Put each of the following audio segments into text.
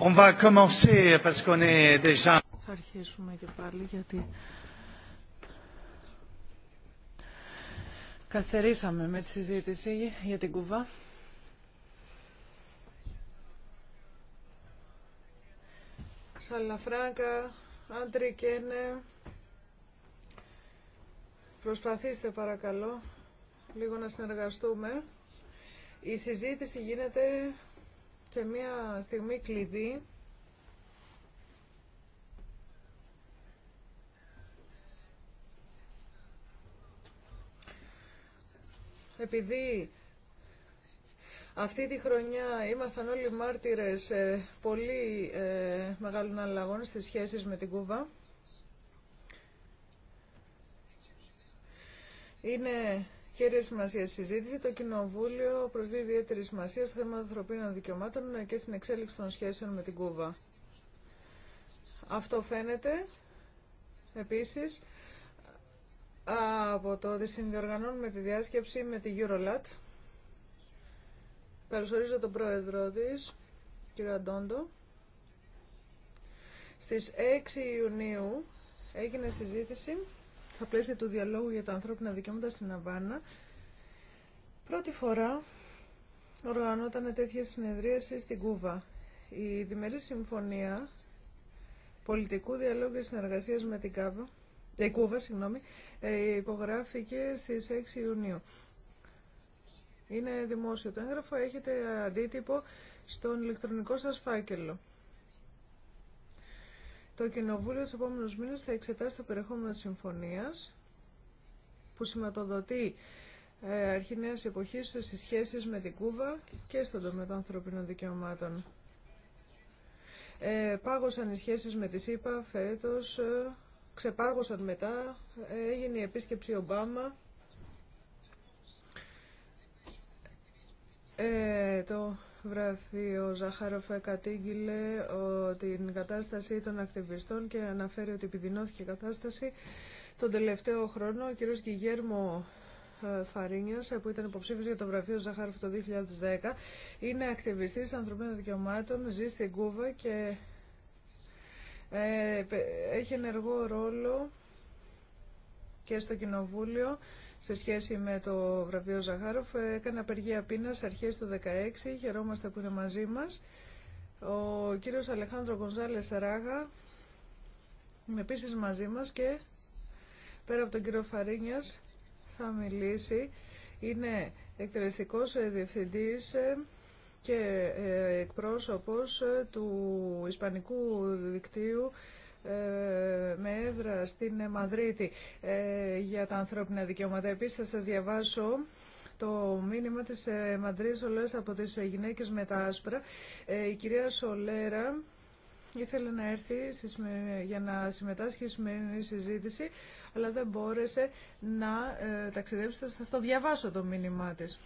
Θα και πάλι γιατί καθερίσαμε με τη συζήτηση για την Κουβά. Σαλαφράγκα, άντρη και Προσπαθήστε παρακαλώ λίγο να συνεργαστούμε. Η συζήτηση γίνεται σε μια στιγμή κλειδί επειδή αυτή τη χρονιά ήμασταν όλοι μάρτυρες ε, πολύ ε, μεγάλων αλλαγών στις σχέσεις με την Κούβα. Είναι Κύριε σημασία συζήτηση. Το Κοινοβούλιο προσδίδει ιδιαίτερη σημασία στο θέμα των ανθρωπίνων δικαιωμάτων και στην εξέλιξη των σχέσεων με την Κούβα. Αυτό φαίνεται επίσης από το ότι συνδιοργανώνουμε τη διάσκεψη με τη Eurolat. Καλωσορίζω τον πρόεδρό της, κύριο Αντώντο. Στις 6 Ιουνίου έγινε συζήτηση στα πλαίσια του διαλόγου για τα ανθρώπινα δικαιώματα στην Αβάνα. Πρώτη φορά οργανώταν τέτοια συνεδρίαση στην Κούβα. Η διμερή συμφωνία πολιτικού διαλόγου και συνεργασίας με την Κάβα, ε, Κούβα συγγνώμη, ε, υπογράφηκε στις 6 Ιουνίου. Είναι δημόσιο το έγγραφο, έχετε αντίτυπο στον ηλεκτρονικό σας φάκελο. Το Κοινοβούλιο του επόμενου μήνε θα εξετάσει το περιεχόμενο της συμφωνίας που σηματοδοτεί ε, αρχή νέας εποχή στις σχέσεις με την Κούβα και στον τομέα των ανθρωπίνων δικαιωμάτων. Ε, πάγωσαν οι σχέσεις με τη ΣΥΠΑ φέτος, ε, ξεπάγωσαν μετά, έγινε η επίσκεψη Ομπάμα. Ε, το γραφείο Ζαχάροφ κατήγγειλε την κατάσταση των ακτιβιστών και αναφέρει ότι επιδεινώθηκε η κατάσταση τον τελευταίο χρόνο. Ο κ. Γιγέρμο ε, Φαρίνιας, που ήταν υποψήφιος για το Βραφείο Ζαχάροφ το 2010, είναι ακτιβιστής ανθρωπίνων δικαιωμάτων, ζει στην Κούβα και ε, έχει ενεργό ρόλο και στο Κοινοβούλιο σε σχέση με το βραβείο Ζαχάροφ. Ε, έκανε απεργία πείνα αρχές του 2016. Χαιρόμαστε που είναι μαζί μας. Ο κύριος Αλεχάνδρο Γκονζάλε Ράγα είναι επίση μαζί μας και πέρα από τον κύριο Φαρίνια θα μιλήσει. Είναι εκτελεστικός ε, διευθυντή ε, και εκπρόσωπος του Ισπανικού Δικτύου ε, με έδρα στην Μαδρίτη ε, για τα ανθρώπινα δικαιώματα. Επίσης θα σας διαβάσω το μήνυμα της ε, Μαδρίτης από τις γυναίκες με τα άσπρα. Η κυρία Σολέρα ήθελε να έρθει για να συμμετάσχει στη σημερινή συζήτηση, αλλά δεν μπόρεσε να ταξιδέψει. Θα το διαβάσω το μήνυμά της.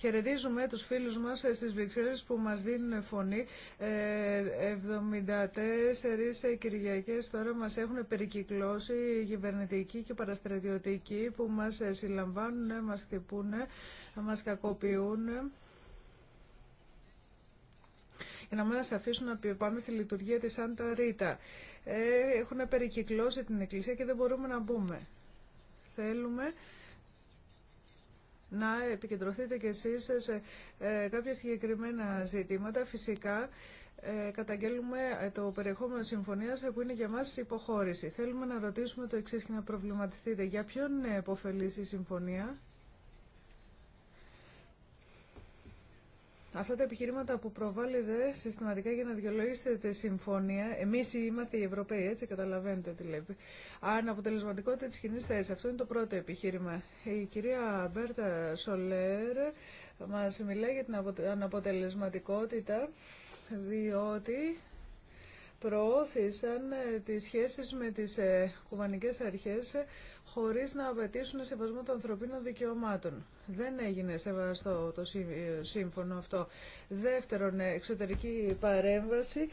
Χαιρετίζουμε τους φίλους μας ε, στις Βρυξέλλες που μας δίνουν φωνή. 74 ε, ε, Κυριακές τώρα μας έχουν περικυκλώσει οι κυβερνητικοί και παραστρατιωτικοί που μας συλλαμβάνουν, μας χτυπούν, μας κακοποιούν για να μας αφήσουν να πάμε στη λειτουργία της Σάντα Ρίτα. έχουν περικυκλώσει την εκκλησία και δεν μπορούμε να μπούμε. Θέλουμε να επικεντρωθείτε κι εσείς σε ε, κάποια συγκεκριμένα ζητήματα. Φυσικά, ε, καταγγέλουμε ε, το περιεχόμενο συμφωνίας που είναι για μας υποχώρηση. Θέλουμε να ρωτήσουμε το εξής και να προβληματιστείτε. Για ποιον είναι η συμφωνία Αυτά τα επιχειρήματα που προβάλλετε συστηματικά για να δικαιολογήσετε τη συμφωνία, εμεί είμαστε οι Ευρωπαίοι, έτσι καταλαβαίνετε τι λέει. Αναποτελεσματικότητα τη κοινή θέση. Αυτό είναι το πρώτο επιχείρημα. Η κυρία Μπέρτα Σολέρ μα μιλάει για την αναποτελεσματικότητα, διότι προώθησαν ε, τις σχέσεις με τις ε, κουβανικές αρχές ε, χωρίς να απαιτήσουν σεβασμό των ανθρωπίνων δικαιωμάτων. Δεν έγινε σεβαστό το σύμφωνο αυτό. Δεύτερον, εξωτερική παρέμβαση.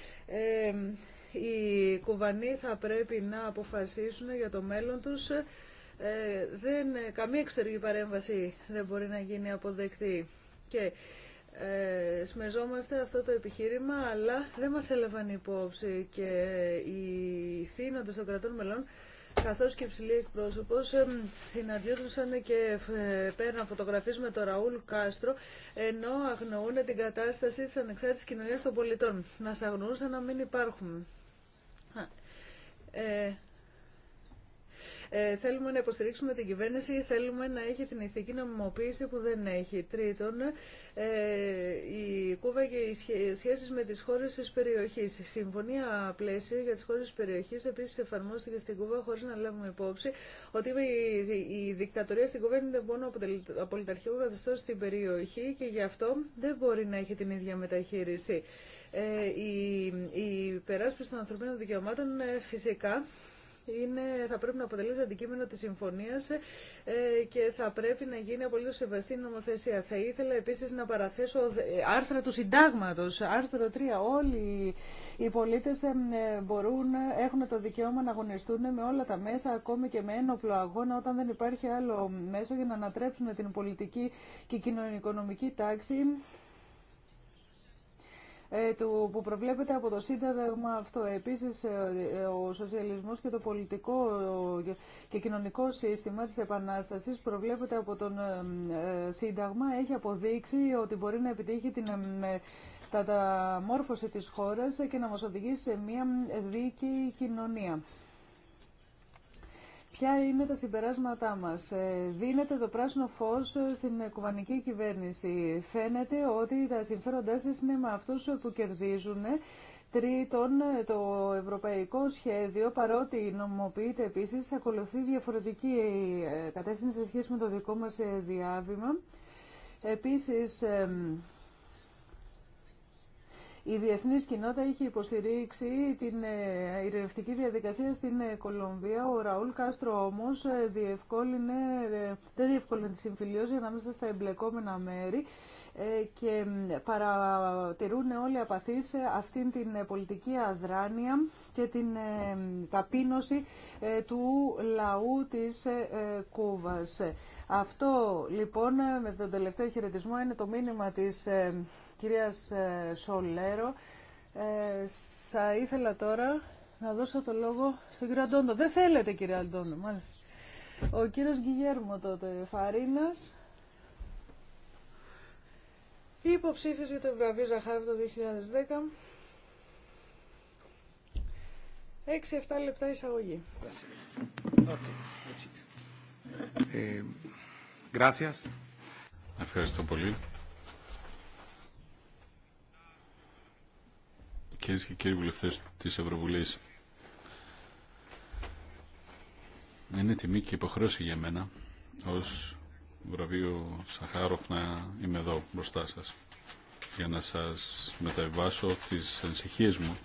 Οι κουβανοί θα πρέπει να αποφασίσουν για το μέλλον τους. Δεν, καμία εξωτερική παρέμβαση δεν μπορεί να γίνει αποδεκτή. Και ε, Σμεζόμαστε αυτό το επιχείρημα, αλλά δεν μας έλαβαν υπόψη και οι θύνοντες των κρατών μελών καθώς και υψηλή εκπρόσωπος συναντιόντουσαν και πέραν φωτογραφίες με τον Ραούλ Κάστρο ενώ αγνοούν την κατάσταση της ανεξάρτητης κοινωνίας των πολιτών. Μας αγνοούσαν να μην υπάρχουν. Ε, ε, θέλουμε να υποστηρίξουμε την κυβέρνηση, θέλουμε να έχει την ηθική νομιμοποίηση που δεν έχει. Τρίτον, ε, η Κούβα και οι σχέσεις με τις χώρες της περιοχής. Η συμφωνία πλαίσιο για τις χώρες της περιοχής επίσης εφαρμόστηκε στην Κούβα χωρίς να λάβουμε υπόψη ότι η, η δικτατορία στην Κούβα είναι μόνο απολυταρχικό καθεστώ στην περιοχή και γι' αυτό δεν μπορεί να έχει την ίδια μεταχείριση. Ε, η, η περάσπιση των ανθρωπίνων δικαιωμάτων ε, φυσικά είναι, θα πρέπει να αποτελείται αντικείμενο της συμφωνίας ε, και θα πρέπει να γίνει απολύτως σεβαστή νομοθεσία. Θα ήθελα επίσης να παραθέσω άρθρα του συντάγματος, άρθρο 3, όλοι οι πολίτες ε, μπορούν, έχουν το δικαίωμα να αγωνιστούν με όλα τα μέσα, ακόμη και με ένοπλο αγώνα, όταν δεν υπάρχει άλλο μέσο για να ανατρέψουν την πολιτική και κοινωνικονομική τάξη ε, του, που προβλέπεται από το Σύνταγμα αυτό. Επίσης, ε, ε, ο σοσιαλισμός και το πολιτικό και κοινωνικό σύστημα της Επανάστασης προβλέπεται από τον Σύνταγμα. Έχει αποδείξει ότι μπορεί να επιτύχει την τα, μόρφωση της χώρας και να μας οδηγήσει σε μια δίκαιη κοινωνία. Ποια είναι τα συμπεράσματά μας. Ε, δίνεται το πράσινο φως στην κουβανική κυβέρνηση. Φαίνεται ότι τα συμφέροντά σας είναι με αυτούς που κερδίζουν. Τρίτον, το ευρωπαϊκό σχέδιο, παρότι νομοποιείται επίσης, ακολουθεί διαφορετική ε, κατεύθυνση σε σχέση με το δικό μας ε, διάβημα. Επίσης, η διεθνή κοινότητα είχε υποστηρίξει την ε, ειρηνευτική διαδικασία στην ε, Κολομβία. Ο Ραούλ Κάστρο όμω ε, δεν διευκόλυνε τη συμφιλίωση ανάμεσα στα εμπλεκόμενα μέρη και παρατηρούν όλοι απαθείς αυτήν την πολιτική αδράνεια και την ταπείνωση του λαού της Κούβας. Αυτό λοιπόν με τον τελευταίο χαιρετισμό είναι το μήνυμα της κυρίας Σολέρο. Ε, θα ήθελα τώρα να δώσω το λόγο στον κύριο Αντώνο. Δεν θέλετε κύριε Αντώνο, μάλιστα. Ο κύριος Γκυγέρμο τότε, Φαρίνας, υποψήφιος για το βραβείο Ζαχάρη το 2010. 6-7 λεπτά εισαγωγή. Okay. Ε, Ευχαριστώ πολύ. κυρίε και κύριοι βουλευτέ τη Ευρωβουλή. Είναι τιμή και υποχρέωση για μένα ως βραβείο Σαχάροφ να είμαι εδώ μπροστά σα, για να σας μεταβάσω τις ανησυχίε μου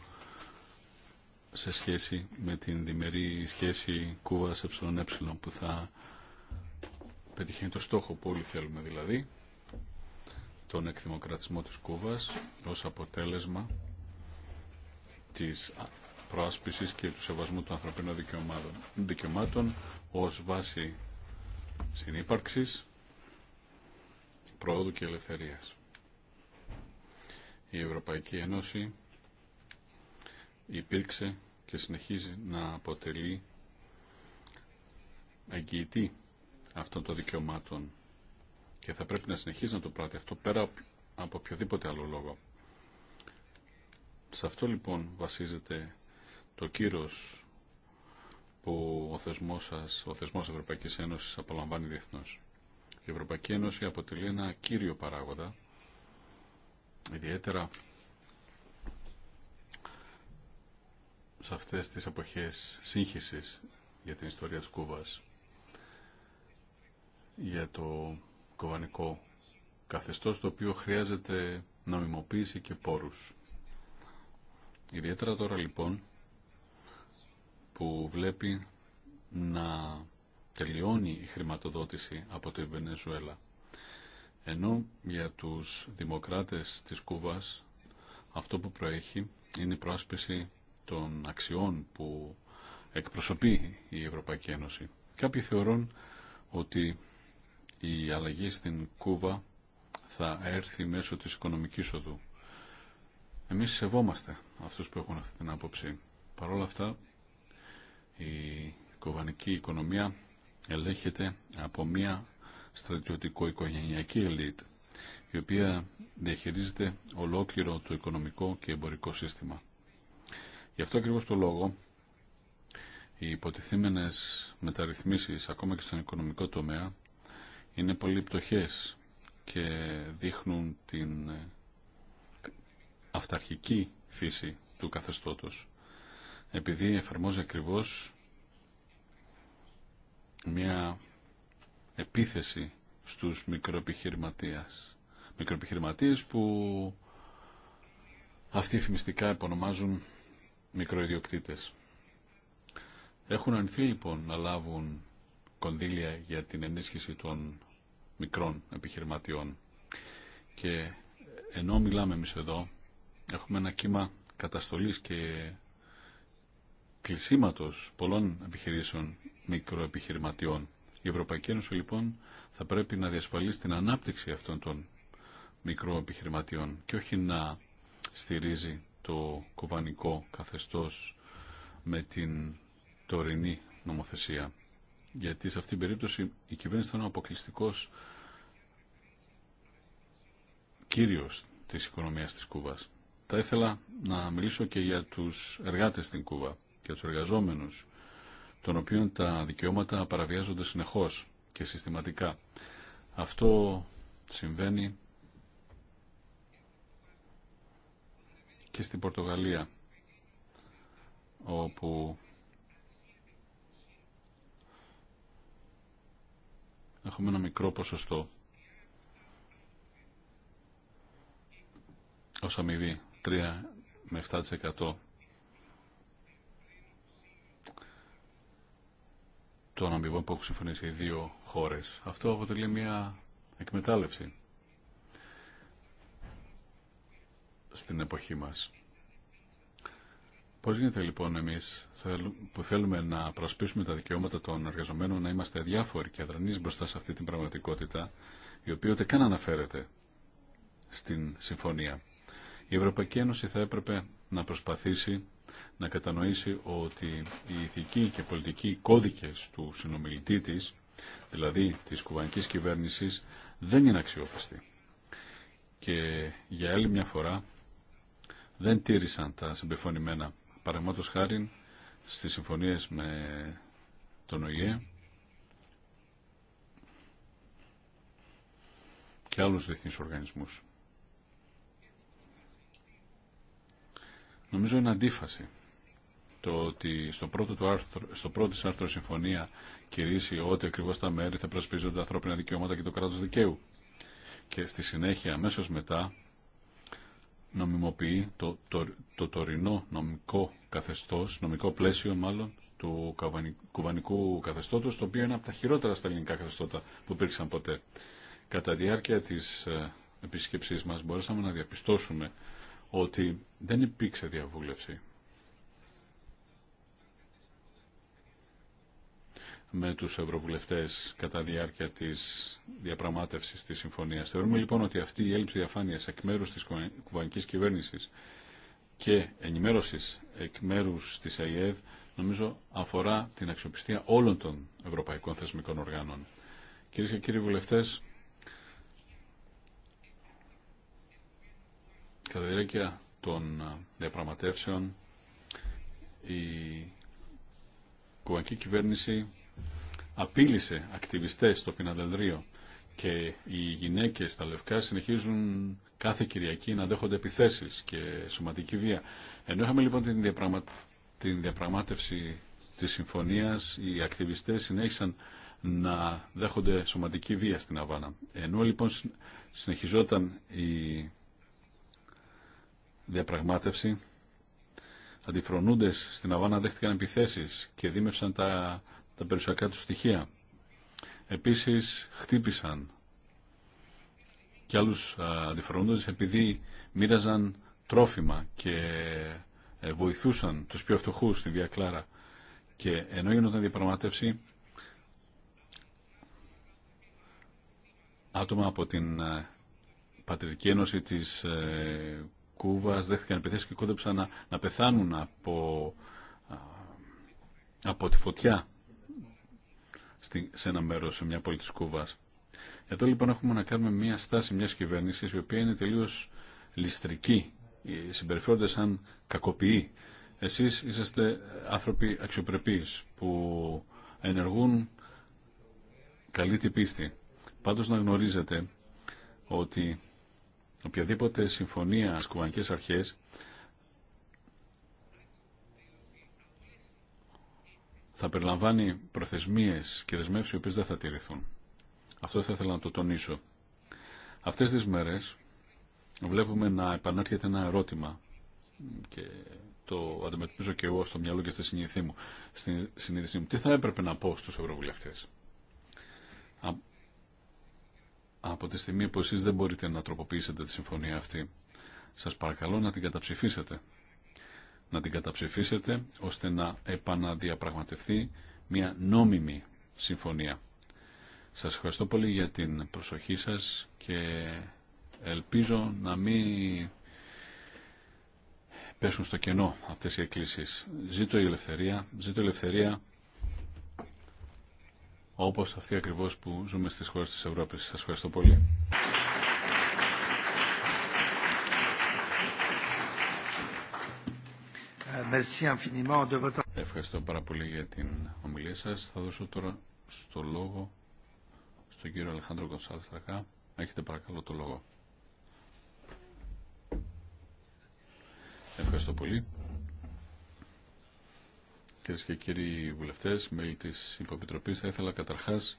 σε σχέση με την διμερή σχέση Κούβας ΕΕ που θα πετυχαίνει το στόχο που όλοι θέλουμε δηλαδή τον εκδημοκρατισμό της Κούβας ως αποτέλεσμα της πρόσπισης και του σεβασμού των ανθρωπίνων δικαιωμάτων, δικαιωμάτων ως βάση συνύπαρξης, πρόοδου και ελευθερίας. Η Ευρωπαϊκή Ένωση υπήρξε και συνεχίζει να αποτελεί αγγιητή αυτών των δικαιωμάτων και θα πρέπει να συνεχίζει να το πράττει αυτό πέρα από οποιοδήποτε άλλο λόγο. Σε αυτό λοιπόν βασίζεται το κύρος που ο θεσμός, σας, ο θεσμός Ευρωπαϊκής Ένωσης απολαμβάνει διεθνώς. Η Ευρωπαϊκή Ένωση αποτελεί ένα κύριο παράγοντα, ιδιαίτερα σε αυτές τις εποχές σύγχυσης για την ιστορία της Κούβας, για το κοβανικό καθεστώς το οποίο χρειάζεται νομιμοποίηση και πόρους. Ιδιαίτερα τώρα λοιπόν που βλέπει να τελειώνει η χρηματοδότηση από τη Βενεζουέλα. Ενώ για τους δημοκράτες της Κούβας αυτό που προέχει είναι η πρόσπιση των αξιών που εκπροσωπεί η Ευρωπαϊκή Ένωση. Κάποιοι θεωρούν ότι η αλλαγή στην Κούβα θα έρθει μέσω της οικονομικής οδού. Εμείς σεβόμαστε αυτούς που έχουν αυτή την άποψη. Παρ' όλα αυτά, η κοβανική οικονομία ελέγχεται από μια στρατιωτικό-οικογενειακή ελίτ, η οποία διαχειρίζεται ολόκληρο το οικονομικό και εμπορικό σύστημα. Γι' αυτό ακριβώς το λόγο, οι υποτιθήμενες μεταρρυθμίσεις, ακόμα και στον οικονομικό τομέα, είναι πολύ πτωχές και δείχνουν την αυταρχική φύση του καθεστώτος επειδή εφαρμόζει ακριβώς μια επίθεση στους μικροεπιχειρηματίες. Μικροεπιχειρηματίες που αυτοί φημιστικά επωνομάζουν μικροϊδιοκτήτες. Έχουν αρνηθεί λοιπόν να λάβουν κονδύλια για την ενίσχυση των μικρών επιχειρηματιών. Και ενώ μιλάμε εμείς εδώ έχουμε ένα κύμα καταστολής και κλεισίματος πολλών επιχειρήσεων μικροεπιχειρηματιών. Η Ευρωπαϊκή Ένωση λοιπόν θα πρέπει να διασφαλίσει την ανάπτυξη αυτών των μικροεπιχειρηματιών και όχι να στηρίζει το κουβανικό καθεστώς με την τωρινή νομοθεσία. Γιατί σε αυτήν την περίπτωση η κυβέρνηση θα είναι ο αποκλειστικός κύριος της οικονομίας της Κούβας. Θα ήθελα να μιλήσω και για τους εργάτες στην Κούβα και τους εργαζόμενους, των οποίων τα δικαιώματα παραβιάζονται συνεχώς και συστηματικά. Αυτό συμβαίνει και στην Πορτογαλία, όπου έχουμε ένα μικρό ποσοστό ως αμοιβή 3 με 7% των αμοιβών που έχουν συμφωνήσει οι δύο χώρες. Αυτό αποτελεί μια εκμετάλλευση στην εποχή μας. Πώς γίνεται λοιπόν εμείς που θέλουμε να προσπίσουμε τα δικαιώματα των εργαζομένων να είμαστε διάφοροι και αδρανείς μπροστά σε αυτή την πραγματικότητα η οποία ούτε καν αναφέρεται στην συμφωνία. Η Ευρωπαϊκή Ένωση θα έπρεπε να προσπαθήσει να κατανοήσει ότι οι ηθικοί και πολιτικοί κώδικες του συνομιλητή της, δηλαδή της κουβανικής κυβέρνησης, δεν είναι αξιόπιστοι. Και για άλλη μια φορά δεν τήρησαν τα συμπεφωνημένα. Παραγματος χάρη στις συμφωνίες με τον ΟΗΕ και άλλους διεθνείς οργανισμούς. Νομίζω είναι αντίφαση το ότι στο πρώτο, του άρθρο, στο πρώτο της άρθρο συμφωνία κηρύσσει ότι ακριβώς τα μέρη θα προσπίζονται τα ανθρώπινα δικαιώματα και το κράτος δικαίου. Και στη συνέχεια, αμέσως μετά, νομιμοποιεί το, το, το, το τωρινό νομικό καθεστώς, νομικό πλαίσιο μάλλον, του κουβανικού καθεστώτος, το οποίο είναι από τα χειρότερα στα ελληνικά καθεστώτα που υπήρξαν ποτέ. Κατά διάρκεια της ε, επισκεψής μας μπορέσαμε να διαπιστώσουμε ότι δεν υπήρξε διαβούλευση με τους ευρωβουλευτές κατά διάρκεια της διαπραγμάτευσης της συμφωνίας. Θεωρούμε λοιπόν ότι αυτή η έλλειψη διαφάνειας εκ μέρους της κουβανικής κυβέρνησης και ενημέρωσης εκ μέρους της ΑΕΔ νομίζω αφορά την αξιοπιστία όλων των ευρωπαϊκών θεσμικών οργάνων. Κυρίε και κύριοι βουλευτές, Κατά τη διάρκεια των ε, διαπραγματεύσεων η κουβανική κυβέρνηση απείλησε ακτιβιστές στο Πιναδελδρίο και οι γυναίκες στα Λευκά συνεχίζουν κάθε Κυριακή να δέχονται επιθέσεις και σωματική βία. Ενώ είχαμε λοιπόν την, διαπραγμα... την διαπραγμάτευση της συμφωνίας, οι ακτιβιστές συνέχισαν να δέχονται σωματική βία στην Αβάνα. Ενώ λοιπόν συνεχιζόταν η διαπραγμάτευση, αντιφρονούντες στην Αβάνα δέχτηκαν επιθέσεις και δίμευσαν τα, τα περιουσιακά του στοιχεία. Επίσης χτύπησαν και άλλους αντιφρονούντες επειδή μοίραζαν τρόφιμα και ε, βοηθούσαν τους πιο φτωχούς στη Βία Κλάρα. Και ενώ γινόταν διαπραγμάτευση, άτομα από την ε, Πατρική Ένωση της ε, Κούβας δέχτηκαν επιθέσει και κόντεψαν να, να πεθάνουν από, από τη φωτιά στη, σε ένα μέρος, σε μια πόλη τη Κούβα. Εδώ λοιπόν έχουμε να κάνουμε μια στάση μια κυβέρνηση η οποία είναι τελείως ληστρική, ε, συμπεριφέρονται σαν κακοποιοί. Εσείς είσαστε άνθρωποι αξιοπρεπείς που ενεργούν καλή την πίστη. Πάντως να γνωρίζετε ότι οποιαδήποτε συμφωνία στις κουβανικές αρχές θα περιλαμβάνει προθεσμίες και δεσμεύσεις οι οποίες δεν θα τηρηθούν. Αυτό θα ήθελα να το τονίσω. Αυτές τις μέρες βλέπουμε να επανέρχεται ένα ερώτημα και το αντιμετωπίζω και εγώ στο μυαλό και στη συνείδησή μου, Τι θα έπρεπε να πω στους ευρωβουλευτές από τη στιγμή που εσείς δεν μπορείτε να τροποποιήσετε τη συμφωνία αυτή. Σας παρακαλώ να την καταψηφίσετε. Να την καταψηφίσετε ώστε να επαναδιαπραγματευτεί μια νόμιμη συμφωνία. Σας ευχαριστώ πολύ για την προσοχή σας και ελπίζω να μην πέσουν στο κενό αυτές οι εκκλήσεις. Ζήτω η ελευθερία, ζήτω η ελευθερία όπως αυτή ακριβώς που ζούμε στις χώρες της Ευρώπης. Σας ευχαριστώ πολύ. Ευχαριστώ πάρα πολύ για την ομιλία σας. Θα δώσω τώρα στο λόγο στον κύριο Αλεχάνδρο Κονσάλ Έχετε παρακαλώ το λόγο. Ευχαριστώ πολύ κυρίες και κύριοι βουλευτές, μέλη της Υποπιτροπής, θα ήθελα καταρχάς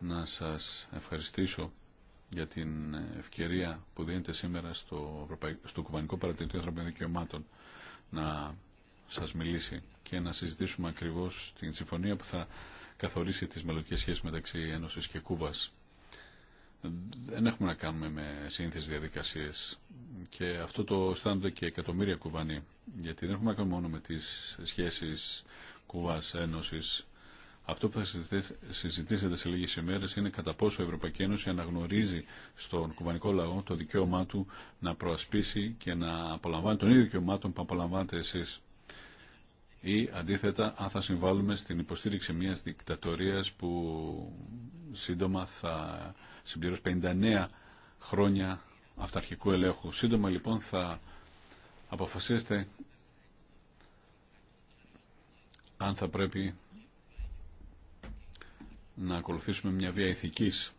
να σας ευχαριστήσω για την ευκαιρία που δίνεται σήμερα στο, στο Κουβανικό Παρατηρητήριο Ανθρωπίνων Δικαιωμάτων να σας μιλήσει και να συζητήσουμε ακριβώς την συμφωνία που θα καθορίσει τις μελλοντικέ σχέσεις μεταξύ Ένωσης και Κούβας. Δεν έχουμε να κάνουμε με σύνθεση διαδικασίες και αυτό το αισθάνονται και εκατομμύρια κουβανοί γιατί δεν έχουμε να κάνουμε μόνο με τις σχέσεις Κουβάς Αυτό που θα συζητήσετε σε λίγες ημέρες είναι κατά πόσο η Ευρωπαϊκή Ένωση αναγνωρίζει στον κουβανικό λαό το δικαίωμά του να προασπίσει και να απολαμβάνει τον ίδιο δικαιωμάτων που απολαμβάνετε εσείς. Ή αντίθετα, αν θα συμβάλλουμε στην υποστήριξη μιας δικτατορίας που σύντομα θα συμπληρώσει 59 χρόνια αυταρχικού ελέγχου. Σύντομα λοιπόν θα αποφασίσετε αν θα πρέπει να ακολουθήσουμε μια βία ηθικής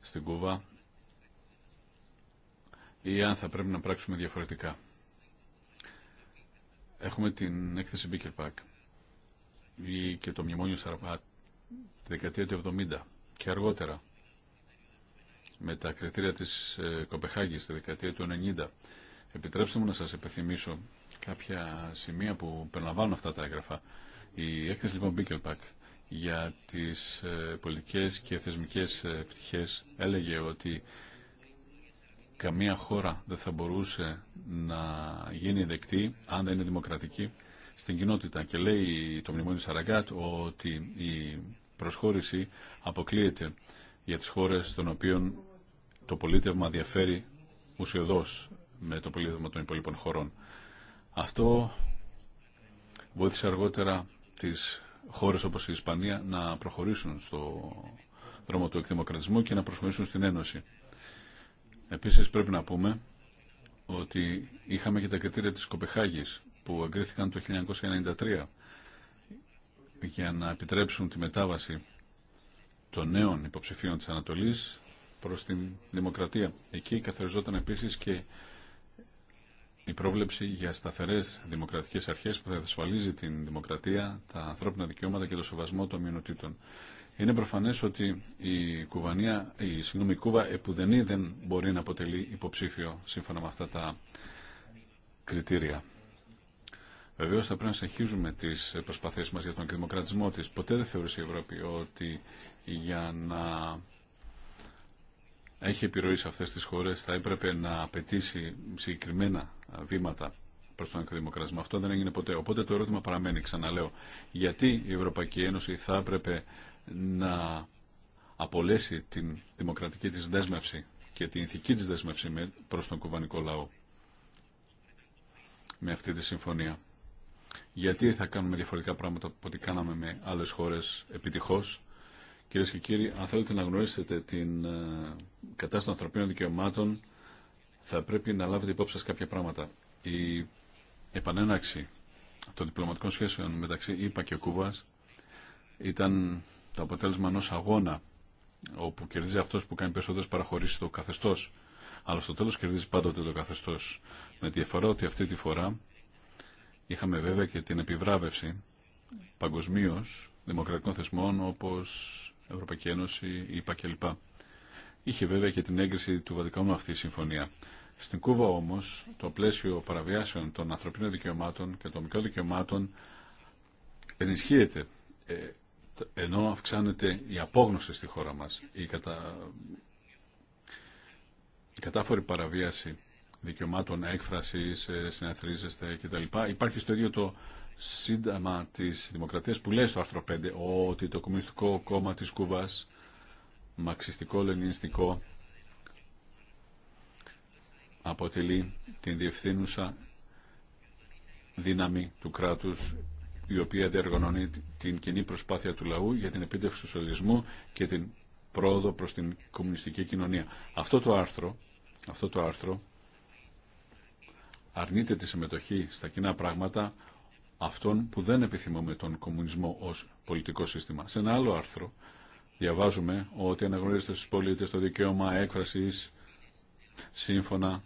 στην Κούβα ή αν θα πρέπει να πράξουμε διαφορετικά. Έχουμε την έκθεση Μπίκερ Πακ ή και το μνημόνιο Σαραπάτ τη δεκαετία του 70 και αργότερα με τα κριτήρια της ε, Κοπεχάγης τη δεκαετία του 90. Επιτρέψτε μου να σας επιθυμίσω κάποια σημεία που περιλαμβάνουν αυτά τα έγγραφα. Η έκθεση λοιπόν Μπίκελπακ για τις ε, πολιτικές και θεσμικές ε, πτυχές έλεγε ότι καμία χώρα δεν θα μπορούσε να γίνει δεκτή αν δεν είναι δημοκρατική στην κοινότητα. Και λέει το μνημόνιο Σαραγκάτ ότι η προσχώρηση αποκλείεται για τις χώρες των οποίων το πολίτευμα διαφέρει ουσιοδός με το πολίτευμα των υπολείπων χωρών. Αυτό βοήθησε αργότερα τις χώρες όπως η Ισπανία να προχωρήσουν στο δρόμο του εκδημοκρατισμού και να προσχωρήσουν στην Ένωση. Επίσης πρέπει να πούμε ότι είχαμε και τα κριτήρια της Κοπεχάγης που εγκρίθηκαν το 1993 για να επιτρέψουν τη μετάβαση των νέων υποψηφίων της Ανατολής προς την δημοκρατία. Εκεί καθοριζόταν επίσης και η πρόβλεψη για σταθερές δημοκρατικές αρχές που θα ασφαλίζει την δημοκρατία, τα ανθρώπινα δικαιώματα και το σεβασμό των μειονοτήτων. Είναι προφανές ότι η, Κουβανία, η, συγγνώμη, η Κούβα επουδενή δεν μπορεί να αποτελεί υποψήφιο σύμφωνα με αυτά τα κριτήρια. Βεβαίω θα πρέπει να συνεχίζουμε τι προσπαθίε μα για τον εκδημοκρατισμό τη. Ποτέ δεν θεωρήσε η Ευρώπη ότι για να έχει επιρροή σε αυτές τις χώρες θα έπρεπε να απαιτήσει συγκεκριμένα βήματα προς τον εκδημοκρασμό. Αυτό δεν έγινε ποτέ. Οπότε το ερώτημα παραμένει, ξαναλέω, γιατί η Ευρωπαϊκή Ένωση θα έπρεπε να απολέσει την δημοκρατική της δέσμευση και την ηθική της δέσμευση προς τον κουβανικό λαό με αυτή τη συμφωνία. Γιατί θα κάνουμε διαφορετικά πράγματα από ό,τι κάναμε με άλλες χώρες επιτυχώς Κυρίε και κύριοι, αν θέλετε να γνωρίσετε την ε, κατάσταση των ανθρωπίνων δικαιωμάτων, θα πρέπει να λάβετε υπόψη σα κάποια πράγματα. Η επανέναξη των διπλωματικών σχέσεων μεταξύ ΙΠΑ και Κούβα ήταν το αποτέλεσμα ενό αγώνα όπου κερδίζει αυτό που κάνει περισσότερε παραχωρήσει το καθεστώ. Αλλά στο τέλο κερδίζει πάντοτε το καθεστώ. Με τη διαφορά ότι αυτή τη φορά είχαμε βέβαια και την επιβράβευση παγκοσμίω δημοκρατικών θεσμών όπως Ευρωπαϊκή Ένωση, ΙΠΑ κλπ. Είχε βέβαια και την έγκριση του Βατικανού αυτή η συμφωνία. Στην Κούβα όμως το πλαίσιο παραβιάσεων των ανθρωπίνων δικαιωμάτων και των μικρών δικαιωμάτων ενισχύεται ε, ενώ αυξάνεται η απόγνωση στη χώρα μας, η, κατα... η κατάφορη παραβίαση δικαιωμάτων έκφρασης, ε, συναθρίζεστε κτλ. Υπάρχει στο ίδιο το σύνταγμα τη Δημοκρατίας που λέει στο άρθρο 5 ότι το Κομμουνιστικό Κόμμα της Κούβας μαξιστικό, λενινιστικό αποτελεί την διευθύνουσα δύναμη του κράτους η οποία διαργανώνει την κοινή προσπάθεια του λαού για την επίτευξη του σοσιαλισμού και την πρόοδο προς την κομμουνιστική κοινωνία. Αυτό το άρθρο, αυτό το άρθρο αρνείται τη συμμετοχή στα κοινά πράγματα αυτών που δεν επιθυμούμε τον κομμουνισμό ως πολιτικό σύστημα. Σε ένα άλλο άρθρο διαβάζουμε ότι αναγνωρίζεται στους πολίτες το δικαίωμα έκφρασης σύμφωνα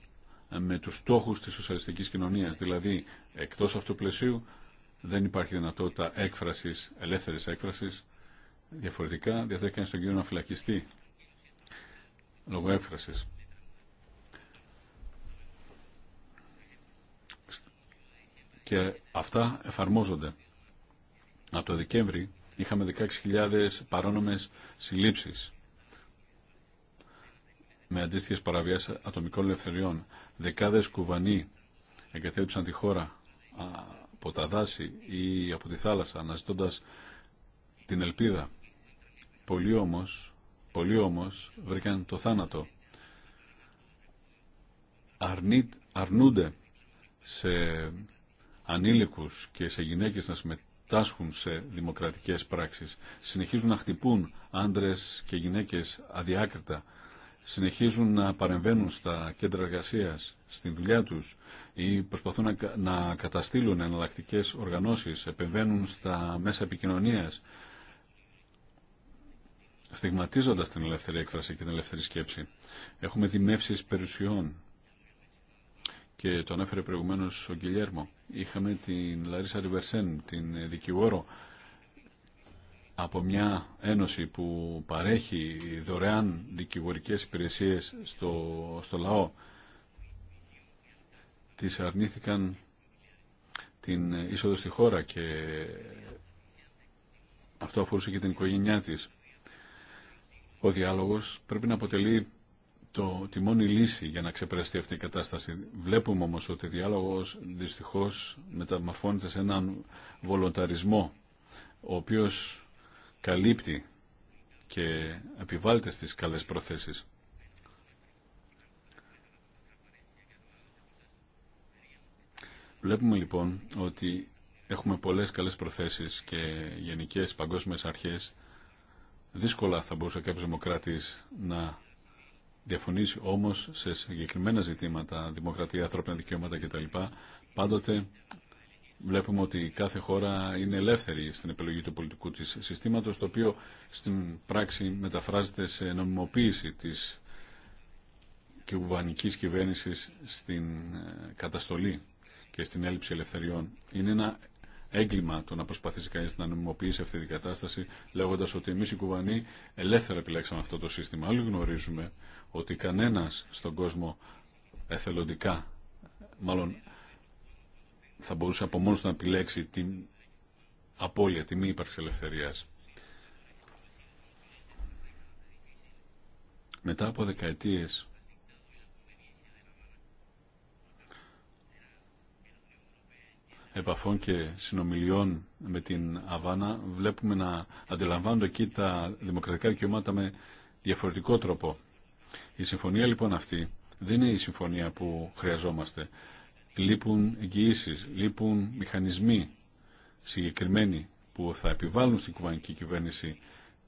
με τους στόχους της σοσιαλιστικής κοινωνίας. Δηλαδή, εκτός αυτού πλαισίου δεν υπάρχει δυνατότητα έκφρασης, ελεύθερης έκφρασης. Διαφορετικά, διαθέτει κανείς τον κύριο να φυλακιστεί λόγω έκφρασης. και αυτά εφαρμόζονται. Από το Δεκέμβρη είχαμε 16.000 παρόνομες συλλήψεις με αντίστοιχες παραβιάσεις ατομικών ελευθεριών. Δεκάδες κουβανοί εγκατέλειψαν τη χώρα από τα δάση ή από τη θάλασσα αναζητώντας την ελπίδα. Πολλοί όμως, πολλοί όμως βρήκαν το θάνατο. αρνούνται σε ανήλικους και σε γυναίκες να συμμετάσχουν σε δημοκρατικές πράξεις. Συνεχίζουν να χτυπούν άντρες και γυναίκες αδιάκριτα. Συνεχίζουν να παρεμβαίνουν στα κέντρα εργασίας, στην δουλειά τους ή προσπαθούν να καταστήλουν εναλλακτικέ οργανώσεις, επεμβαίνουν στα μέσα επικοινωνίας στιγματίζοντας την ελεύθερη έκφραση και την ελεύθερη σκέψη. Έχουμε δημεύσεις περιουσιών και το ανέφερε προηγουμένως ο Γκυλιέρμο είχαμε την Λαρίσα Ριβερσέν, την ε, δικηγόρο από μια ένωση που παρέχει δωρεάν δικηγορικές υπηρεσίες στο, στο λαό τις αρνήθηκαν την ε, είσοδο στη χώρα και αυτό αφορούσε και την οικογένειά της. Ο διάλογος πρέπει να αποτελεί το, τη μόνη λύση για να ξεπεραστεί αυτή η κατάσταση. Βλέπουμε όμως ότι ο διάλογος δυστυχώς μεταμορφώνεται σε έναν βολονταρισμό ο οποίος καλύπτει και επιβάλλεται στις καλές προθέσεις. Βλέπουμε λοιπόν ότι έχουμε πολλές καλές προθέσεις και γενικές παγκόσμιες αρχές δύσκολα θα μπορούσε κάποιος δημοκράτης να διαφωνήσει όμως σε συγκεκριμένα ζητήματα, δημοκρατία, ανθρώπινα δικαιώματα κτλ. Πάντοτε βλέπουμε ότι κάθε χώρα είναι ελεύθερη στην επιλογή του πολιτικού της συστήματος, το οποίο στην πράξη μεταφράζεται σε νομιμοποίηση της κυβουβανικής κυβέρνηση στην ε, καταστολή και στην έλλειψη ελευθεριών. Είναι ένα έγκλημα το να προσπαθήσει κανεί να νομιμοποιήσει αυτή την κατάσταση, λέγοντα ότι εμεί οι Κουβανοί ελεύθερα επιλέξαμε αυτό το σύστημα. Όλοι γνωρίζουμε ότι κανένας στον κόσμο εθελοντικά, μάλλον θα μπορούσε από μόνος να επιλέξει την απώλεια, τη μη ύπαρξη ελευθερίας. Μετά από δεκαετίες επαφών και συνομιλιών με την Αβάνα βλέπουμε να αντιλαμβάνονται εκεί τα δημοκρατικά δικαιώματα με διαφορετικό τρόπο. Η συμφωνία λοιπόν αυτή δεν είναι η συμφωνία που χρειαζόμαστε. Λείπουν εγγυήσει, λείπουν μηχανισμοί συγκεκριμένοι που θα επιβάλλουν στην κουβανική κυβέρνηση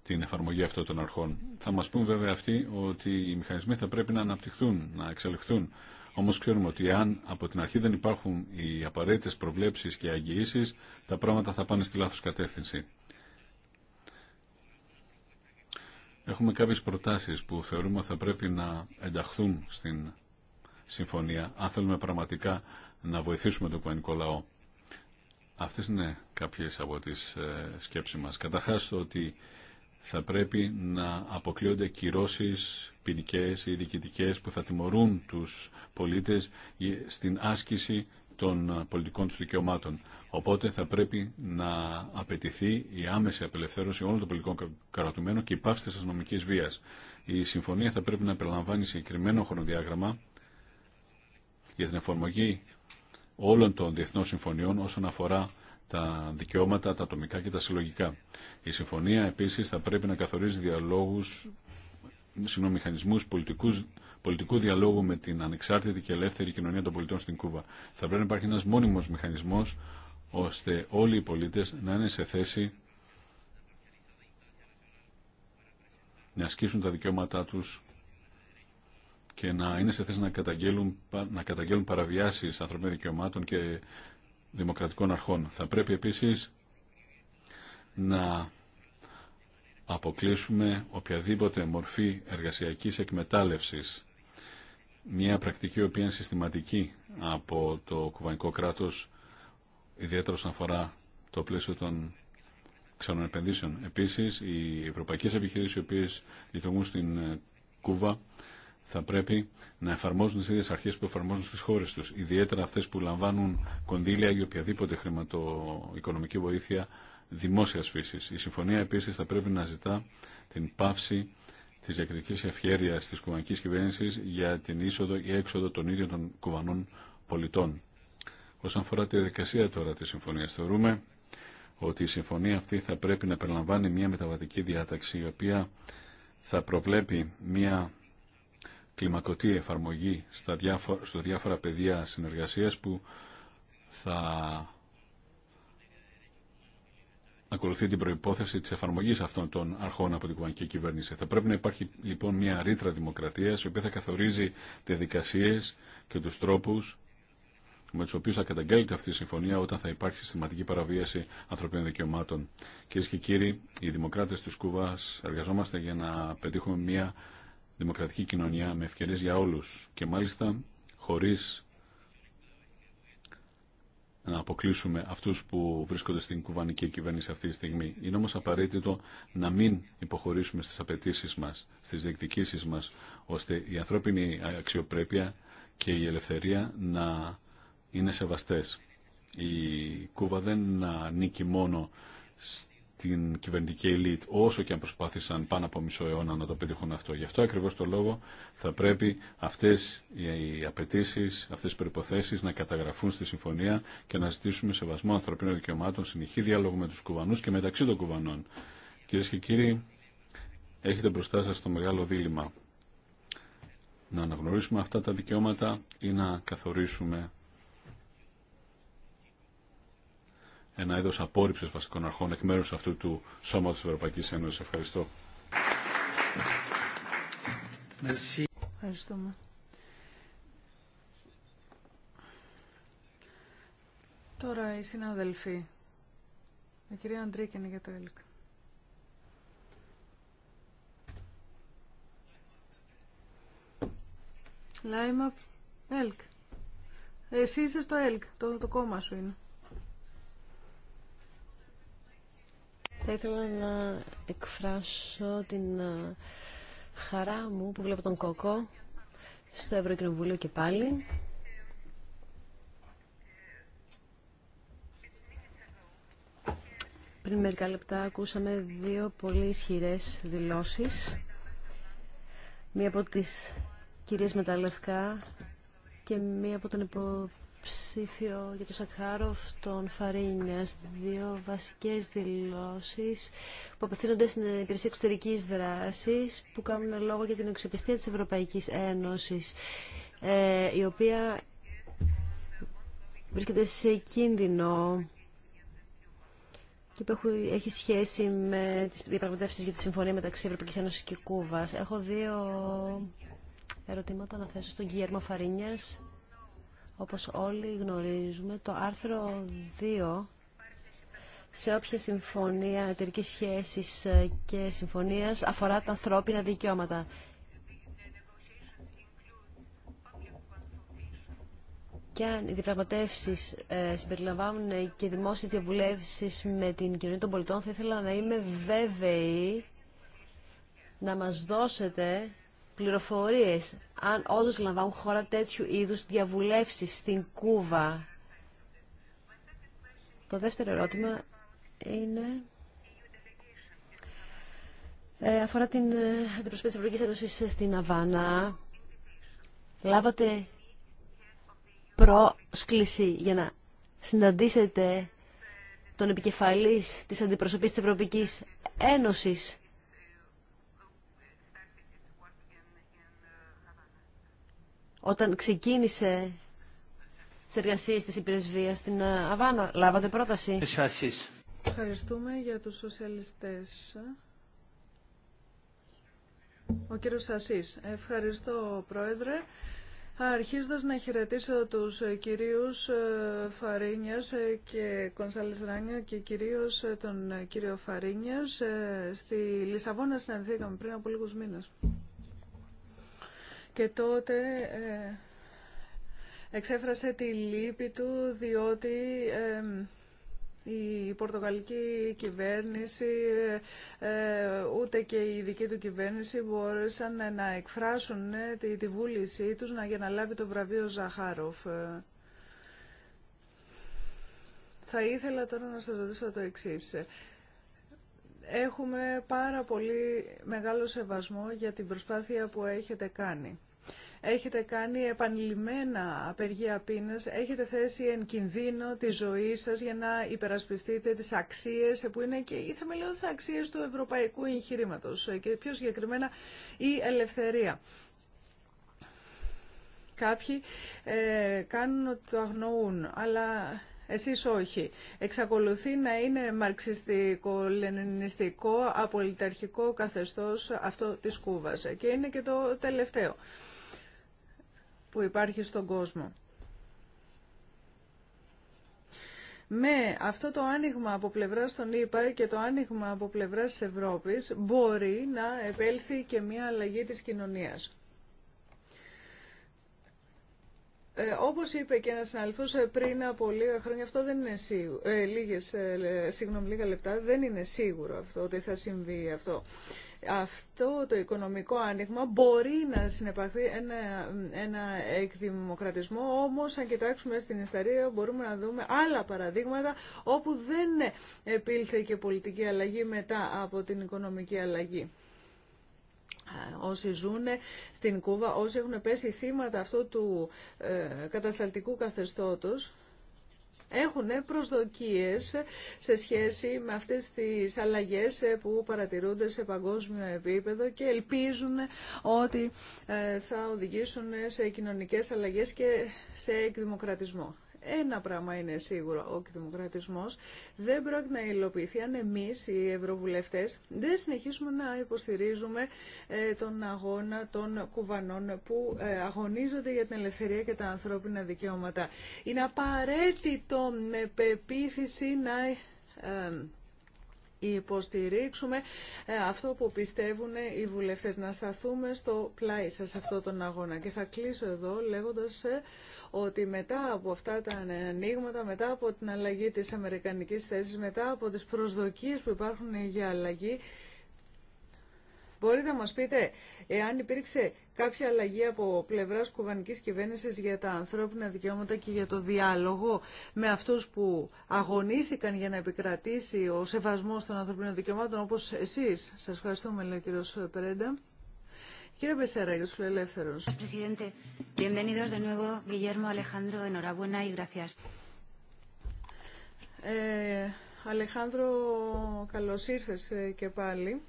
την εφαρμογή αυτών των αρχών. Θα μας πούν βέβαια αυτοί ότι οι μηχανισμοί θα πρέπει να αναπτυχθούν, να εξελιχθούν. Όμως ξέρουμε ότι αν από την αρχή δεν υπάρχουν οι απαραίτητε προβλέψει και εγγυήσει, τα πράγματα θα πάνε στη λάθο κατεύθυνση. Έχουμε κάποιες προτάσεις που θεωρούμε θα πρέπει να ενταχθούν στην συμφωνία αν θέλουμε πραγματικά να βοηθήσουμε τον πανικό λαό. Αυτές είναι κάποιες από τις ε, σκέψεις μας. Καταρχάς ότι θα πρέπει να αποκλείονται κυρώσεις ποινικέ ή διοικητικές που θα τιμωρούν τους πολίτες ε, στην άσκηση των ε, πολιτικών του δικαιωμάτων. Οπότε θα πρέπει να απαιτηθεί η άμεση απελευθέρωση όλων των πολιτικών κρατουμένων και η πάυση τη αστυνομική βία. Η συμφωνία θα πρέπει να περιλαμβάνει συγκεκριμένο χρονοδιάγραμμα για την εφαρμογή όλων των διεθνών συμφωνιών όσον αφορά τα δικαιώματα, τα ατομικά και τα συλλογικά. Η συμφωνία επίση θα πρέπει να καθορίζει διαλόγου, συνομηχανισμού, πολιτικού πολιτικού διαλόγου με την ανεξάρτητη και ελεύθερη κοινωνία των πολιτών στην Κούβα. Θα πρέπει να υπάρχει ένας μόνιμος μηχανισμός ώστε όλοι οι πολίτες να είναι σε θέση να ασκήσουν τα δικαιώματά τους και να είναι σε θέση να καταγγέλουν, να καταγγέλουν παραβιάσεις ανθρωπίνων δικαιωμάτων και δημοκρατικών αρχών. Θα πρέπει επίση να αποκλείσουμε οποιαδήποτε μορφή εργασιακής εκμετάλλευσης μια πρακτική η οποία είναι συστηματική από το κουβανικό κράτος ιδιαίτερα όσον αφορά το πλαίσιο των ξένων επενδύσεων. Επίσης, οι ευρωπαϊκές επιχειρήσεις οι οποίες λειτουργούν στην ε, Κούβα θα πρέπει να εφαρμόζουν τις ίδιες αρχές που εφαρμόζουν στις χώρες τους, ιδιαίτερα αυτές που λαμβάνουν κονδύλια ή οποιαδήποτε χρηματοοικονομική βοήθεια δημόσιας φύσης. Η συμφωνία επίσης θα πρέπει να ζητά την πάυση τη διακριτική ευχέρεια τη κουβανική κυβέρνηση για την είσοδο ή έξοδο των ίδιων των κουβανών πολιτών. Όσον αφορά τη διαδικασία τώρα τη συμφωνία, θεωρούμε ότι η συμφωνία αυτή θα πρέπει να περιλαμβάνει μια μεταβατική διάταξη η οποία θα προβλέπει μια κλιμακωτή εφαρμογή στα διάφορα, στο διάφορα πεδία συνεργασίας που θα ακολουθεί την προπόθεση τη εφαρμογή αυτών των αρχών από την κουβανική κυβέρνηση. Θα πρέπει να υπάρχει λοιπόν μια ρήτρα δημοκρατία, η οποία θα καθορίζει δικασίε και του τρόπου με του οποίου θα καταγγέλλεται αυτή η συμφωνία όταν θα υπάρχει συστηματική παραβίαση ανθρωπίνων δικαιωμάτων. Κυρίε και κύριοι, οι δημοκράτε τη Κούβα εργαζόμαστε για να πετύχουμε μια δημοκρατική κοινωνία με ευκαιρίε για όλου και μάλιστα χωρί να αποκλείσουμε αυτού που βρίσκονται στην κουβανική κυβέρνηση αυτή τη στιγμή. Είναι όμω απαραίτητο να μην υποχωρήσουμε στι απαιτήσει μα, στι διεκδικήσει μα, ώστε η ανθρώπινη αξιοπρέπεια και η ελευθερία να είναι σεβαστέ. Η Κούβα δεν ανήκει μόνο την κυβερνητική ελίτ όσο και αν προσπάθησαν πάνω από μισό αιώνα να το πετύχουν αυτό. Γι' αυτό ακριβώς το λόγο θα πρέπει αυτές οι απαιτήσει, αυτές οι περιποθέσεις να καταγραφούν στη συμφωνία και να ζητήσουμε σεβασμό ανθρωπίνων δικαιωμάτων, συνεχή διάλογο με τους κουβανούς και μεταξύ των κουβανών. Κυρίε και κύριοι, έχετε μπροστά σας το μεγάλο δίλημα. Να αναγνωρίσουμε αυτά τα δικαιώματα ή να καθορίσουμε ένα είδο απόρριψη βασικών αρχών εκ μέρου αυτού του σώματο τη Ευρωπαϊκής Ένωσης. Ευχαριστώ. Ευχαριστούμε. Τώρα οι συναδελφοί. Η κυρία Αντρίκη για το ΕΛΚ. Λάιμα, ΕΛΚ. Εσύ είσαι στο ΕΛΚ, το, το κόμμα σου είναι. Θα ήθελα να εκφράσω την χαρά μου που βλέπω τον Κόκο στο Ευρωκοινοβούλιο και πάλι. Πριν μερικά λεπτά ακούσαμε δύο πολύ ισχυρές δηλώσεις. Μία από τις κυρίες Μεταλλευκά και μία από τον υπόλοιπο υποψήφιο για το Σακχάροφ τον Φαρίνια. Δύο βασικές δηλώσεις που απευθύνονται στην υπηρεσία εξωτερικής δράσης που κάνουν λόγο για την εξοπιστία της Ευρωπαϊκής Ένωσης ε, η οποία βρίσκεται σε κίνδυνο και που έχει σχέση με τις διαπραγματεύσεις για τη συμφωνία μεταξύ Ευρωπαϊκής Ένωσης και Κούβας. Έχω δύο ερωτήματα να θέσω στον Κιέρμα Φαρίνιας όπως όλοι γνωρίζουμε, το άρθρο 2 σε όποια συμφωνία εταιρική σχέση ε, και συμφωνίας αφορά τα ανθρώπινα δικαιώματα. Και αν οι διαπραγματεύσει ε, συμπεριλαμβάνουν και δημόσιες διαβουλεύσεις με την κοινωνία των πολιτών, θα ήθελα να είμαι βέβαιη να μας δώσετε πληροφορίες αν όντως λαμβάνουν χώρα τέτοιου είδους διαβουλεύσεις στην Κούβα. Το δεύτερο ερώτημα είναι... Ε, αφορά την ε, αντιπροσωπή της Ευρωπαϊκής Ένωσης στην Αβάνα. Λάβατε πρόσκληση για να συναντήσετε τον επικεφαλής της αντιπροσωπής της Ευρωπαϊκής Ένωσης όταν ξεκίνησε τι εργασίε τη υπηρεσβείας στην ε, Αβάνα. Λάβατε πρόταση. Ευχαριστούμε για τους σοσιαλιστές. Ο κύριος Σασής. Ευχαριστώ, Πρόεδρε. Αρχίζοντας να χαιρετήσω τους κυρίους ε, Φαρίνιας ε, και Κονσάλης Ράνια και κυρίως τον κύριο Φαρίνιας. Στη Λισαβόνα συναντηθήκαμε πριν από λίγους μήνες και τότε ε, εξέφρασε τη λύπη του διότι η πορτογαλική κυβέρνηση ε, ούτε και η δική του κυβέρνηση μπόρεσαν να εκφράσουν ε, τη βούλησή τους για να λάβει το βραβείο Ζαχάροφ. Θα ήθελα τώρα να σας ρωτήσω το εξής. Έχουμε πάρα πολύ μεγάλο σεβασμό για την προσπάθεια που έχετε κάνει. Έχετε κάνει επανειλημμένα απεργία πείνας, έχετε θέσει εν κινδύνο τη ζωή σας για να υπερασπιστείτε τις αξίες που είναι και οι θεμελιώδεις αξίες του ευρωπαϊκού εγχειρήματο και πιο συγκεκριμένα η ελευθερία. Κάποιοι ε, κάνουν ότι το αγνοούν, αλλά εσείς όχι. Εξακολουθεί να είναι μαρξιστικό, λενινιστικό, απολυταρχικό καθεστώς αυτό της Κούβας. Και είναι και το τελευταίο που υπάρχει στον κόσμο. Με αυτό το άνοιγμα από πλευρά των ΗΠΑ και το άνοιγμα από πλευρά της Ευρώπης μπορεί να επέλθει και μια αλλαγή της κοινωνίας. Ε, όπως είπε και ένας αλφούς ε, πριν από λίγα χρόνια, αυτό δεν είναι σίγουρο, ε, λίγες, ε, λίγα λεπτά, δεν είναι σίγουρο αυτό ότι θα συμβεί αυτό αυτό το οικονομικό άνοιγμα μπορεί να συνεπαθεί ένα, ένα εκδημοκρατισμό, όμως αν κοιτάξουμε στην Ισταρία μπορούμε να δούμε άλλα παραδείγματα όπου δεν επήλθε και πολιτική αλλαγή μετά από την οικονομική αλλαγή. Όσοι ζουν στην Κούβα, όσοι έχουν πέσει θύματα αυτού του ε, κατασταλτικού καθεστώτος, έχουν προσδοκίες σε σχέση με αυτές τις αλλαγές που παρατηρούνται σε παγκόσμιο επίπεδο και ελπίζουν ότι ε, θα οδηγήσουν σε κοινωνικές αλλαγές και σε εκδημοκρατισμό. Ένα πράγμα είναι σίγουρο, ο δημοκρατισμός δεν πρόκειται να υλοποιηθεί αν εμείς οι ευρωβουλευτές δεν συνεχίσουμε να υποστηρίζουμε ε, τον αγώνα των κουβανών που ε, αγωνίζονται για την ελευθερία και τα ανθρώπινα δικαιώματα. Είναι απαραίτητο με πεποίθηση να ε, υποστηρίξουμε ε, αυτό που πιστεύουν οι βουλευτές, να σταθούμε στο πλάι σας σε αυτόν τον αγώνα. Και θα κλείσω εδώ λέγοντας ε, ότι μετά από αυτά τα ανοίγματα, μετά από την αλλαγή της αμερικανικής θέσης, μετά από τις προσδοκίες που υπάρχουν για αλλαγή, μπορείτε να μας πείτε εάν υπήρξε κάποια αλλαγή από πλευρά κουβανική κυβέρνηση για τα ανθρώπινα δικαιώματα και για το διάλογο με αυτού που αγωνίστηκαν για να επικρατήσει ο σεβασμό των ανθρωπίνων δικαιωμάτων όπω εσεί, σα ευχαριστούμε, λέει ο κύριο Περέντα. Κύριε Μπεσέρα, για του φιλελεύθερους. Ε, Αλεχάνδρο, καλώς ήρθες ε, και πάλι.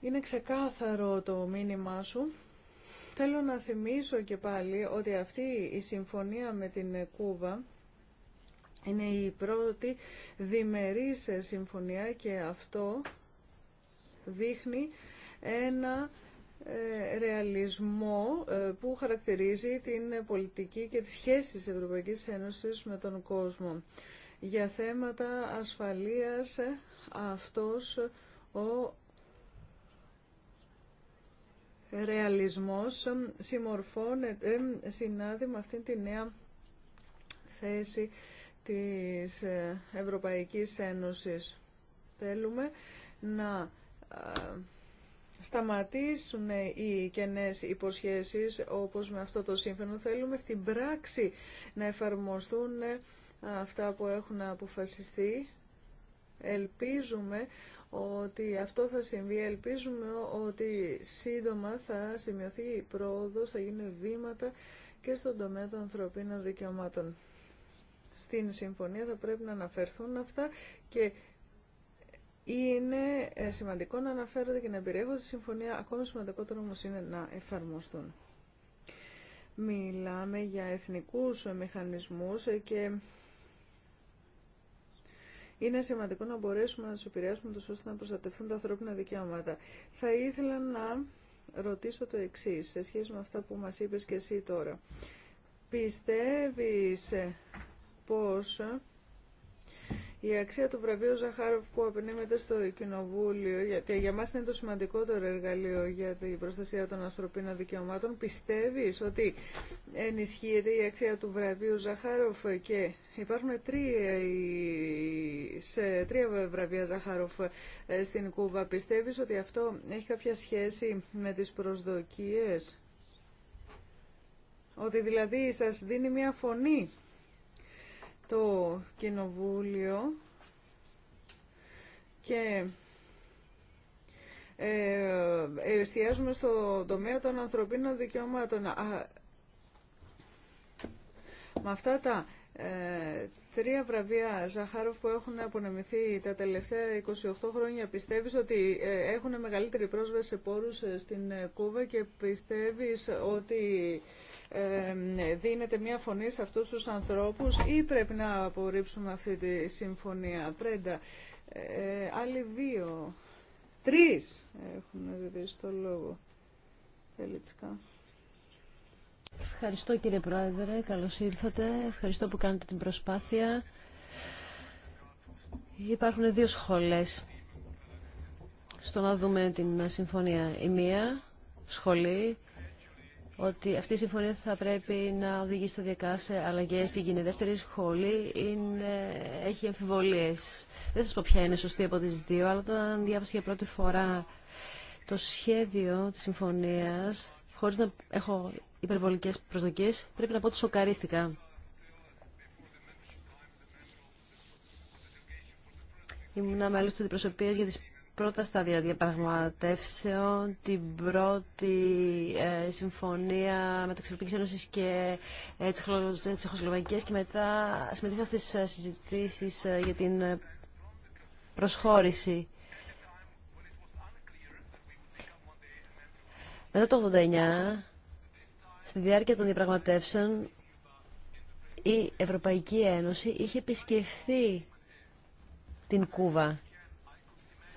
Είναι ξεκάθαρο το μήνυμά σου. Θέλω να θυμίσω και πάλι ότι αυτή η συμφωνία με την Κούβα είναι η πρώτη διμερής συμφωνία και αυτό δείχνει ένα ε, ρεαλισμό ε, που χαρακτηρίζει την πολιτική και τις σχέσεις Ευρωπαϊκής Ένωσης με τον κόσμο. Για θέματα ασφαλείας αυτός ο ρεαλισμός συμμορφώνεται, συνάδει με αυτήν τη νέα θέση της ε, Ευρωπαϊκής Ένωσης. Θέλουμε να σταματήσουν οι κενές υποσχέσεις όπως με αυτό το σύμφωνο. Θέλουμε στην πράξη να εφαρμοστούν ε, αυτά που έχουν αποφασιστεί. Ελπίζουμε ότι αυτό θα συμβεί. Ελπίζουμε ότι σύντομα θα σημειωθεί η πρόοδος, θα γίνουν βήματα και στον τομέα των ανθρωπίνων δικαιωμάτων. Στην συμφωνία θα πρέπει να αναφερθούν αυτά και είναι ε, σημαντικό να αναφέρονται και να περιέχονται στη συμφωνία. Ακόμα σημαντικότερο όμως είναι να εφαρμοστούν. Μιλάμε για εθνικούς μηχανισμούς ε, και είναι σημαντικό να μπορέσουμε να του επηρεάσουμε τους ώστε να προστατευτούν τα ανθρώπινα δικαιώματα. Θα ήθελα να ρωτήσω το εξή σε σχέση με αυτά που μας είπες και εσύ τώρα. Πιστεύεις ε, πως η αξία του βραβείου Ζαχάροφ που απενέμεται στο Κοινοβούλιο, γιατί για μας είναι το σημαντικότερο εργαλείο για την προστασία των ανθρωπίνων δικαιωμάτων, πιστεύεις ότι ενισχύεται η αξία του βραβείου Ζαχάροφ και υπάρχουν τρία, σε τρία βραβεία Ζαχάροφ ε, στην Κούβα. Πιστεύεις ότι αυτό έχει κάποια σχέση με τις προσδοκίες? Ότι δηλαδή σας δίνει μια φωνή το Κοινοβούλιο και ε, εστιάζουμε στο τομέα των ανθρωπίνων δικαιωμάτων. Με αυτά τα ε, τρία βραβεία Ζαχάροφ που έχουν απονεμηθεί τα τελευταία 28 χρόνια πιστεύεις ότι ε, έχουν μεγαλύτερη πρόσβαση σε πόρους ε, στην ε, Κούβα και πιστεύεις ότι δίνεται μια φωνή σε αυτούς τους ανθρώπους ή πρέπει να απορρίψουμε αυτή τη συμφωνία. Πρέντα, ε, άλλοι δύο, τρεις έχουν ζητήσει το λόγο. Ευχαριστώ κύριε Πρόεδρε, καλώς ήρθατε. Ευχαριστώ που κάνετε την προσπάθεια. Υπάρχουν δύο σχολές στο να δούμε την συμφωνία. Η μία σχολή ότι αυτή η συμφωνία θα πρέπει να οδηγήσει σταδιακά σε αλλαγέ στη Γη. δεύτερη σχολή είναι, έχει αμφιβολίε. Δεν σα πω ποια είναι σωστή από τι δύο, αλλά όταν διάβασα για πρώτη φορά το σχέδιο τη συμφωνία, χωρί να έχω υπερβολικέ προσδοκίε, πρέπει να πω ότι σοκαρίστηκα. Ήμουν μέλο τη αντιπροσωπεία για τι πρώτα στα διαπραγματεύσεων, την πρώτη ε, συμφωνία μεταξύ Ευρωπαϊκής Ένωσης και ε, Τσεχοσλοβακίας και μετά συμμετείχα στις ε, συζητήσεις ε, για την προσχώρηση. Μετά το 1989, στη διάρκεια των διαπραγματεύσεων, η Ευρωπαϊκή Ένωση είχε επισκεφθεί την Κούβα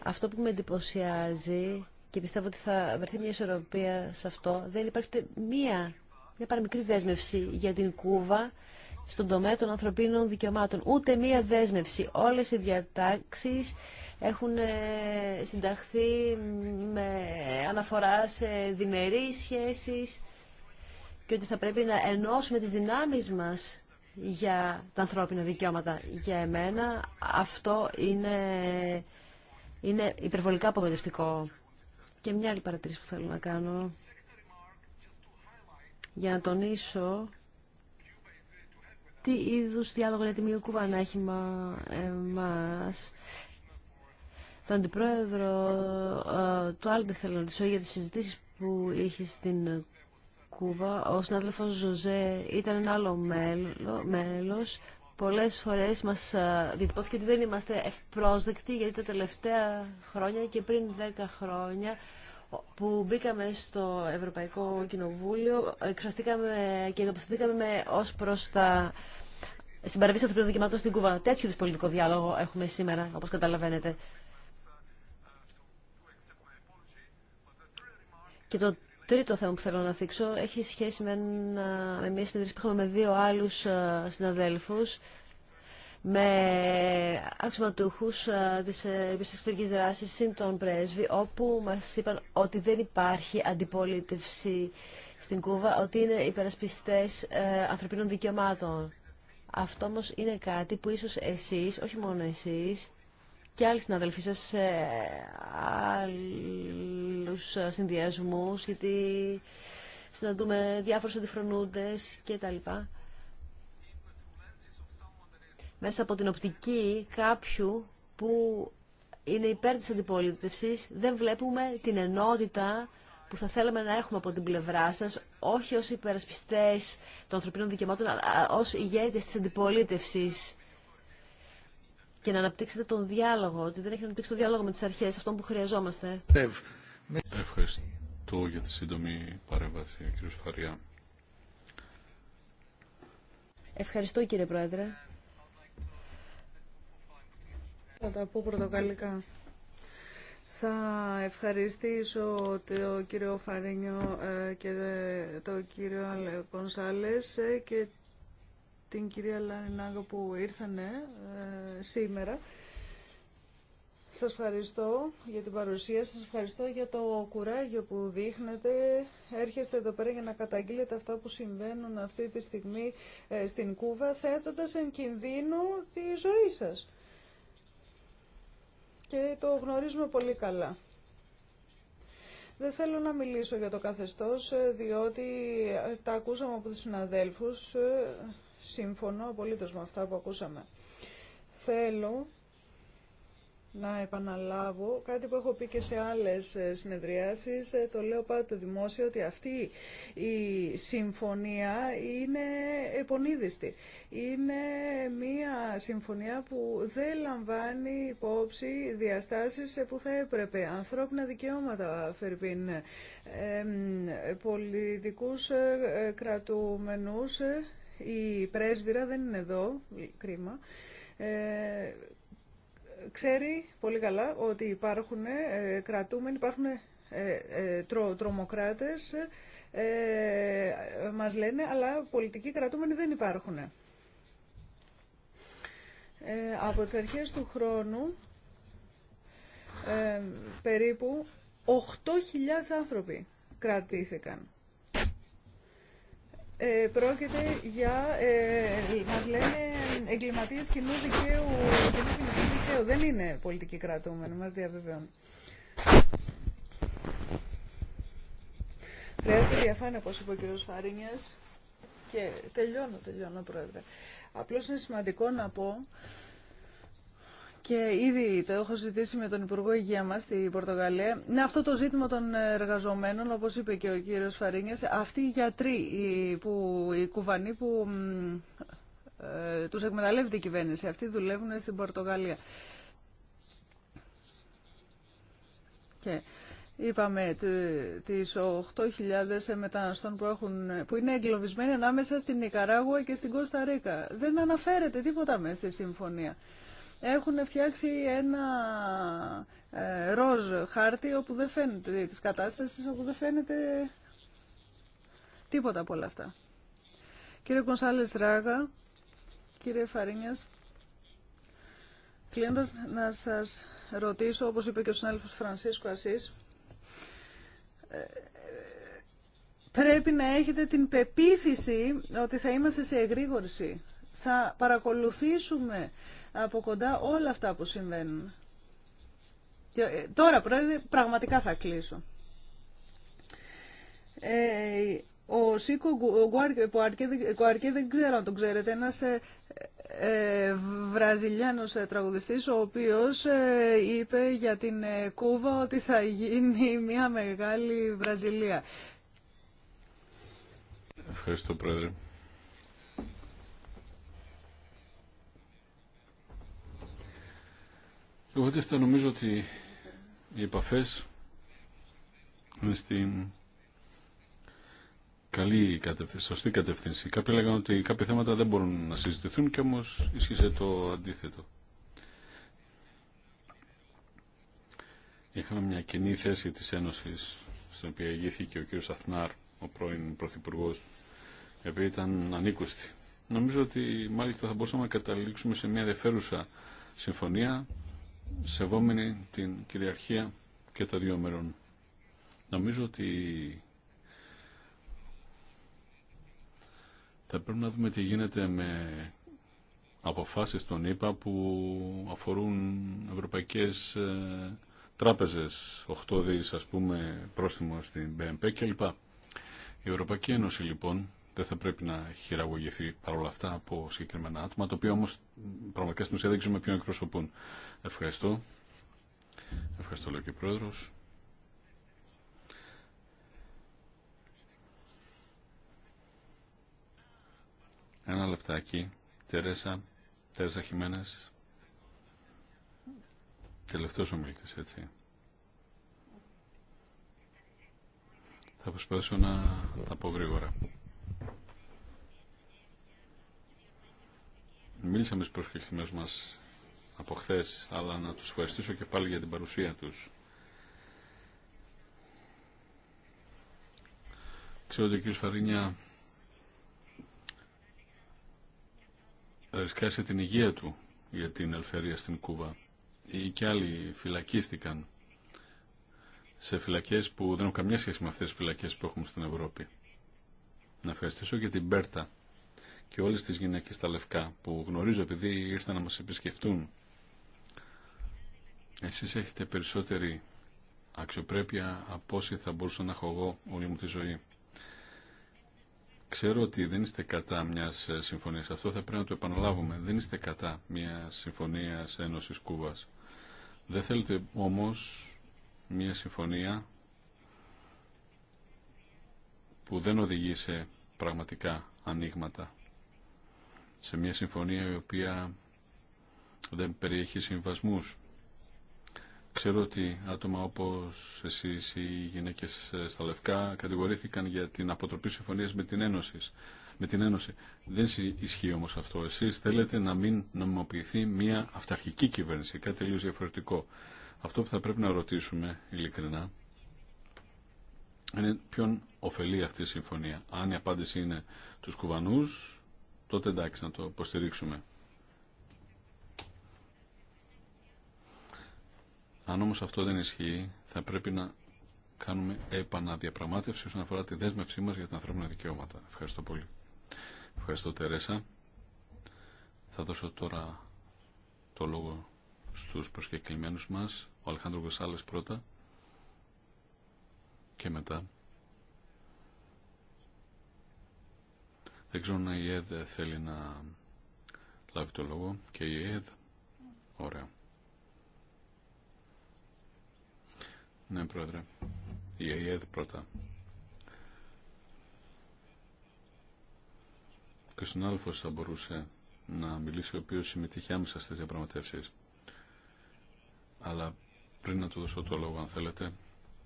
αυτό που με εντυπωσιάζει και πιστεύω ότι θα βρεθεί μια ισορροπία σε αυτό, δεν υπάρχει μία, μια παραμικρή δέσμευση για την Κούβα στον τομέα των ανθρωπίνων δικαιωμάτων. Ούτε μία δέσμευση. Όλες οι διατάξεις έχουν ε, συνταχθεί με αναφορά σε διμερείς σχέσεις και ότι θα πρέπει να ενώσουμε τις δυνάμεις μας για τα ανθρώπινα δικαιώματα. Για εμένα αυτό είναι είναι υπερβολικά απογοητευτικό. Και μια άλλη παρατήρηση που θέλω να κάνω για να τονίσω τι είδους διάλογο για τη κούβα να έχει μα, εμάς. Τον αντιπρόεδρο ε, του Άλμπε θέλω να ρωτήσω για τις συζητήσεις που είχε στην Κούβα. Ο συνάδελφος Ζωζέ ήταν ένα άλλο μέλο, μέλος πολλές φορές μας ε, διατυπώθηκε ότι δεν είμαστε ευπρόσδεκτοι γιατί τα τελευταία χρόνια και πριν 10 χρόνια που μπήκαμε στο Ευρωπαϊκό Κοινοβούλιο εκφραστήκαμε και εγκαταστηθήκαμε ως προς τα στην παραβίαση των δικαιωμάτων στην Κούβα. Τέτοιου είδου πολιτικό διάλογο έχουμε σήμερα, όπω καταλαβαίνετε. Και το τρίτο θέμα που θέλω να θίξω έχει σχέση με, μια συνέντευξη που είχαμε με δύο άλλους ε, συναδέλφους με αξιωματούχους ε, της επιστημονικής δράσης συν τον πρέσβη όπου μας είπαν ότι δεν υπάρχει αντιπολίτευση στην Κούβα ότι είναι υπερασπιστές ε, ανθρωπίνων δικαιωμάτων. Αυτό όμως είναι κάτι που ίσως εσείς, όχι μόνο εσείς, και άλλοι συναδελφοί σας άλλους ε, συνδυασμούς, γιατί συναντούμε διάφορους αντιφρονούντες κτλ. Μέσα από την οπτική κάποιου που είναι υπέρ της αντιπολίτευσης, δεν βλέπουμε την ενότητα που θα θέλαμε να έχουμε από την πλευρά σας, όχι ως υπερασπιστές των ανθρωπίνων δικαιωμάτων, αλλά ως ηγέτες της αντιπολίτευσης και να αναπτύξετε τον διάλογο, ότι δεν έχει αναπτύξει τον διάλογο με τις αρχές, αυτών που χρειαζόμαστε. Ευχαριστώ για τη σύντομη παρέμβαση, κύριε Φαριά. Ευχαριστώ, κύριε Πρόεδρε. Θα τα πω πρωτοκαλικά. Θα ευχαριστήσω τον κύριο Φαρίνιο ε, και ε, το κύριο Κονσάλες ε, και την κυρία Λανινάγκο που ήρθανε σήμερα. Σας ευχαριστώ για την παρουσία σας, ευχαριστώ για το κουράγιο που δείχνετε. Έρχεστε εδώ πέρα για να καταγγείλετε αυτά που συμβαίνουν αυτή τη στιγμή ε, στην Κούβα, θέτοντας εν κινδύνο τη ζωή σας. Και το γνωρίζουμε πολύ καλά. Δεν θέλω να μιλήσω για το καθεστώς, ε, διότι ε, τα ακούσαμε από τους συναδέλφους. Συμφωνώ απολύτως με αυτά που ακούσαμε. Θέλω να επαναλάβω κάτι που έχω πει και σε άλλες ε, συνεδριάσεις, ε, το λέω πάντα το δημόσιο, ότι αυτή η συμφωνία είναι επονίδιστη. Είναι μία συμφωνία που δεν λαμβάνει υπόψη διαστάσεις ε, που θα έπρεπε. Ανθρώπινα δικαιώματα, Φερπίν, πολιτικούς κρατούμενους, η πρέσβυρα δεν είναι εδώ, κρίμα, ξέρει πολύ καλά ότι υπάρχουν ε, κρατούμενοι, υπάρχουν ε, ε, τρο, τρομοκράτες, μας λένε, αλλά πολιτικοί κρατούμενοι δεν υπάρχουν. Από τις αρχές του χρόνου, περίπου 8.000 άνθρωποι κρατήθηκαν. Ε, πρόκειται για, ε, μας λένε, εγκληματίες κοινού δικαίου, δεν είναι πολιτική κρατούμενοι, μας διαβεβαιώνουν. Χρειάζεται διαφάνεια, όπως είπε ο κ. Φαρίνιας. Και τελειώνω, τελειώνω, Πρόεδρε. Απλώς είναι σημαντικό να πω και ήδη το έχω ζητήσει με τον Υπουργό Υγεία μας στην Πορτογαλία. Είναι αυτό το ζήτημα των εργαζομένων, όπως είπε και ο κύριος Φαρίνιας. Αυτοί οι γιατροί, που, οι κουβανοί που ε, τους εκμεταλλεύεται η κυβέρνηση. Αυτοί δουλεύουν στην Πορτογαλία. Και είπαμε τις 8.000 μεταναστών που, έχουν, που είναι εγκλωβισμένοι ανάμεσα στην Νικαράγουα και στην Κώστα Δεν αναφέρεται τίποτα μέσα στη συμφωνία. Έχουν φτιάξει ένα ε, ροζ χάρτη όπου δεν φαίνεται, της κατάστασης όπου δεν φαίνεται τίποτα από όλα αυτά. Κύριε Κονσάλες Ράγα, Κύριε Φαρίνιας, κλείνοντας να σας ρωτήσω, όπως είπε και ο συνάδελφος Φρανσίσκο Ασής, ε, πρέπει να έχετε την πεποίθηση ότι θα είμαστε σε εγρήγορση. Θα παρακολουθήσουμε από κοντά όλα αυτά που συμβαίνουν. Και ε, τώρα, Πρόεδρε, πραγματικά θα κλείσω. Ε, ο Σίκο Γκουαρκέ δεν ξέρω αν τον ξέρετε, ένας ε, ε, βραζιλιάνος ε, τραγουδιστής ο οποίος είπε για την Κούβα ότι θα γίνει μια μεγάλη Βραζιλία. Ευχαριστώ Πρόεδρε. Εγώ νομίζω ότι οι επαφές με στην καλή κατεύθυνση, σωστή κατεύθυνση. Κάποιοι λέγανε ότι κάποια θέματα δεν μπορούν να συζητηθούν και όμως ίσχυσε το αντίθετο. Είχαμε μια κοινή θέση της Ένωσης, στην οποία ηγήθηκε ο κ. Αθνάρ, ο πρώην Πρωθυπουργό, επειδή ήταν ανήκουστη. Νομίζω ότι μάλιστα θα μπορούσαμε να καταλήξουμε σε μια ενδιαφέρουσα συμφωνία, σεβόμενη την κυριαρχία και των δύο μερών. Νομίζω ότι Θα πρέπει να δούμε τι γίνεται με αποφάσεις των ΗΠΑ που αφορούν ευρωπαϊκές ε, τράπεζες, 8 δις ας πούμε πρόστιμο στην BMP κλπ. Η Ευρωπαϊκή Ένωση λοιπόν δεν θα πρέπει να χειραγωγηθεί παρόλα αυτά από συγκεκριμένα άτομα, το οποίο όμως πραγματικά στην ουσία δεν ξέρουμε ποιον εκπροσωπούν. Ευχαριστώ. Ευχαριστώ λέει και Πρόεδρος. Ένα λεπτάκι. Τέρεσα, Τέρεσα Χιμένες. Τελευταίος ομιλητής, έτσι. Θα προσπαθήσω να τα πω γρήγορα. Μίλησαμε τους προσκεκλημένους μας από χθε, αλλά να τους ευχαριστήσω και πάλι για την παρουσία τους. Ξέρω ότι ο κ. Φαρίνια ρισκάσει την υγεία του για την ελευθερία στην Κούβα ή και άλλοι φυλακίστηκαν σε φυλακές που δεν έχουν καμιά σχέση με αυτές τις φυλακές που έχουμε στην Ευρώπη. Να ευχαριστήσω και την Μπέρτα και όλες τις γυναίκες στα Λευκά που γνωρίζω επειδή ήρθαν να μας επισκεφτούν. Εσείς έχετε περισσότερη αξιοπρέπεια από όσοι θα μπορούσα να έχω εγώ όλη μου τη ζωή. Ξέρω ότι δεν είστε κατά μια ε, συμφωνία. Αυτό θα πρέπει να το επαναλάβουμε. Δεν είστε κατά μιας συμφωνίας Ένωση Κούβα. Δεν θέλετε όμως μια συμφωνία που δεν οδηγεί σε πραγματικά ανοίγματα. Σε μια συμφωνία η οποία δεν περιέχει συμβασμούς Ξέρω ότι άτομα όπως εσείς οι γυναίκες ε, στα Λευκά κατηγορήθηκαν για την αποτροπή συμφωνία με την Ένωση. Με την Ένωση. Δεν ισχύει όμως αυτό. Εσείς θέλετε να μην νομιμοποιηθεί μια αυταρχική κυβέρνηση, κάτι τελείω διαφορετικό. Αυτό που θα πρέπει να ρωτήσουμε ειλικρινά είναι ποιον ωφελεί αυτή η συμφωνία. Αν η απάντηση είναι τους κουβανούς, τότε εντάξει να το υποστηρίξουμε. Αν όμως αυτό δεν ισχύει, θα πρέπει να κάνουμε επαναδιαπραγμάτευση όσον αφορά τη δέσμευσή μας για τα ανθρώπινα δικαιώματα. Ευχαριστώ πολύ. Ευχαριστώ Τερέσα. Θα δώσω τώρα το λόγο στους προσκεκλημένους μας, ο Αλχάνδρου Γκοσάλες πρώτα και μετά. Δεν ξέρω αν η ΕΔ θέλει να λάβει το λόγο και η ΕΔ. Ωραία. Ναι, Πρόεδρε. Η ΑΕΔ πρώτα. Και θα μπορούσε να μιλήσει, ο οποίος συμμετείχε άμεσα στις διαπραγματεύσεις. Αλλά πριν να του δώσω το λόγο, αν θέλετε,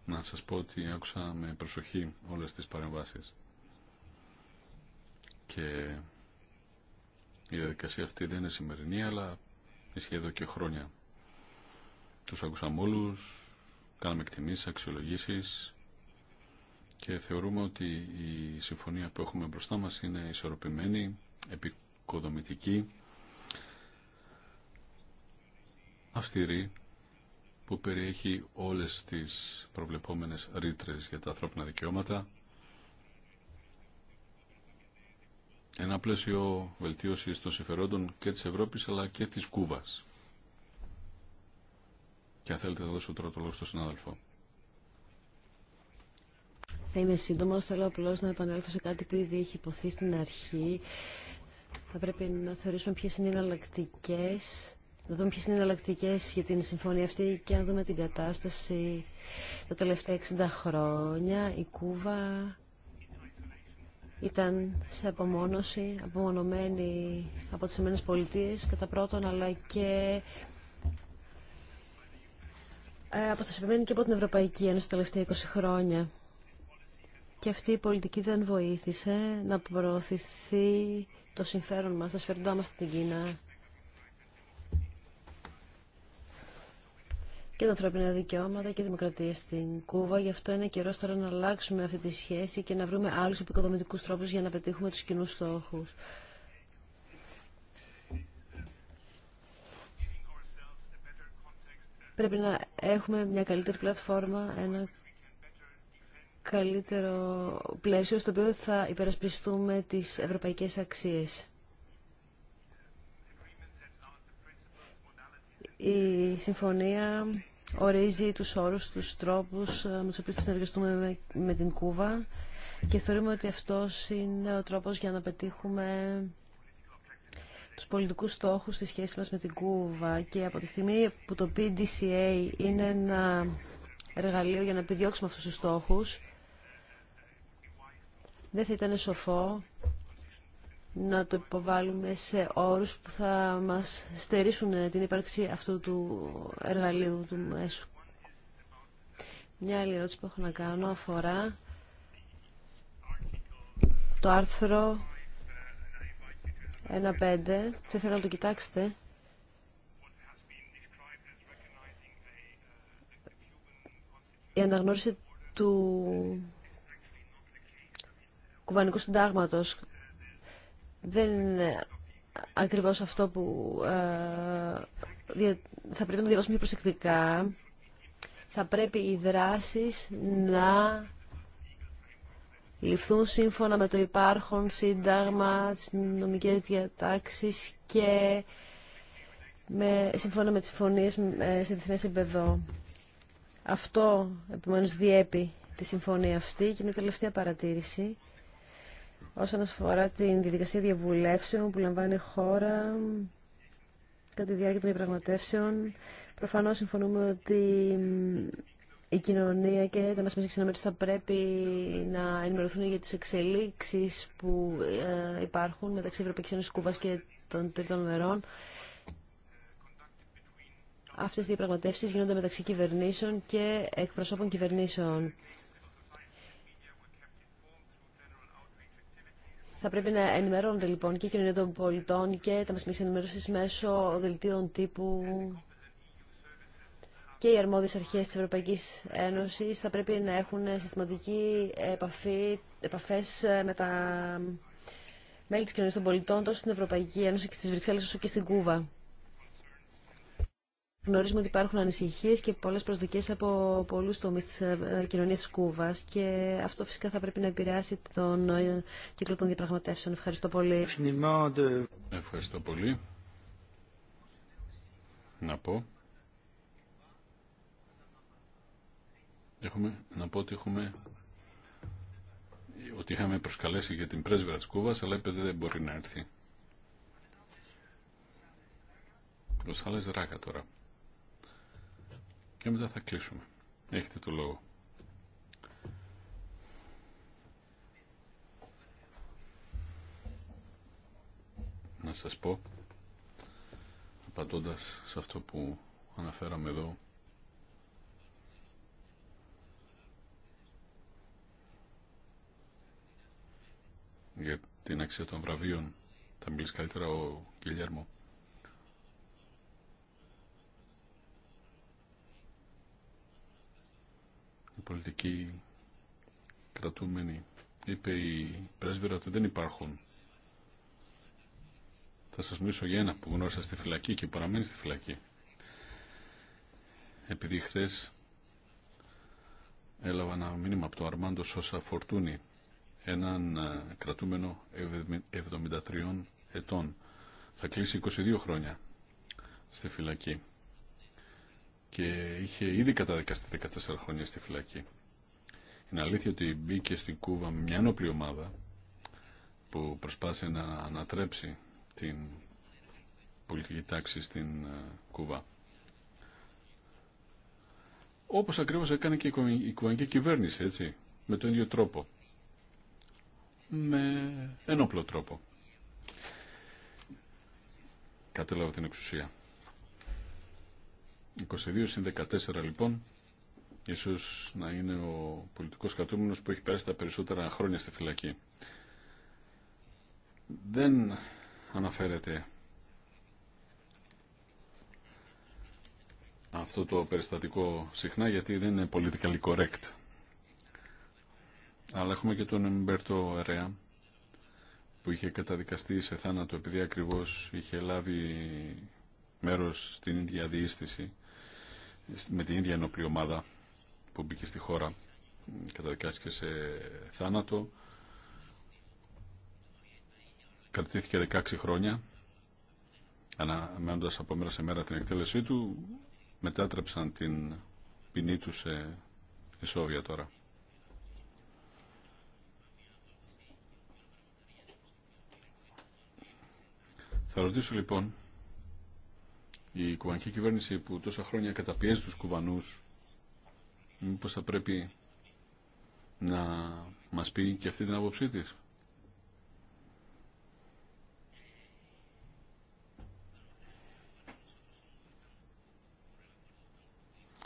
να σας πω ότι άκουσα με προσοχή όλες τις παρεμβάσεις. Και η διαδικασία αυτή δεν είναι σημερινή, αλλά ισχύει εδώ και χρόνια. Τους άκουσα όλους, κάναμε εκτιμήσεις, αξιολογήσεις και θεωρούμε ότι η συμφωνία που έχουμε μπροστά μας είναι ισορροπημένη, επικοδομητική, αυστηρή, που περιέχει όλες τις προβλεπόμενες ρήτρες για τα ανθρώπινα δικαιώματα, ένα πλαίσιο βελτίωσης των συμφερόντων και της Ευρώπης αλλά και της Κούβας. Και αν θέλετε θα δώσω τώρα το λόγο στον συνάδελφο. Θα είμαι σύντομο. Θέλω απλώ να επανέλθω σε κάτι που ήδη έχει υποθεί στην αρχή. Θα πρέπει να θεωρήσουμε ποιε είναι οι εναλλακτικέ. Να δούμε ποιε είναι οι εναλλακτικέ για την συμφωνία αυτή και να δούμε την κατάσταση τα τελευταία 60 χρόνια. Η Κούβα ήταν σε απομόνωση, απομονωμένη από τι ΗΠΑ κατά πρώτον, αλλά και ε, αποστασιοποιημένη και από την Ευρωπαϊκή Ένωση τα τελευταία 20 χρόνια. Και αυτή η πολιτική δεν βοήθησε να προωθηθεί το συμφέρον μας, τα συμφέροντά μας στην Κίνα. και τα ανθρώπινα δικαιώματα και η δημοκρατία στην Κούβα. Γι' αυτό είναι καιρό τώρα να αλλάξουμε αυτή τη σχέση και να βρούμε άλλου επικοδομητικού τρόπου για να πετύχουμε του κοινού στόχου. Πρέπει να έχουμε μια καλύτερη πλατφόρμα, ένα καλύτερο πλαίσιο στο οποίο θα υπερασπιστούμε τις ευρωπαϊκές αξίες. Η συμφωνία ορίζει τους όρους, τους τρόπους ε, με τους οποίους θα συνεργαστούμε με την Κούβα και θεωρούμε ότι αυτός είναι ο τρόπος για να πετύχουμε τους πολιτικούς στόχους στη σχέση μας με την Κούβα και από τη στιγμή που το PDCA είναι ένα εργαλείο για να επιδιώξουμε αυτούς τους στόχους, δεν θα ήταν σοφό να το υποβάλουμε σε όρους που θα μας στερήσουν την ύπαρξη αυτού του εργαλείου του μέσου. Μια άλλη ερώτηση που έχω να κάνω αφορά το άρθρο Ενα πέντε. Θα ήθελα να το κοιτάξετε. Η αναγνώριση του κουβανικού συντάγματος δεν είναι ακριβώς αυτό που ε, θα πρέπει να το διαβάσουμε προσεκτικά. Θα πρέπει οι δράσεις να ληφθούν σύμφωνα με το υπάρχον σύνταγμα, τις νομικές διατάξεις και με, σύμφωνα με τις συμφωνίες ε, σε διεθνές επίπεδο. Αυτό, επομένως, διέπει τη συμφωνία αυτή και η τελευταία παρατήρηση όσον αφορά την διαδικασία διαβουλεύσεων που λαμβάνει χώρα κατά τη διάρκεια των διαπραγματεύσεων. Προφανώς συμφωνούμε ότι η κοινωνία και τα μέσα μας θα πρέπει να ενημερωθούν για τις εξελίξεις που ε, υπάρχουν μεταξύ Ευρωπαϊκής Ένωσης Κούβας και των τρίτων μερών. Αυτές οι διαπραγματεύσει γίνονται μεταξύ κυβερνήσεων και εκπροσώπων κυβερνήσεων. Θα πρέπει να ενημερώνονται λοιπόν και η κοινωνία των πολιτών και τα μέσα ενημέρωση μέσω δελτίων τύπου και οι αρμόδιες αρχές της Ευρωπαϊκής Ένωσης θα πρέπει να έχουν συστηματική επαφή, επαφές ε, με τα μέλη της κοινωνίας των πολιτών τόσο στην Ευρωπαϊκή Ένωση και στις Βρυξέλλες όσο και στην Κούβα. Γνωρίζουμε ότι υπάρχουν ανησυχίες και πολλές προσδοκίες από πολλούς τομείς της ε, κοινωνίας της Κούβας και αυτό φυσικά θα πρέπει να επηρεάσει τον ε, κύκλο των διαπραγματεύσεων. Ευχαριστώ πολύ. Να πω έχουμε, να πω ότι έχουμε ότι είχαμε προσκαλέσει για την πρέσβυρα της Κούβας, αλλά είπε δεν μπορεί να έρθει. άλλες Ράκα τώρα. Και μετά θα κλείσουμε. Έχετε το λόγο. Να σας πω, απαντώντας σε αυτό που αναφέραμε εδώ, για την αξία των βραβείων. Θα μιλήσει καλύτερα ο Γιλιάρμο. Η πολιτική κρατούμενη είπε η πρέσβυρα ότι δεν υπάρχουν. Θα σας μιλήσω για ένα που γνώρισα στη φυλακή και παραμένει στη φυλακή. Επειδή χθε έλαβα ένα μήνυμα από το Αρμάντο Σόσα Φορτούνη έναν ε, κρατούμενο 73 ετών. Θα κλείσει 22 χρόνια στη φυλακή και είχε ήδη καταδικαστεί 14 χρόνια στη φυλακή. Είναι αλήθεια ότι μπήκε στην Κούβα μια νόπλη ομάδα που προσπάθησε να ανατρέψει την πολιτική τάξη στην ε, Κούβα. Όπως ακριβώς έκανε και η κουβανική κυβέρνηση, έτσι, με τον ίδιο τρόπο με ενόπλο τρόπο. Κατέλαβα την εξουσία. 22 συν 14 λοιπόν, ίσως να είναι ο πολιτικός κατούμενος που έχει πέρασει τα περισσότερα χρόνια στη φυλακή. Δεν αναφέρεται αυτό το περιστατικό συχνά γιατί δεν είναι πολιτικά correct. Αλλά έχουμε και τον Μπέρτο Ρέα που είχε καταδικαστεί σε θάνατο επειδή ακριβώς είχε λάβει μέρος στην ίδια διήστηση με την ίδια ενόπλη ομάδα που μπήκε στη χώρα καταδικάστηκε σε θάνατο κρατήθηκε 16 χρόνια αναμένοντας από μέρα σε μέρα την εκτέλεσή του μετάτρεψαν την ποινή του σε ισόβια τώρα Θα ρωτήσω λοιπόν η κουβανική κυβέρνηση που τόσα χρόνια καταπιέζει τους κουβανούς μήπως θα πρέπει να μας πει και αυτή την άποψή της.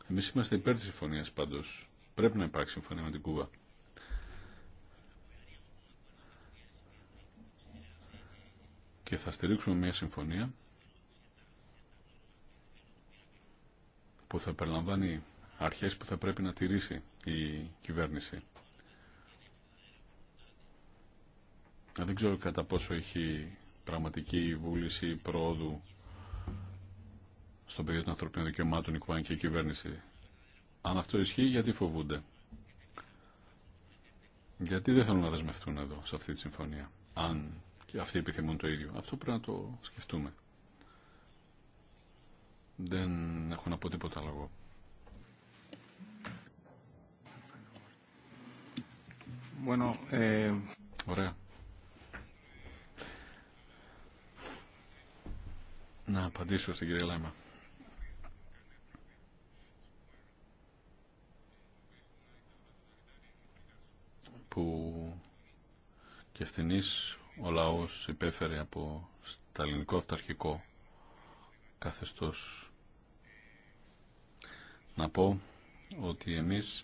Εμείς είμαστε υπέρ της συμφωνίας πάντως. Πρέπει να υπάρξει συμφωνία με την Κούβα. και θα στηρίξουμε μια συμφωνία που θα περιλαμβάνει αρχές που θα πρέπει να τηρήσει η κυβέρνηση. Δεν ξέρω κατά πόσο έχει πραγματική βούληση προόδου στον πεδίο των ανθρωπίνων δικαιωμάτων η κουβανική κυβέρνηση. Αν αυτό ισχύει, γιατί φοβούνται. Γιατί δεν θέλουν να δεσμευτούν εδώ, σε αυτή τη συμφωνία. Αν και αυτοί επιθυμούν το ίδιο. Αυτό πρέπει να το σκεφτούμε. Δεν έχω να πω τίποτα άλλο εγώ. Bueno, ε, Ωραία. Να απαντήσω στην κυρία Λάιμα. Που και ευθυνής ο λαός υπέφερε από σταλινικό αυταρχικό καθεστώς. Να πω ότι εμείς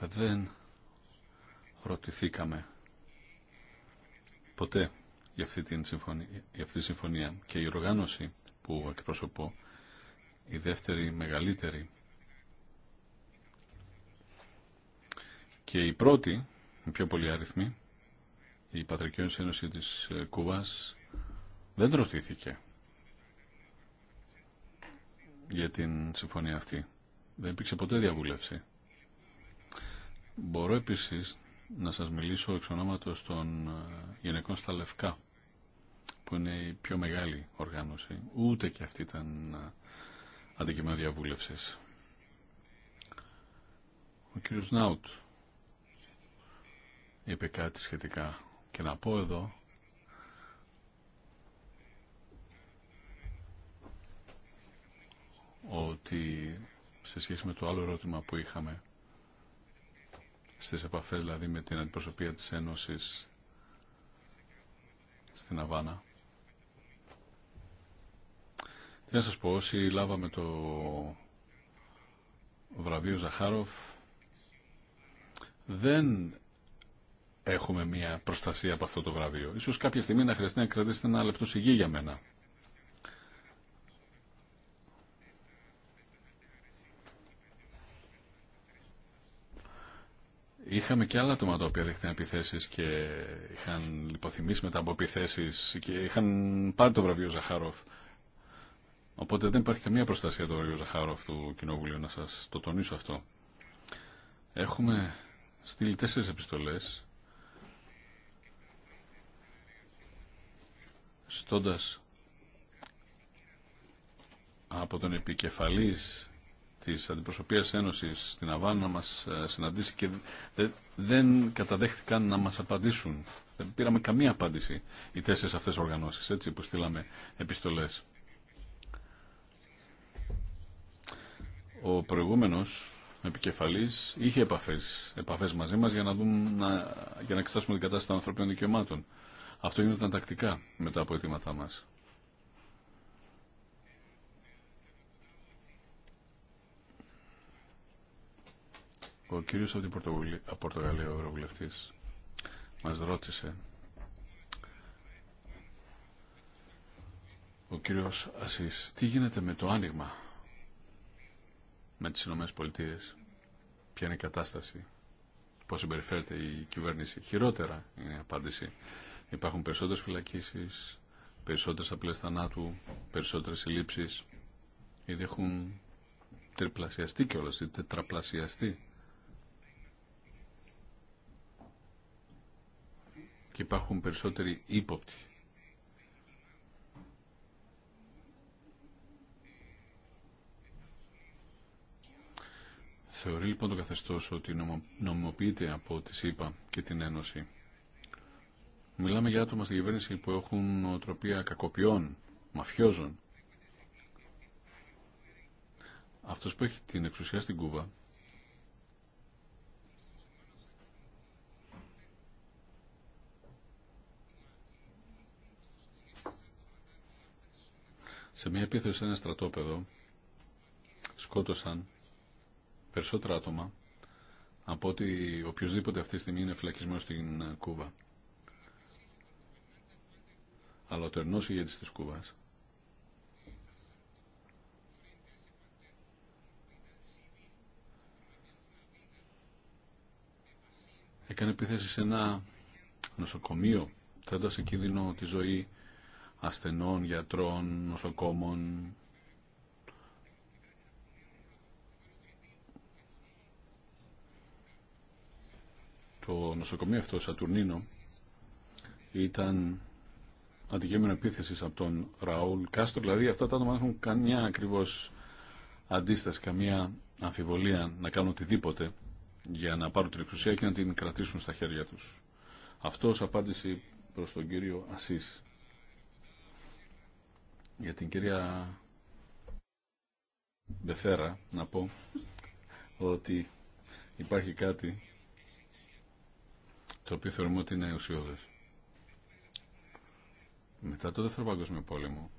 δεν ρωτηθήκαμε ποτέ για αυτή, την τη συμφωνία και η οργάνωση που εκπροσωπώ η δεύτερη μεγαλύτερη και η πρώτη, με πιο πολύ αριθμή, η Πατρική Ένωση της Κούβας δεν ρωτήθηκε για την συμφωνία αυτή. Δεν υπήρξε ποτέ διαβούλευση. Μπορώ επίσης να σας μιλήσω εξ ονόματος των ε, γυναικών στα Λευκά, που είναι η πιο μεγάλη οργάνωση. Ούτε και αυτή ήταν ε, αντικείμενο διαβούλευσης. Ο κύριος Νάουτ είπε κάτι σχετικά και να πω εδώ ότι σε σχέση με το άλλο ερώτημα που είχαμε στις επαφές δηλαδή με την αντιπροσωπεία της Ένωσης στην Αβάνα τι να σας πω όσοι λάβαμε το βραβείο Ζαχάροφ δεν έχουμε μια προστασία από αυτό το βραβείο. Ίσως κάποια στιγμή να χρειαστεί να κρατήσετε ένα λεπτό σιγή για μένα. Είχαμε και άλλα άτομα τα οποία δέχτηκαν επιθέσει και είχαν λιποθυμίσει μετά από επιθέσει και είχαν πάρει το βραβείο Ζαχάροφ. Οπότε δεν υπάρχει καμία προστασία το βραβείο Ζαχάροφ του Κοινοβουλίου, να σα το τονίσω αυτό. Έχουμε στείλει τέσσερι επιστολέ στώντας από τον επικεφαλής της Αντιπροσωπείας Ένωσης στην Αβάνα να μας ε, συναντήσει και δεν καταδέχτηκαν να μας απαντήσουν. Δεν πήραμε καμία απάντηση οι τέσσερις αυτές οργανώσεις, έτσι που στείλαμε επιστολές. Ο προηγούμενος επικεφαλής είχε επαφές, επαφές μαζί μας για να, δούμε, για να εξετάσουμε την κατάσταση των ανθρωπίνων δικαιωμάτων. Αυτό γίνονταν τακτικά μετά από αιτήματά μα. Ο κύριο από την Πορτογαλία, ο ευρωβουλευτή, μας ρώτησε ο κύριο Ασή, τι γίνεται με το άνοιγμα με τι Ηνωμένες Πολιτείες, ποια είναι η κατάσταση, πώς συμπεριφέρεται η κυβέρνηση. Χειρότερα είναι η απάντηση. Υπάρχουν περισσότερες φυλακίσεις, περισσότερες απλές θανάτου, περισσότερες συλλήψεις. Ήδη έχουν τριπλασιαστεί κιόλας ή τετραπλασιαστεί. Και υπάρχουν περισσότεροι ύποπτοι. Θεωρεί λοιπόν το καθεστώς ότι νομιμοποιείται από τη ΣΥΠΑ και την Ένωση Μιλάμε για άτομα στην κυβέρνηση που έχουν νοοτροπία κακοποιών, μαφιόζων. Αυτός που έχει την εξουσία στην Κούβα σε μια επίθεση σε ένα στρατόπεδο σκότωσαν περισσότερα άτομα από ότι οποιοδήποτε αυτή τη στιγμή είναι φυλακισμένο στην Κούβα αλλά ο τερνός ηγέτης της Κούβας έκανε επίθεση σε ένα νοσοκομείο θέτοντα σε κίνδυνο τη ζωή ασθενών, γιατρών, νοσοκόμων. Το νοσοκομείο αυτό, Σατουρνίνο, ήταν αντικείμενο επίθεση από τον Ραούλ Κάστρο, δηλαδή αυτά τα άτομα έχουν καμιά ακριβώς αντίσταση, καμία αμφιβολία να κάνουν οτιδήποτε για να πάρουν την εξουσία και να την κρατήσουν στα χέρια τους. Αυτό ως απάντηση προς τον κύριο Ασής. Για την κυρία Μπεθέρα να πω ότι υπάρχει κάτι το οποίο θεωρούμε ότι είναι ουσιώδες. Μετά το Δεύτερο Παγκόσμιο Πόλεμο,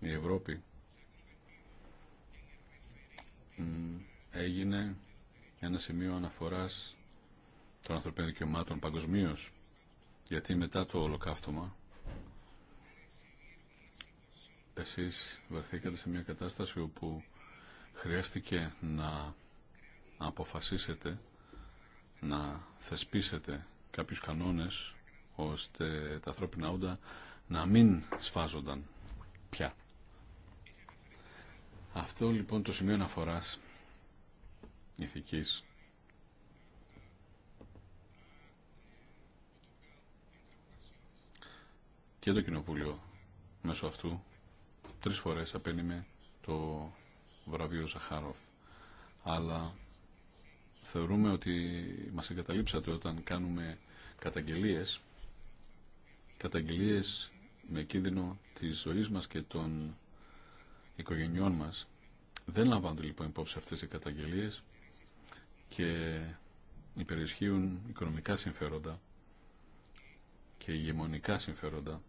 η Ευρώπη έγινε ένα σημείο αναφοράς των ανθρωπίνων δικαιωμάτων παγκοσμίω. Γιατί μετά το ολοκαύτωμα εσείς βρεθήκατε σε μια κατάσταση όπου χρειάστηκε να αποφασίσετε να θεσπίσετε κάποιους κανόνες ώστε τα ανθρώπινα όντα να μην σφάζονταν πια. Αυτό λοιπόν το σημείο αναφοράς ηθικής και το Κοινοβούλιο μέσω αυτού τρεις φορές απένιμε το βραβείο Ζαχάροφ. Αλλά θεωρούμε ότι μας εγκαταλείψατε όταν κάνουμε καταγγελίες καταγγελίες με κίνδυνο της ζωής μας και των οικογενειών μας. Δεν λαμβάνονται λοιπόν υπόψη αυτές οι καταγγελίες και υπερισχύουν οικονομικά συμφέροντα και ηγεμονικά συμφέροντα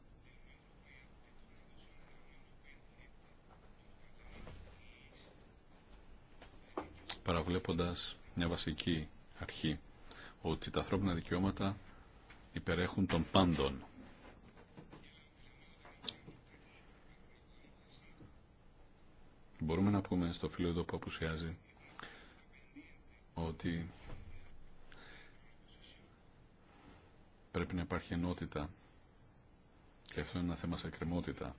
παραβλέποντας μια βασική αρχή ότι τα ανθρώπινα δικαιώματα υπερέχουν των πάντων. Μπορούμε να πούμε στο φίλο εδώ που απουσιάζει ότι πρέπει να υπάρχει ενότητα και αυτό είναι ένα θέμα σε κρεμότητα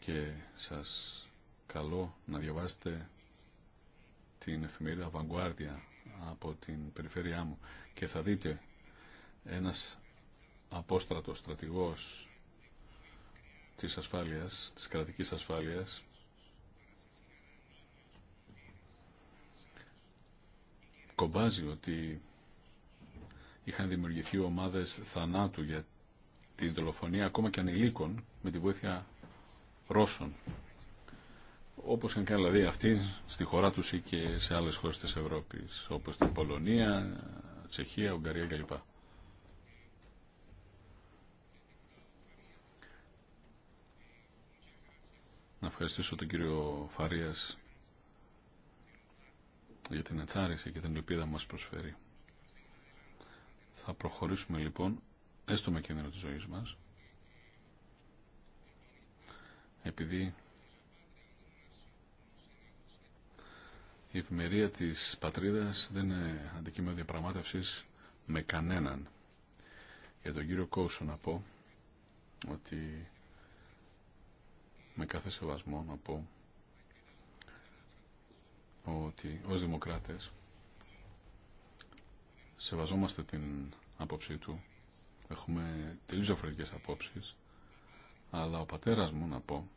και σας καλώ να διαβάσετε την εφημερίδα Vanguardia από την περιφέρειά μου και θα δείτε ένας απόστρατος στρατηγός της ασφάλειας, της κρατικής ασφάλειας κομπάζει ότι είχαν δημιουργηθεί ομάδες θανάτου για την δολοφονία ακόμα και ανηλίκων με τη βοήθεια Ρώσων. Όπως και δηλαδή αυτοί στη χώρα τους ή και σε άλλες χώρες της Ευρώπης, όπως την Πολωνία, Τσεχία, Ουγγαρία κλπ. Να ευχαριστήσω τον κύριο Φαρίας για την ενθάρρυνση και την ελπίδα που μας προσφέρει. Θα προχωρήσουμε λοιπόν, έστω με κίνδυνο της ζωής μας, επειδή η ευημερία της πατρίδας δεν είναι αντικείμενο διαπραγμάτευσης με κανέναν. Για τον κύριο Κόουσο να πω ότι με κάθε σεβασμό να πω ότι ως δημοκράτες σεβαζόμαστε την άποψή του. Έχουμε τελείως διαφορετικές απόψεις. Αλλά ο πατέρας μου, να πω,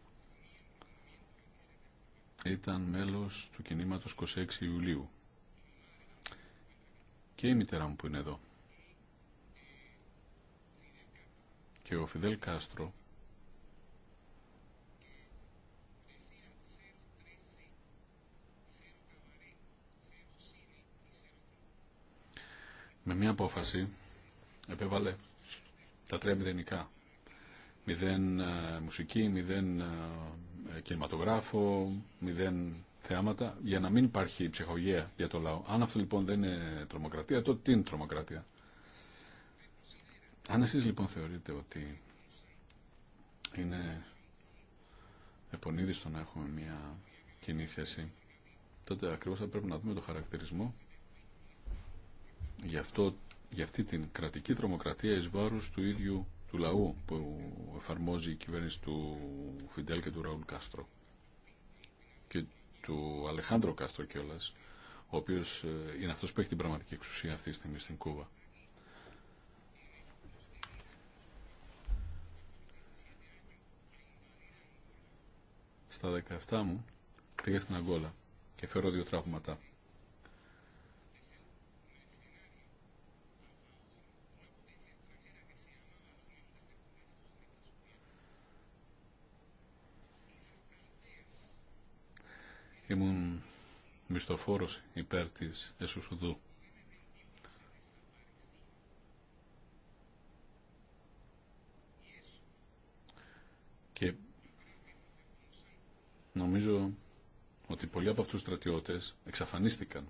ήταν μέλος του κινήματος 26 Ιουλίου. Και η μητέρα μου που είναι εδώ. Και ο Φιδέλ Κάστρο με μία απόφαση επέβαλε τα τρία μηδενικά. Μηδέν ε, μουσική, μηδέν ε, ε, κινηματογράφο, μηδέν θεάματα, για να μην υπάρχει ψυχογεία για το λαό. Αν αυτό λοιπόν δεν είναι τρομοκρατία, τότε τι είναι τρομοκρατία. Αν εσείς λοιπόν θεωρείτε ότι είναι επονίδιστο να έχουμε μια κοινή θέση, τότε ακριβώς θα πρέπει να δούμε το χαρακτηρισμό Γι' αυτό, για αυτή την κρατική τρομοκρατία εις βάρους του ίδιου του λαού που εφαρμόζει η κυβέρνηση του Φιντέλ και του Ραούλ Κάστρο και του Αλεχάνδρο Κάστρο κιόλα, ο οποίος ε, είναι αυτός που έχει την πραγματική εξουσία αυτή τη στιγμή στην Κούβα. Στα 17 μου πήγα στην Αγκόλα και φέρω δύο τραύματα. Ήμουν μισθοφόρος υπέρ της Εσουσουδού. Και νομίζω ότι πολλοί από αυτούς τους στρατιώτες εξαφανίστηκαν.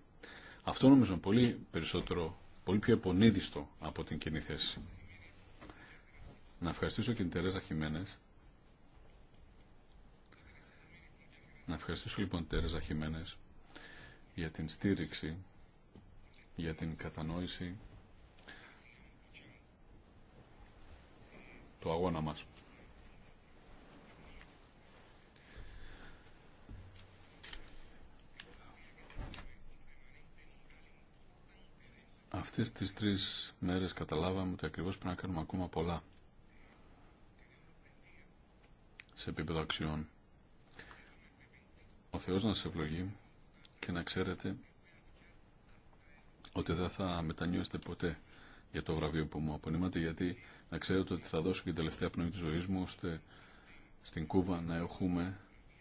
Αυτό νομίζω πολύ περισσότερο, πολύ πιο επονίδιστο από την κοινή θέση. Να ευχαριστήσω και την Τερέζα Χιμένες Να ευχαριστήσω λοιπόν Τέρεζα Χιμένες για την στήριξη, για την κατανόηση του αγώνα μας. Αυτές τις τρεις μέρες καταλάβαμε ότι ακριβώς πρέπει να κάνουμε ακόμα πολλά σε επίπεδο αξιών. Θεός να σε ευλογεί και να ξέρετε ότι δεν θα μετανιώσετε ποτέ για το βραβείο που μου απονείματε, γιατί να ξέρετε ότι θα δώσω και την τελευταία πνοή της ζωής μου, ώστε στην Κούβα να έχουμε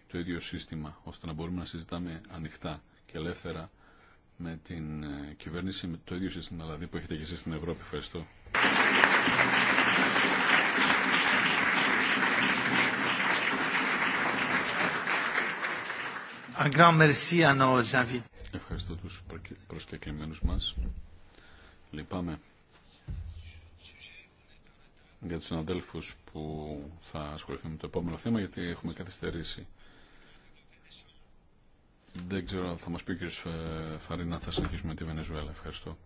το ίδιο σύστημα, ώστε να μπορούμε να συζητάμε ανοιχτά και ελεύθερα με την ε, κυβέρνηση, με το ίδιο σύστημα δηλαδή που έχετε και εσείς στην Ευρώπη. Ευχαριστώ. Ευχαριστώ τους προσκεκλημένους μας. Λυπάμαι για τους συναδέλφους που θα ασχοληθούν με το επόμενο θέμα γιατί έχουμε καθυστερήσει. Δεν ξέρω, θα μας πει ο κ. Φαρίνα, θα συνεχίσουμε τη Βενεζουέλα. Ευχαριστώ.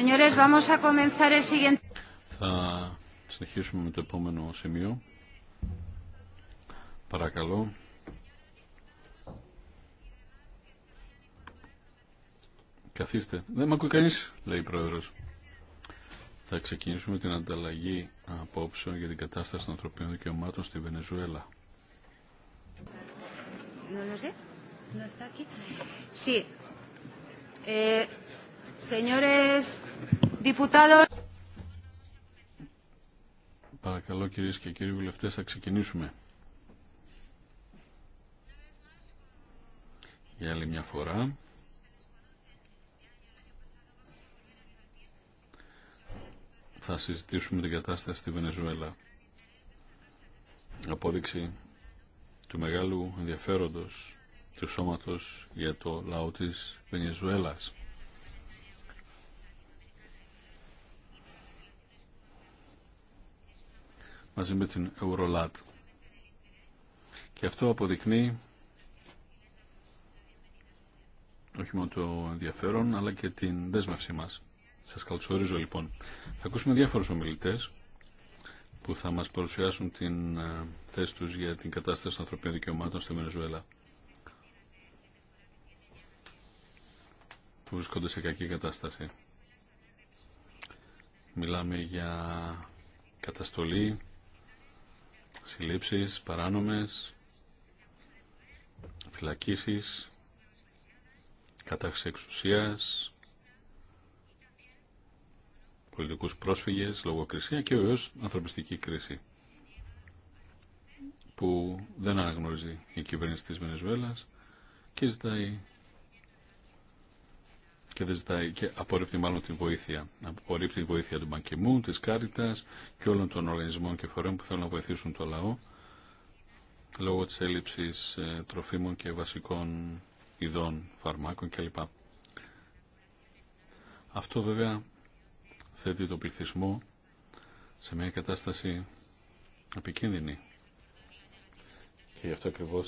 Señores, vamos a Θα συνεχίσουμε με το επόμενο σημείο. Παρακαλώ. Καθίστε. Δεν με ακούει κανείς, λέει η Πρόεδρος. Θα ξεκινήσουμε την ανταλλαγή απόψεων για την κατάσταση των ανθρωπίνων δικαιωμάτων στη Βενεζουέλα. No eh, Παρακαλώ κυρίες και κύριοι βουλευτές, θα ξεκινήσουμε. Για άλλη μια φορά. Θα συζητήσουμε την κατάσταση στη Βενεζουέλα. Απόδειξη του μεγάλου ενδιαφέροντος του σώματος για το λαό της Βενεζουέλας. μαζί με την Eurolat. Και αυτό αποδεικνύει όχι μόνο το ενδιαφέρον, αλλά και την δέσμευσή μας. Σας καλωσορίζω λοιπόν. Θα ακούσουμε διάφορους ομιλητές που θα μας παρουσιάσουν την ε, θέση τους για την κατάσταση των ανθρωπίνων δικαιωμάτων στη Βενεζουέλα. Που βρίσκονται σε κακή κατάσταση. Μιλάμε για καταστολή, συλλήψεις παράνομες, φυλακίσεις, κατάχρηση εξουσίας, πολιτικούς πρόσφυγες, λογοκρισία και ως ανθρωπιστική κρίση που δεν αναγνωρίζει η κυβέρνηση της Βενεζουέλας και ζητάει και δεν ζητάει και απορρίπτει μάλλον τη βοήθεια. Απορρίπτει τη βοήθεια του Μπανκιμού, της Κάριτα και όλων των οργανισμών και φορέων που θέλουν να βοηθήσουν το λαό λόγω τη έλλειψη ε, τροφίμων και βασικών ειδών φαρμάκων κλπ. Αυτό βέβαια θέτει το πληθυσμό σε μια κατάσταση επικίνδυνη. Και γι' αυτό ακριβώ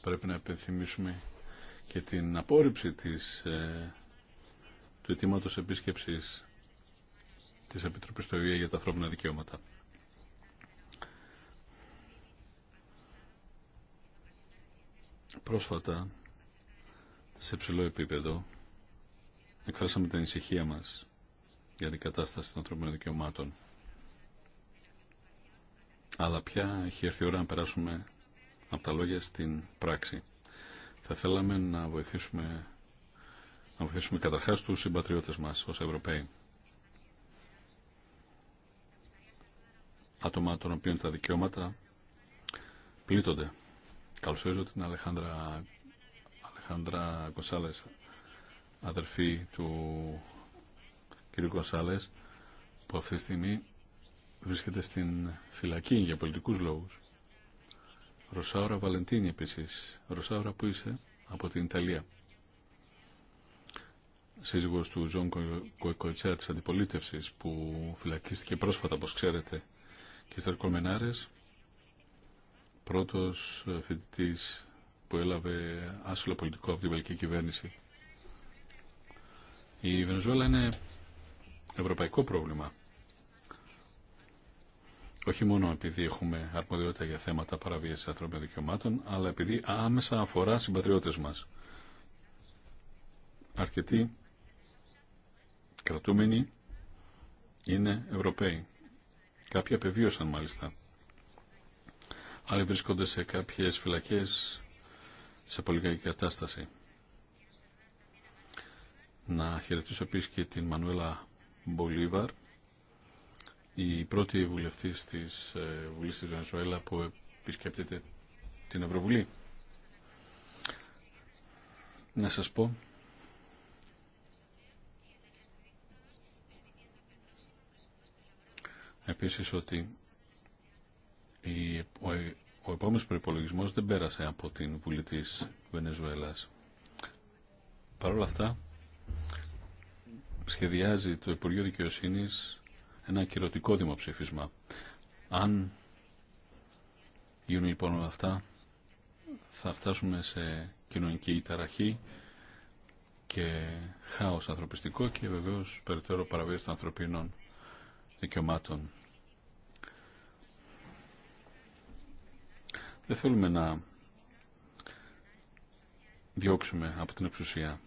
πρέπει να επιθυμίσουμε και την απόρριψη της ε, του αιτήματο επίσκεψη τη Επιτροπή του ΙΕ για τα ανθρώπινα δικαιώματα. Πρόσφατα, σε ψηλό επίπεδο, εκφράσαμε την ανησυχία μας για την κατάσταση των ανθρώπινων δικαιωμάτων. Αλλά πια έχει έρθει η ώρα να περάσουμε από τα λόγια στην πράξη. Θα θέλαμε να βοηθήσουμε να βοηθήσουμε καταρχάς τους συμπατριώτες μας ως Ευρωπαίοι. Άτομα των οποίων τα δικαιώματα πλήττονται. Καλωσορίζω την Αλεχάνδρα, Αλεχάνδρα Κοσάλες, αδερφή του κ. Κοσάλες, που αυτή τη στιγμή βρίσκεται στην φυλακή για πολιτικούς λόγους. Ρωσάωρα Βαλεντίνη επίσης. Ρωσάωρα που είσαι από την Ιταλία σύζυγος του Ζων Κοικοϊτσέα της αντιπολίτευσης που φυλακίστηκε πρόσφατα όπως ξέρετε και στα Κολμενάρες πρώτος ε, φοιτητή που έλαβε άσυλο πολιτικό από την βελική κυβέρνηση. Η Βενεζουέλα είναι ευρωπαϊκό πρόβλημα. Όχι μόνο επειδή έχουμε αρμοδιότητα για θέματα παραβίασης ανθρώπινων δικαιωμάτων, αλλά επειδή άμεσα αφορά συμπατριώτες μας. Αρκετοί κρατούμενοι είναι Ευρωπαίοι. Κάποιοι απεβίωσαν μάλιστα. Άλλοι βρίσκονται σε κάποιες φυλακές σε πολύ κακή κατάσταση. Να χαιρετήσω επίσης και την Μανουέλα Μπολίβαρ, η πρώτη βουλευτής της ε, Βουλής της Βενεζουέλα που επισκέπτεται την Ευρωβουλή. Να σας πω επίσης ότι ο επόμενος προϋπολογισμός δεν πέρασε από την Βουλή της Βενεζουέλας. Παρ' όλα αυτά, σχεδιάζει το Υπουργείο Δικαιοσύνης ένα κυρωτικό δημοψήφισμα. Αν γίνουν λοιπόν όλα αυτά, θα φτάσουμε σε κοινωνική ταραχή και χάος ανθρωπιστικό και βεβαίως περαιτέρω παραβίαση των ανθρωπίνων δικαιωμάτων. Δεν θέλουμε να διώξουμε από την εξουσία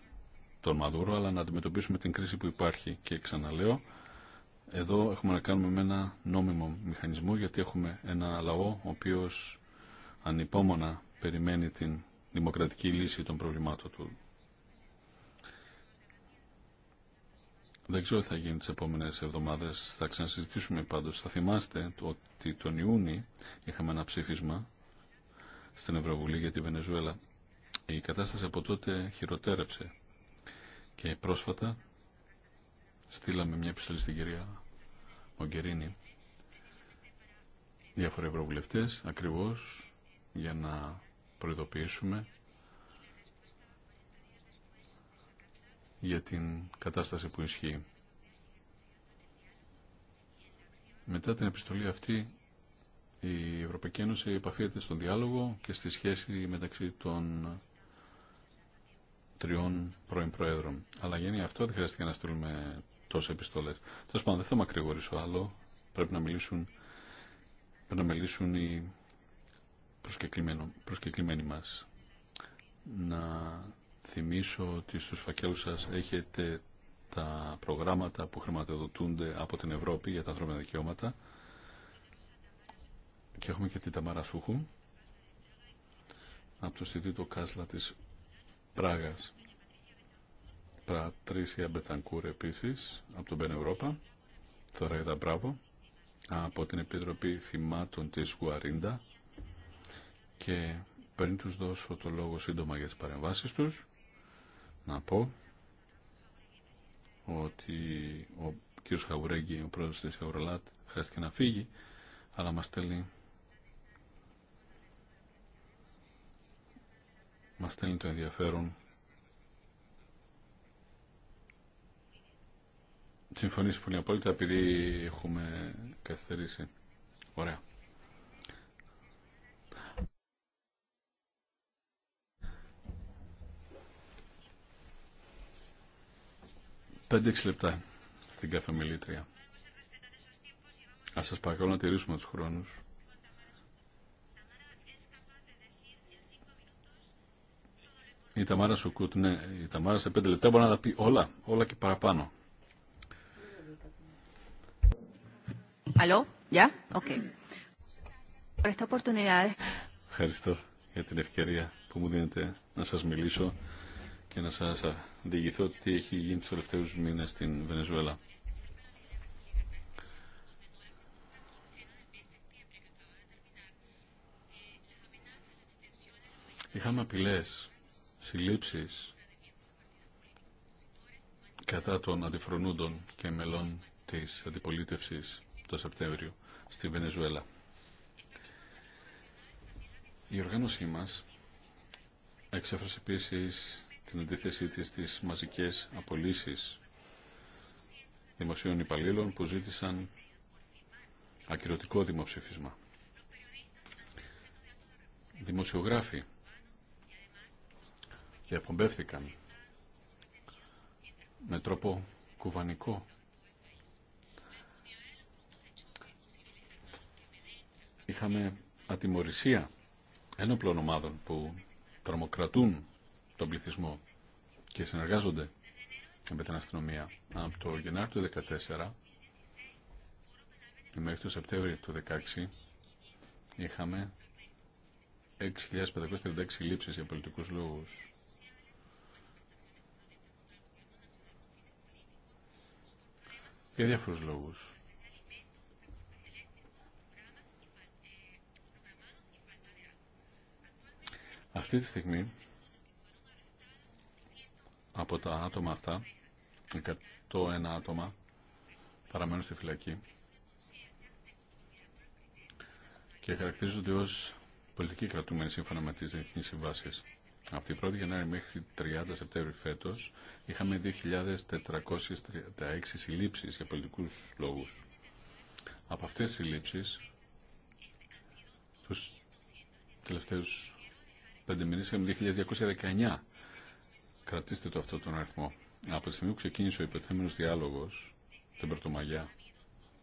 τον Μαδούρο, αλλά να αντιμετωπίσουμε την κρίση που υπάρχει. Και ξαναλέω, εδώ έχουμε να κάνουμε με ένα νόμιμο μηχανισμό, γιατί έχουμε ένα λαό ο οποίος ανυπόμονα περιμένει την δημοκρατική λύση των προβλημάτων του. Δεν ξέρω τι θα γίνει τις επόμενες εβδομάδες. Θα ξανασυζητήσουμε πάντως. Θα θυμάστε ότι τον Ιούνι είχαμε ένα ψήφισμα στην Ευρωβουλή για τη Βενεζουέλα. Η κατάσταση από τότε χειροτέρεψε. Και πρόσφατα στείλαμε μια επιστολή στην κυρία Μογκερίνη. Διάφοροι ευρωβουλευτές ακριβώς για να προειδοποιήσουμε για την κατάσταση που ισχύει. Μετά την επιστολή αυτή, η Ευρωπαϊκή Ένωση επαφίεται στον διάλογο και στη σχέση μεταξύ των τριών πρώην Προέδρων. Αλλά γίνει αυτό, δεν χρειάστηκε να στείλουμε τόσε επιστολέ. Τέλο πάντων, δεν θα μακρηγορήσω άλλο. Πρέπει να μιλήσουν, πρέπει να μιλήσουν οι προσκεκλημένοι μα. Να θυμίσω ότι στους φακέλους σας έχετε τα προγράμματα που χρηματοδοτούνται από την Ευρώπη για τα ανθρώπινα δικαιώματα και έχουμε και την Ταμάρα Σούχου από το Ινστιτούτο Κάσλα της Πράγας Πρατρίσια Μπετανκούρ επίσης από τον Μπεν Ευρώπα τώρα μπράβο από την Επιτροπή Θυμάτων της Γουαρίντα και πριν τους δώσω το λόγο σύντομα για τις παρεμβάσεις τους να πω ότι ο κ. Χαουρέγγι, ο πρόεδρος της Ευρωλατ, χρειάστηκε να φύγει, αλλά μας στέλνει μας στέλνει το ενδιαφέρον Συμφωνεί, πολύ απόλυτα επειδή έχουμε καθυστερήσει. Ωραία. 5-6 λεπτά στην καφεμιλήτρια. μιλήτρια. Ας σας παρακαλώ να τηρήσουμε τους χρόνους. Η Ταμάρα Σουκούτ, ναι, η Ταμάρα σε 5 λεπτά μπορεί να τα πει όλα, όλα και παραπάνω. Αλλό, γεια, οκ. Ευχαριστώ για την ευκαιρία που μου δίνετε να σας μιλήσω και να σας διηγηθώ τι έχει γίνει του τελευταίους μήνες στην Βενεζουέλα. Είχαμε απειλές, συλλήψεις κατά των αντιφρονούντων και μελών της αντιπολίτευσης το Σεπτέμβριο στην Βενεζουέλα. Η οργάνωσή μας εξέφρασε επίσης την αντίθεσή της στις μαζικές απολύσεις δημοσίων υπαλλήλων που ζήτησαν ακυρωτικό δημοψήφισμα. Δημοσιογράφοι διαπομπεύθηκαν με τρόπο κουβανικό. Είχαμε ατιμορρησία ένοπλων ομάδων που τρομοκρατούν τον πληθυσμό και συνεργάζονται με την αστυνομία. Από το Γενάρη του 2014 μέχρι το Σεπτέμβριο του 2016 είχαμε 6.536 λήψεις για πολιτικούς λόγους. Για διάφορους λόγους. Αυτή τη στιγμή από τα άτομα αυτά, 101 άτομα, παραμένουν στη φυλακή και χαρακτηρίζονται ως πολιτικοί κρατούμενοι σύμφωνα με τις διεθνείς συμβάσεις. Από την 1η Γενάρη μέχρι 30 Σεπτέμβρη φέτος είχαμε 2.436 συλλήψεις για πολιτικούς λόγους. Από αυτές τις συλλήψεις, τους τελευταίους πέντε μήνες είχαμε 2.219 Κρατήστε το αυτό τον αριθμό. Από τη στιγμή που ξεκίνησε ο υπερθέμενος διάλογος την Πρωτομαγιά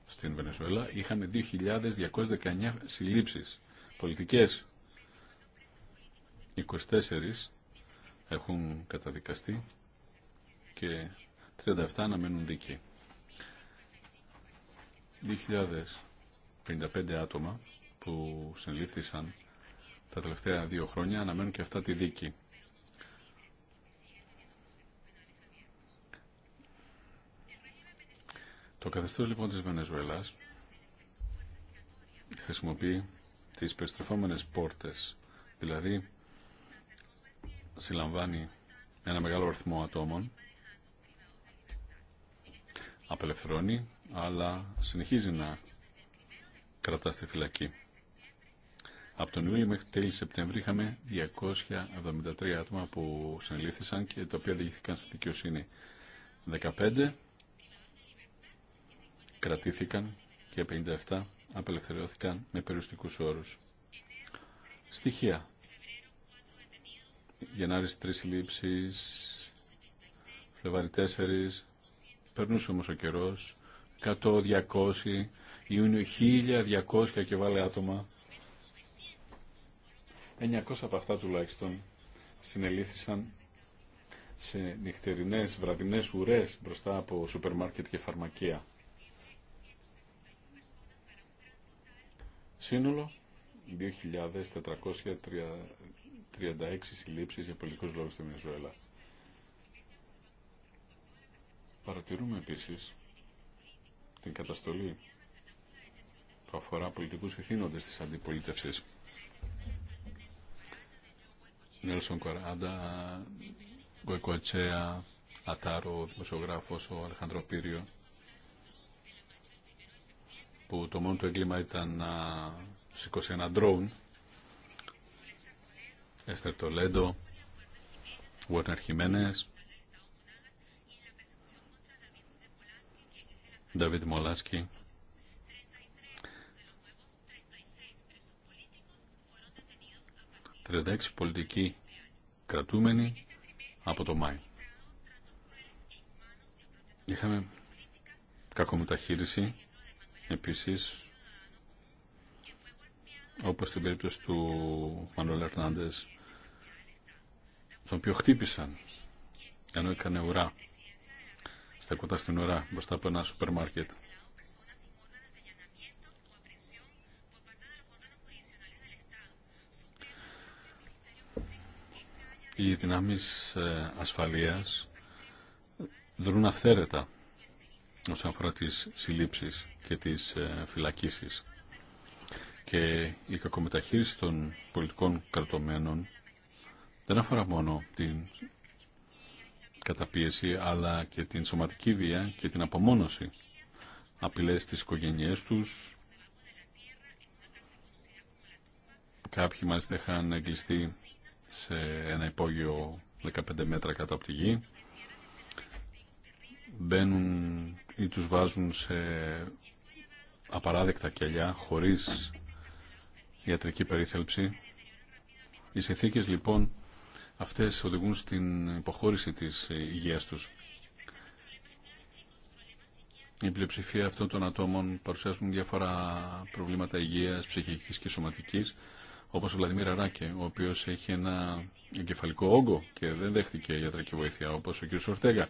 στην Βενεζουέλα, είχαμε 2.219 συλλήψεις πολιτικές. 24 έχουν καταδικαστεί και 37 αναμένουν δίκη. 2.055 άτομα που συλλήφθησαν τα τελευταία δύο χρόνια αναμένουν και αυτά τη δίκη. Το καθεστώς λοιπόν της Βενεζουέλας χρησιμοποιεί τις περιστρεφόμενες πόρτες, δηλαδή συλλαμβάνει ένα μεγάλο αριθμό ατόμων, απελευθερώνει, αλλά συνεχίζει να κρατά στη φυλακή. Από τον Ιούλιο μέχρι τέλη Σεπτεμβρίου είχαμε 273 άτομα που συνελήφθησαν και τα οποία διηγηθήκαν στη δικαιοσύνη κρατήθηκαν και 57 απελευθερώθηκαν με περιοριστικούς όρους. Στοιχεία. Γενάρης τρεις συλλήψεις, Φλεβάρι τέσσερις, περνούσε όμως ο καιρός, 100, 200, Ιούνιο 1200 και βάλε άτομα. 900 από αυτά τουλάχιστον συνελήθησαν σε νυχτερινές, βραδινές ουρές μπροστά από σούπερ μάρκετ και φαρμακεία. Σύνολο 2.436 συλλήψεις για πολιτικού λόγους στη Βενεζουέλα. Παρατηρούμε επίσης την καταστολή που αφορά πολιτικού ηθήνοντε τη αντιπολίτευσης. Νέλσον Κοράντα, Γκοϊκοτσέα, Ατάρο, ο δημοσιογράφος, ο Αλεχανδροπύριο, που το μόνο του έγκλημα ήταν να σηκώσει ένα ντρόουν. Έστερ Τολέντο, Βόρνερ Χιμένες, Νταβίτ Μολάσκι. 36 πολιτικοί κρατούμενοι από το Μάη. Είχαμε κακομεταχείριση Επίσης, όπως στην περίπτωση του Μανουέλ Ερνάντες, τον οποίο χτύπησαν ενώ έκανε ουρά, στα κοντά στην ουρά μπροστά από ένα σούπερ μάρκετ. Οι δυνάμεις ε, ασφαλείας δρούν αυθαίρετα όσον αφορά τις συλλήψεις και τις ε, φυλακίσεις και η κακομεταχείριση των πολιτικών κρατωμένων δεν αφορά μόνο την καταπίεση αλλά και την σωματική βία και την απομόνωση απειλές στις οικογένειές τους κάποιοι μάλιστα είχαν εγκλειστεί σε ένα υπόγειο 15 μέτρα κάτω από τη γη μπαίνουν ή τους βάζουν σε απαράδεκτα κελιά χωρίς ιατρική περίθαλψη. Οι συνθήκε λοιπόν αυτές οδηγούν στην υποχώρηση της υγείας τους. Η πλειοψηφία αυτών των ατόμων παρουσιάζουν διάφορα προβλήματα υγείας, ψυχικής και σωματικής, όπως ο Βλαδιμίρα Ράκε, ο οποίος έχει ένα εγκεφαλικό όγκο και δεν δέχτηκε ιατρική βοήθεια, όπως ο κ. Σορτέγα,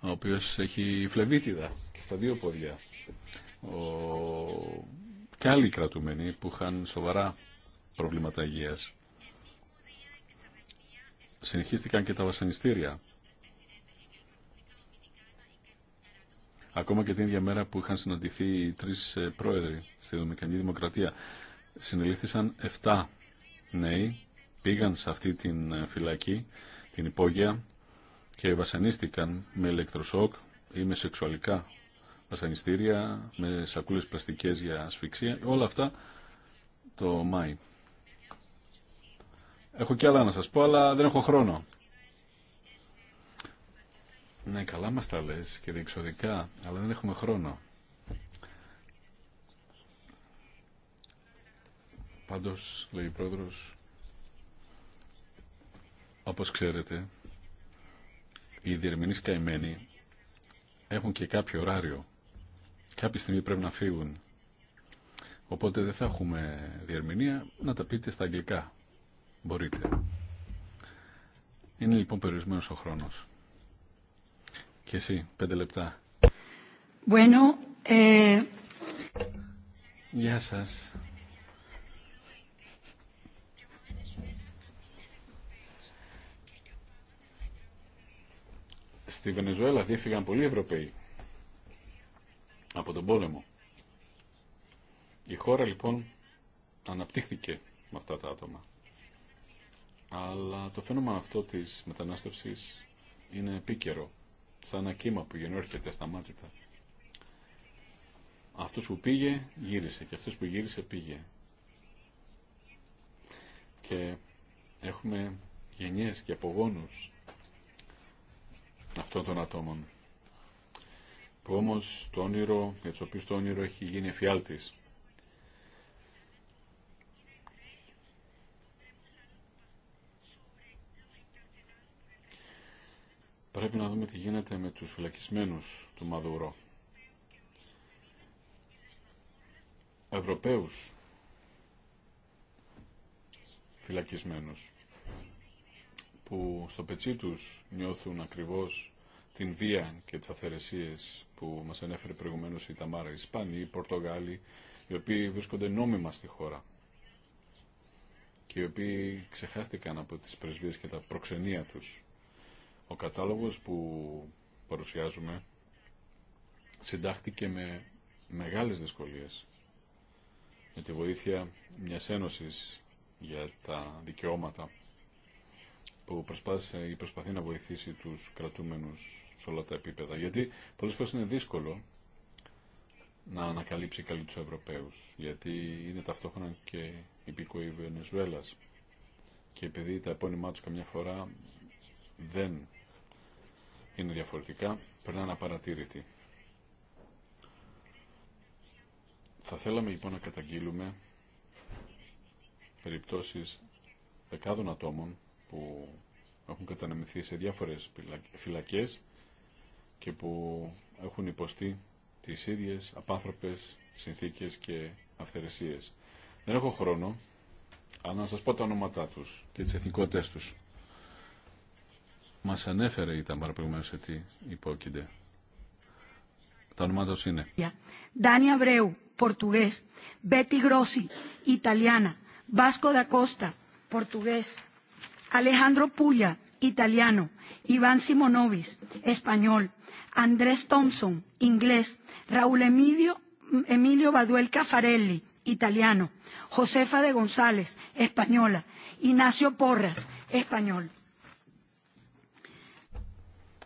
ο οποίος έχει φλεβίτιδα και στα δύο πόδια. Ο... Και κρατούμενοι που είχαν σοβαρά προβλήματα υγείας. Συνεχίστηκαν και τα βασανιστήρια. Ακόμα και την ίδια μέρα που είχαν συναντηθεί οι τρεις ε, πρόεδροι στη Δομικανή Δημοκρατία, συνελήφθησαν 7 νέοι, πήγαν σε αυτή την ε, φυλακή, την υπόγεια, και βασανίστηκαν με ηλεκτροσόκ ή με σεξουαλικά βασανιστήρια, με σακούλες πλαστικές για ασφυξία, όλα αυτά το Μάη. Έχω και άλλα να σας πω, αλλά δεν έχω χρόνο. Ναι, καλά μας τα λες και διεξοδικά, αλλά δεν έχουμε χρόνο. Πάντως, λέει η Πρόεδρος, όπως ξέρετε, οι διερμηνείς καημένοι έχουν και κάποιο ωράριο. Κάποια στιγμή πρέπει να φύγουν. Οπότε δεν θα έχουμε διερμηνία να τα πείτε στα αγγλικά. Μπορείτε. Είναι λοιπόν περιορισμένο ο χρόνος. Και εσύ, πέντε λεπτά. Bueno, eh... Γεια σας. Στη Βενεζουέλα διέφυγαν πολλοί Ευρωπαίοι από τον πόλεμο. Η χώρα λοιπόν αναπτύχθηκε με αυτά τα άτομα. Αλλά το φαινόμενο αυτό της μετανάστευσης είναι επίκαιρο, σαν ένα κύμα που γεννιόρχεται ασταμάτητα. Αυτός που πήγε, γύρισε και αυτός που γύρισε, πήγε. Και έχουμε γενιές και απογόνους αυτών των ατόμων που όμως το όνειρο, για τους οποίους το όνειρο έχει γίνει εφιάλτης. Πρέπει να δούμε τι γίνεται με τους φυλακισμένους του Μαδουρό. Ευρωπαίους φυλακισμένους που στο πετσί τους νιώθουν ακριβώς την βία και τις αφαιρεσίες που μας ανέφερε προηγουμένως η Ταμάρα, οι η οι Πορτογάλοι, οι οποίοι βρίσκονται νόμιμα στη χώρα και οι οποίοι ξεχάστηκαν από τις πρεσβείες και τα προξενία τους. Ο κατάλογος που παρουσιάζουμε συντάχθηκε με μεγάλες δυσκολίες με τη βοήθεια μιας ένωσης για τα δικαιώματα που προσπάθησε ή προσπαθεί να βοηθήσει τους κρατούμενους σε όλα τα επίπεδα. Γιατί πολλές φορές είναι δύσκολο να ανακαλύψει καλή τους Ευρωπαίους, γιατί είναι ταυτόχρονα και υπήκοοι Βενεζουέλα. Και επειδή τα επώνυμά του καμιά φορά δεν είναι διαφορετικά, περνάνε απαρατήρητοι. Θα θέλαμε λοιπόν να καταγγείλουμε περιπτώσεις δεκάδων ατόμων που έχουν καταναμηθεί σε διάφορες φυλακές και που έχουν υποστεί τις ίδιες απάνθρωπες συνθήκες και αυθαιρεσίες. Δεν έχω χρόνο, αλλά να σας πω τα ονόματά τους και τις εθνικότητες τους. Μας ανέφερε ήταν παραπηγουμένως σε τι υπόκεινται. Τα ονόματα τους είναι. Βρέου, Πορτουγές. Μπέτι Γρόσι, Ιταλιάνα. Βάσκο Δακώστα, Πορτουγές. Alejandro Pulla, italiano. Iván Simonovis, español. Andrés Thompson, inglés. Raúl Emilio, Emilio Baduel Cafarelli, italiano. Josefa de González, española. Ignacio Porras, español.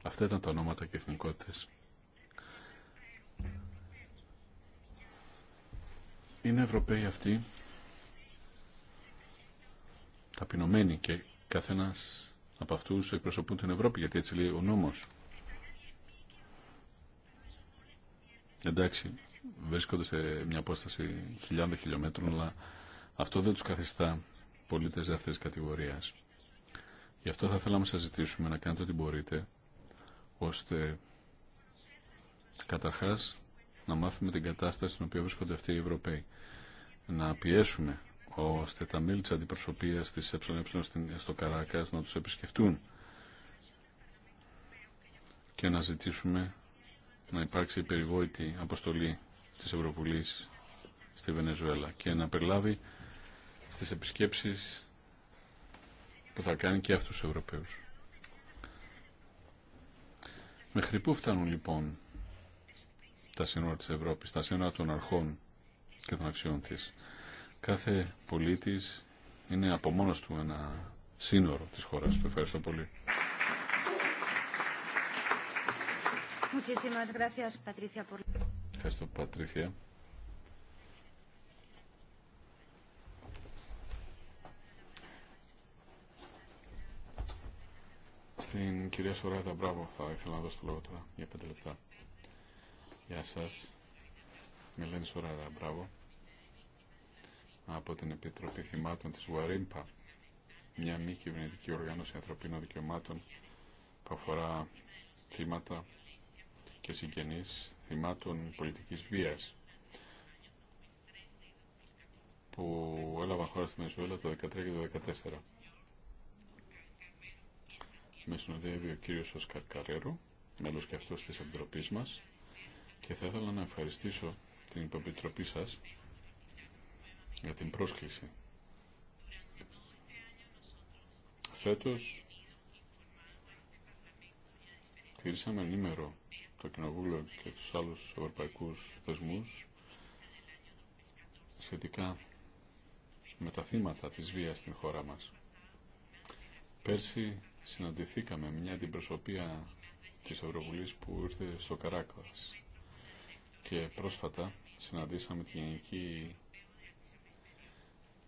Αυτά ήταν τα ονόματα και εθνικότητες. Είναι Ευρωπαίοι αυτοί, ταπεινωμένοι και καθένας από αυτούς εκπροσωπούν την Ευρώπη, γιατί έτσι λέει ο νόμος. Εντάξει, βρίσκονται σε μια απόσταση χιλιάδων χιλιόμετρων, αλλά αυτό δεν τους καθιστά πολίτες δεύτερης κατηγορίας. Γι' αυτό θα θέλαμε να σας ζητήσουμε να κάνετε ό,τι μπορείτε, ώστε καταρχάς να μάθουμε την κατάσταση στην οποία βρίσκονται αυτοί οι Ευρωπαίοι. Να πιέσουμε ώστε τα μέλη της αντιπροσωπείας της ΕΕ στο Καράκας να τους επισκεφτούν και να ζητήσουμε να υπάρξει περιβόητη αποστολή της Ευρωβουλής στη Βενεζουέλα και να περιλάβει στις επισκέψεις που θα κάνει και αυτούς τους Ευρωπαίους. Μέχρι πού φτάνουν λοιπόν τα σύνορα της Ευρώπης, τα σύνορα των αρχών και των αξιών της. Κάθε πολίτης είναι από μόνος του ένα σύνορο της χώρας του. Ευχαριστώ πολύ. Ευχαριστώ, Πατρίθια. Στην κυρία Σωρέτα, μπράβο, θα ήθελα να δώσω το λόγο τώρα για πέντε λεπτά. Γεια σας. Με λένε Σωρέτα, μπράβο από την Επιτροπή Θυμάτων της Γουαρίμπα, μια μη κυβερνητική οργάνωση ανθρωπίνων δικαιωμάτων που αφορά θύματα και συγγενείς θυμάτων πολιτικής βίας που έλαβαν χώρα στη Μεζουέλα το 2013 και το 2014. Με συνοδεύει ο κύριος Οσκαρ Καρέρο, μέλος και αυτός της Επιτροπής μας και θα ήθελα να ευχαριστήσω την υποπιτροπή σας για την πρόσκληση. Φέτος τηρήσαμε ενήμερο το Κοινοβούλιο και τους άλλους ευρωπαϊκούς θεσμούς σχετικά με τα θύματα της βίας στην χώρα μας. Πέρσι συναντηθήκαμε μια αντιπροσωπεία της Ευρωβουλής που ήρθε στο Καράκας και πρόσφατα συναντήσαμε την Γενική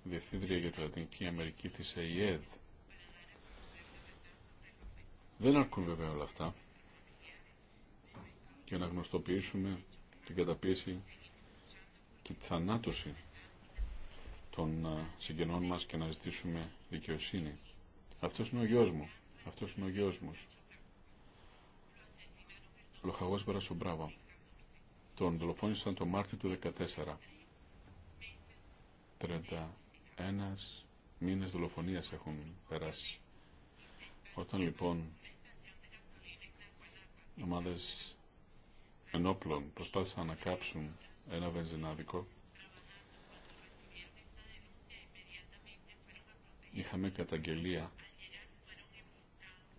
Διευθύντρια για τη Λατινική Αμερική της ΕΙΕΔ. Δεν αρκούν βέβαια όλα αυτά για να γνωστοποιήσουμε την καταπίεση και τη θανάτωση των συγγενών μας και να ζητήσουμε δικαιοσύνη. Αυτός είναι ο γιος μου. Αυτός είναι ο γιος μου. Λοχαγός μπράβο. Τον δολοφόνησαν το Μάρτιο του 14 ένας μήνες δολοφονίας έχουν περάσει. Όταν λοιπόν ομάδες ενόπλων προσπάθησαν να κάψουν ένα βενζινάδικο, είχαμε καταγγελία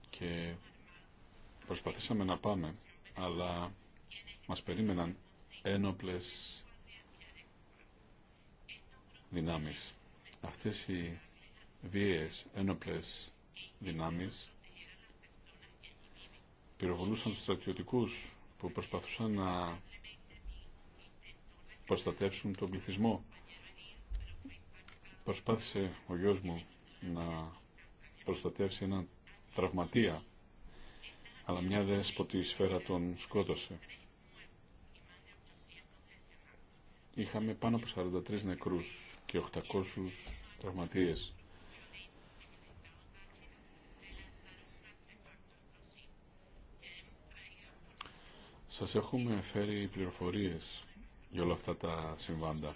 και προσπαθήσαμε να πάμε, αλλά μας περίμεναν ένοπλες δυνάμεις αυτές οι βίαιες ένοπλες δυνάμεις πυροβολούσαν τους στρατιωτικούς που προσπαθούσαν να προστατεύσουν τον πληθυσμό. Προσπάθησε ο γιος μου να προστατεύσει έναν τραυματία, αλλά μια δέσποτη σφαίρα τον σκότωσε. είχαμε πάνω από 43 νεκρούς και 800 τραυματίες. Σας έχουμε φέρει πληροφορίες για όλα αυτά τα συμβάντα.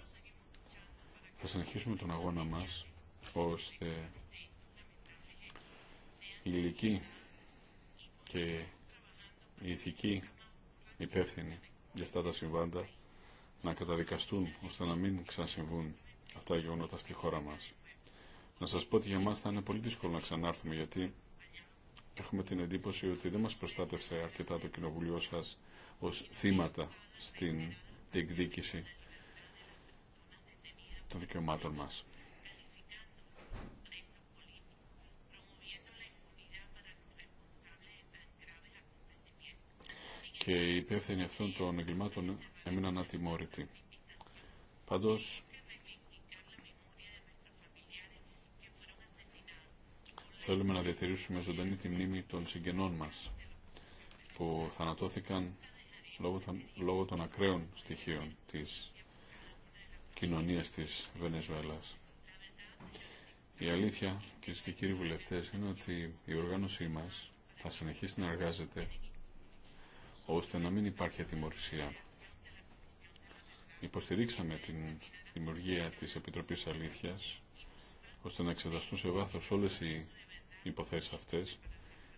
Θα συνεχίσουμε τον αγώνα μας ώστε η ηλική και η ηθική υπεύθυνη για αυτά τα συμβάντα να καταδικαστούν ώστε να μην ξανασυμβούν αυτά τα γεγονότα στη χώρα μας. Να σας πω ότι για μας θα είναι πολύ δύσκολο να ξανάρθουμε γιατί έχουμε την εντύπωση ότι δεν μας προστάτευσε αρκετά το κοινοβουλίο σας ως θύματα στην διεκδίκηση των δικαιωμάτων μας. και οι υπεύθυνοι αυτών των εγκλημάτων έμειναν ατιμόρυτοι. Πάντως, θέλουμε να διατηρήσουμε ζωντανή τη μνήμη των συγγενών μας που θανατώθηκαν λόγω των, λόγω των ακραίων στοιχείων της κοινωνίας της Βενεζουέλας. Η αλήθεια, κυρίε και κύριοι βουλευτές, είναι ότι η οργάνωσή μας θα συνεχίσει να εργάζεται ώστε να μην υπάρχει ατιμορρυσία. Υποστηρίξαμε την δημιουργία της Επιτροπής Αλήθειας, ώστε να εξεταστούν σε βάθος όλες οι υποθέσεις αυτές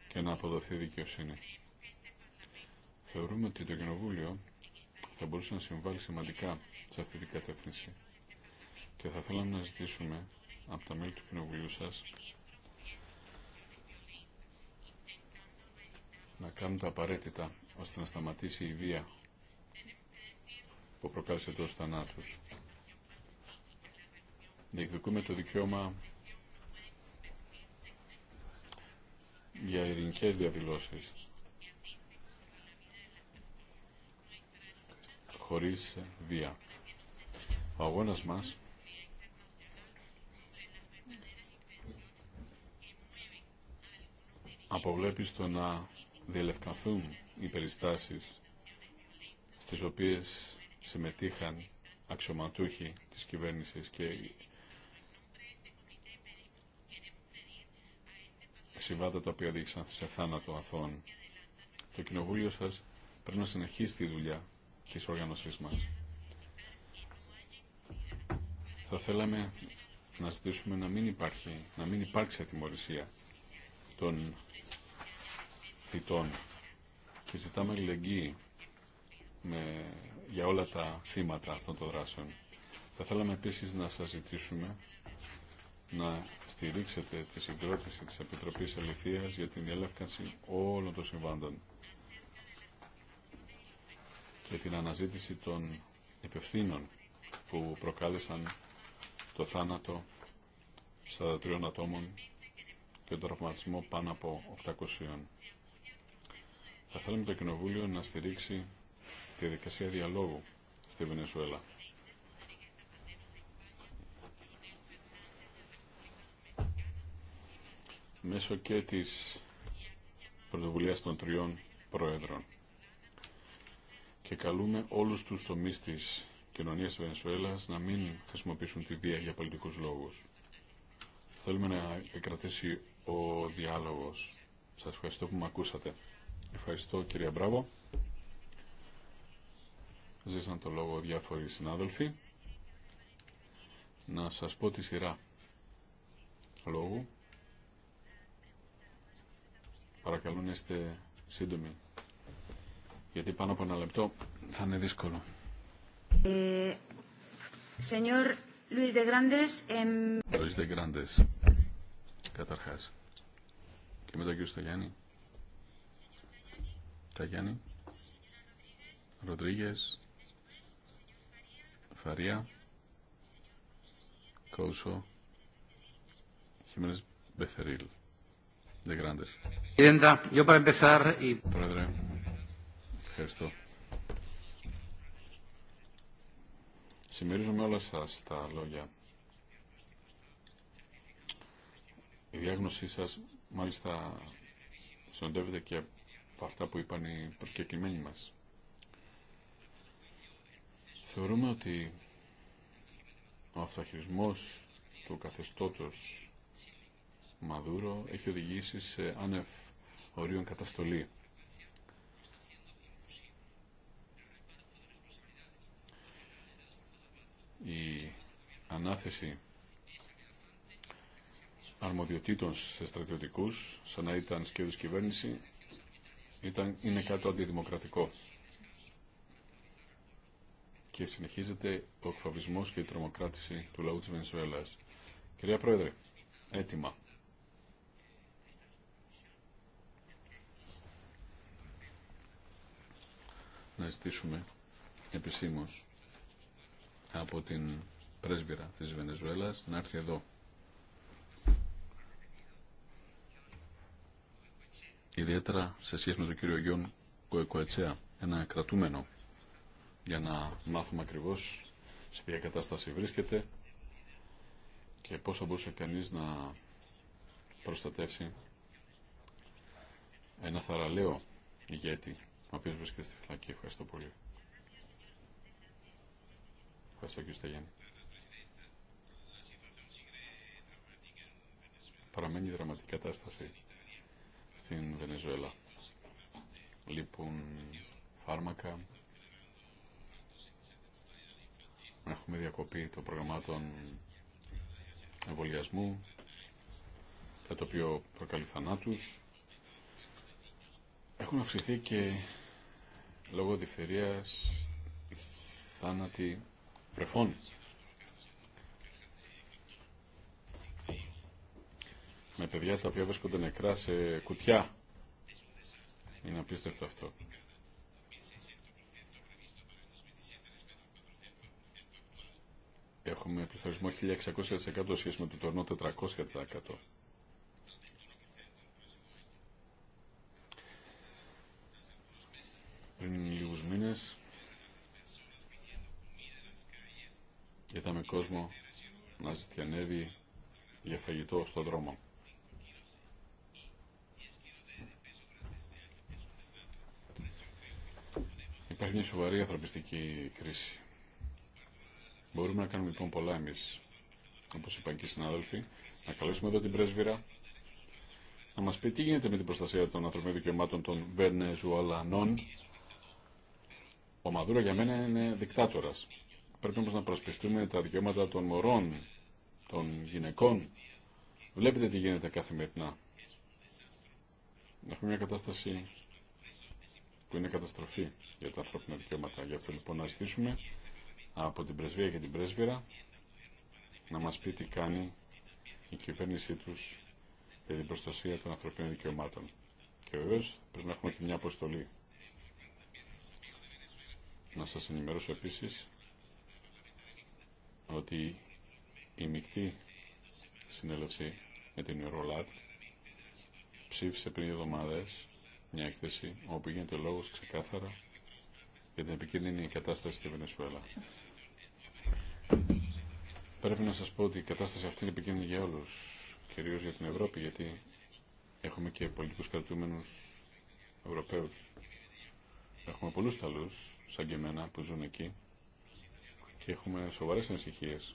και να αποδοθεί δικαιοσύνη. Θεωρούμε ότι το Κοινοβούλιο θα μπορούσε να συμβάλλει σημαντικά σε αυτή την κατεύθυνση και θα θέλαμε να ζητήσουμε από τα μέλη του Κοινοβουλίου σας να κάνουν τα απαραίτητα ώστε να σταματήσει η βία που προκάλεσε τόσους θανάτους. Διεκδικούμε το δικαίωμα για ειρηνικέ διαδηλώσεις χωρίς βία. Ο αγώνας μας αποβλέπει στο να διελευκανθούν οι περιστάσεις στις οποίες συμμετείχαν αξιωματούχοι της κυβέρνησης και συμβάτα τα οποία δείξαν σε θάνατο αθών. Το κοινοβούλιο σας πρέπει να συνεχίσει τη δουλειά της οργάνωσής μας. Θα θέλαμε να ζητήσουμε να μην, υπάρχει, να μην υπάρξει ατιμορρησία των θητών και ζητάμε με, για όλα τα θύματα αυτών των δράσεων. Θα θέλαμε επίσης να σας ζητήσουμε να στηρίξετε τη συγκρότηση της Επιτροπής Αληθείας για την διαλεύκανση όλων των συμβάντων και την αναζήτηση των υπευθύνων που προκάλεσαν το θάνατο 43 ατόμων και τον τραυματισμό πάνω από 800. Θα θέλαμε το Κοινοβούλιο να στηρίξει τη δικασία διαλόγου στη Βενεζουέλα. Μέσω και της πρωτοβουλίας των τριών πρόεδρων. Και καλούμε όλους τους τομείς της κοινωνίας της Βενεζουέλας να μην χρησιμοποιήσουν τη βία για πολιτικούς λόγους. Θέλουμε να κρατήσει ο διάλογος. Σας ευχαριστώ που με ακούσατε. Ευχαριστώ κυρία Μπράβο. Ζήσαν το λόγο διάφοροι συνάδελφοι. Να σας πω τη σειρά λόγου. Παρακαλώ να είστε σύντομοι. Γιατί πάνω από ένα λεπτό θα είναι δύσκολο. Σενιόρ Λουίς Δε Γκράντες. Λουίς Δε Γκράντες, Καταρχάς. Και μετά κύριο Σταγιάννη. Ταγιάννη, Ροντρίγες, Φαρία, Κόουσο, Χιμένες Μπεθερίλ. De Grandes. Πρόεδρε, ευχαριστώ. Συμμερίζομαι όλα σας τα λόγια. Η διάγνωσή σας μάλιστα συνοδεύεται και από αυτά που είπαν οι προσκεκλημένοι μας. Θεωρούμε ότι ο αυτοχειρισμός του καθεστώτος Μαδούρο έχει οδηγήσει σε άνευ ορίων καταστολή. Η ανάθεση αρμοδιοτήτων σε στρατιωτικούς, σαν να ήταν σκέδους κυβέρνηση, ήταν, είναι κάτι αντιδημοκρατικό. Και συνεχίζεται ο εκφαβισμός και η τρομοκράτηση του λαού της Βενεζουέλας. Κυρία Πρόεδρε, έτοιμα. Να ζητήσουμε επισήμως από την πρέσβυρα της Βενεζουέλας να έρθει εδώ ιδιαίτερα σε σχέση με τον κύριο Γιόν Κοεκοετσέα, ένα κρατούμενο, για να μάθουμε ακριβώς σε ποια κατάσταση βρίσκεται και πώς θα μπορούσε κανείς να προστατεύσει ένα θαραλέο ηγέτη, ο οποίο βρίσκεται στη φυλακή. Ευχαριστώ πολύ. Ευχαριστώ κύριε Σταγιάννη. Παραμένει δραματική κατάσταση στην Βενεζουέλα. Λείπουν φάρμακα. Έχουμε διακοπή των προγραμμάτων εμβολιασμού, κάτι το οποίο προκαλεί θανάτους. Έχουν αυξηθεί και λόγω διφθερίας θάνατοι βρεφών. με παιδιά τα οποία βρίσκονται νεκρά σε κουτιά. Είναι απίστευτο αυτό. Έχουμε πληθωρισμό 1600% σχέση με το τωρινό 400%. Πριν λίγους μήνες είδαμε κόσμο να ζητιανεύει για φαγητό στον δρόμο. Υπάρχει μια σοβαρή ανθρωπιστική κρίση. Μπορούμε να κάνουμε λοιπόν πολλά εμεί, όπω είπαν και οι συνάδελφοι, να καλέσουμε εδώ την πρέσβυρα να μα πει τι γίνεται με την προστασία των ανθρωπίνων δικαιωμάτων των Βενεζουαλανών. Ο Μαδούρο για μένα είναι δικτάτορα. Πρέπει όμω να προσπιστούμε τα δικαιώματα των μωρών, των γυναικών. Βλέπετε τι γίνεται καθημερινά. Έχουμε μια κατάσταση που είναι καταστροφή για τα ανθρώπινα δικαιώματα. Γι' αυτό λοιπόν να ζητήσουμε από την πρεσβεία και την πρέσβυρα να μας πει τι κάνει η κυβέρνησή τους για την προστασία των ανθρωπίνων δικαιωμάτων. Και βεβαίω πρέπει να έχουμε και μια αποστολή. Να σας ενημερώσω επίσης ότι η μεικτή συνέλευση με την Ευρωλάτ ψήφισε πριν δύο εβδομάδες μια έκθεση όπου γίνεται λόγο ξεκάθαρα για την επικίνδυνη κατάσταση στη Βενεσουέλα. Πρέπει να σας πω ότι η κατάσταση αυτή είναι επικίνδυνη για όλους, κυρίως για την Ευρώπη, γιατί έχουμε και πολιτικούς κρατουμένου Ευρωπαίους. Έχουμε πολλούς Ιταλούς, σαν και εμένα, που ζουν εκεί και έχουμε σοβαρές ανησυχίες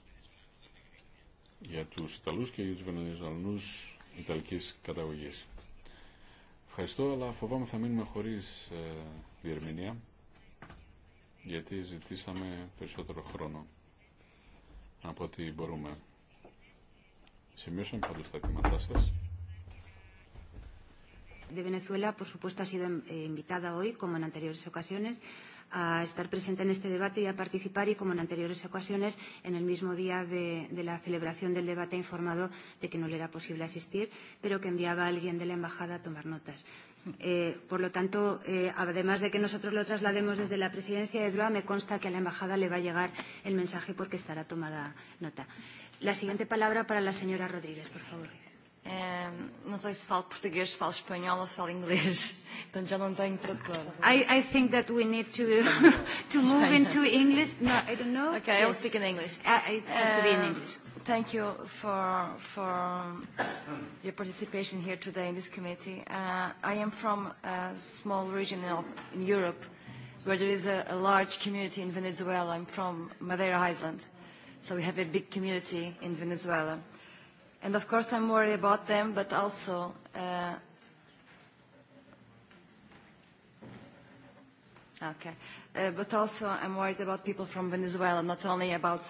για τους Ιταλούς και για τους Βενεζουαλούς Ιταλικής καταγωγής. Ευχαριστώ, αλλά φοβάμαι θα μείνουμε χωρίς ε, διερμηνία, γιατί ζητήσαμε περισσότερο χρόνο από ό,τι μπορούμε. Σημειώσαμε πάντως τα αιτήματά σας. De Venezuela, por supuesto, ha sido eh, invitada hoy, como en anteriores ocasiones, a estar presente en este debate y a participar y, como en anteriores ocasiones, en el mismo día de, de la celebración del debate ha informado de que no le era posible asistir, pero que enviaba a alguien de la embajada a tomar notas. por lo tanto, además de que nosotros lo traslademos desde la presidencia de DROA, me consta que a la embajada le va a llegar el mensaje porque estará tomada nota. La siguiente palabra para la señora Rodríguez, por favor. Não sei se falo português, se falo espanhol ou se falo inglês. Então já não tenho tradutor. I, I think that we need to, to move into English. No, I don't know. Okay, yes. I'll speak in English. Uh, it has to be in English. Thank you for, for your participation here today in this committee. Uh, I am from a small region in Europe where there is a, a large community in Venezuela. I'm from Madeira Island, so we have a big community in Venezuela. And of course I'm worried about them, but also Okay. But also I'm worried about people from Venezuela, not only about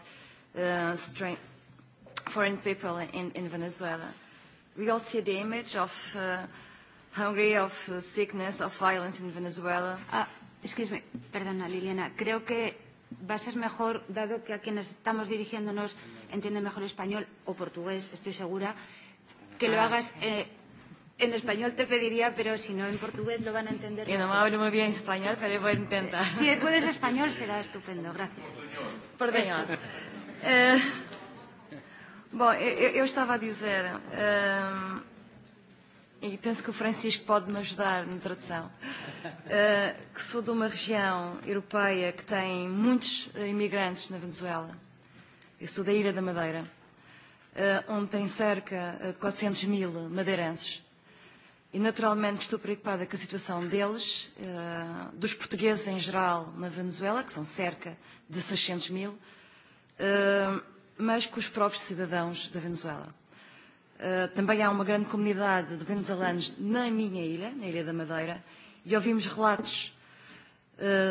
foreign people in Venezuela. We all see the image of hungry, of sickness, of violence in Venezuela. Excuse me. Perdona, Liliana. Creo que va a ser mejor, dado que a quienes estamos dirigiéndonos entiende mejor español o portugués, estoy segura, que lo hagas en español te pediría, pero si no en portugués lo van a entender. Y no me hablo muy bien español, pero voy a intentar. Si puedes español será estupendo, gracias. Portuñol. eh, bom, eu, eu estava a dizer, um, e penso que o Francisco pode me ajudar na tradução, uh, que sou de uma região europeia que tem muitos imigrantes na Venezuela Eu sou da Ilha da Madeira, onde tem cerca de 400 mil madeirenses. E naturalmente estou preocupada com a situação deles, dos portugueses em geral na Venezuela, que são cerca de 600 mil, mas com os próprios cidadãos da Venezuela. Também há uma grande comunidade de venezuelanos na minha ilha, na Ilha da Madeira, e ouvimos relatos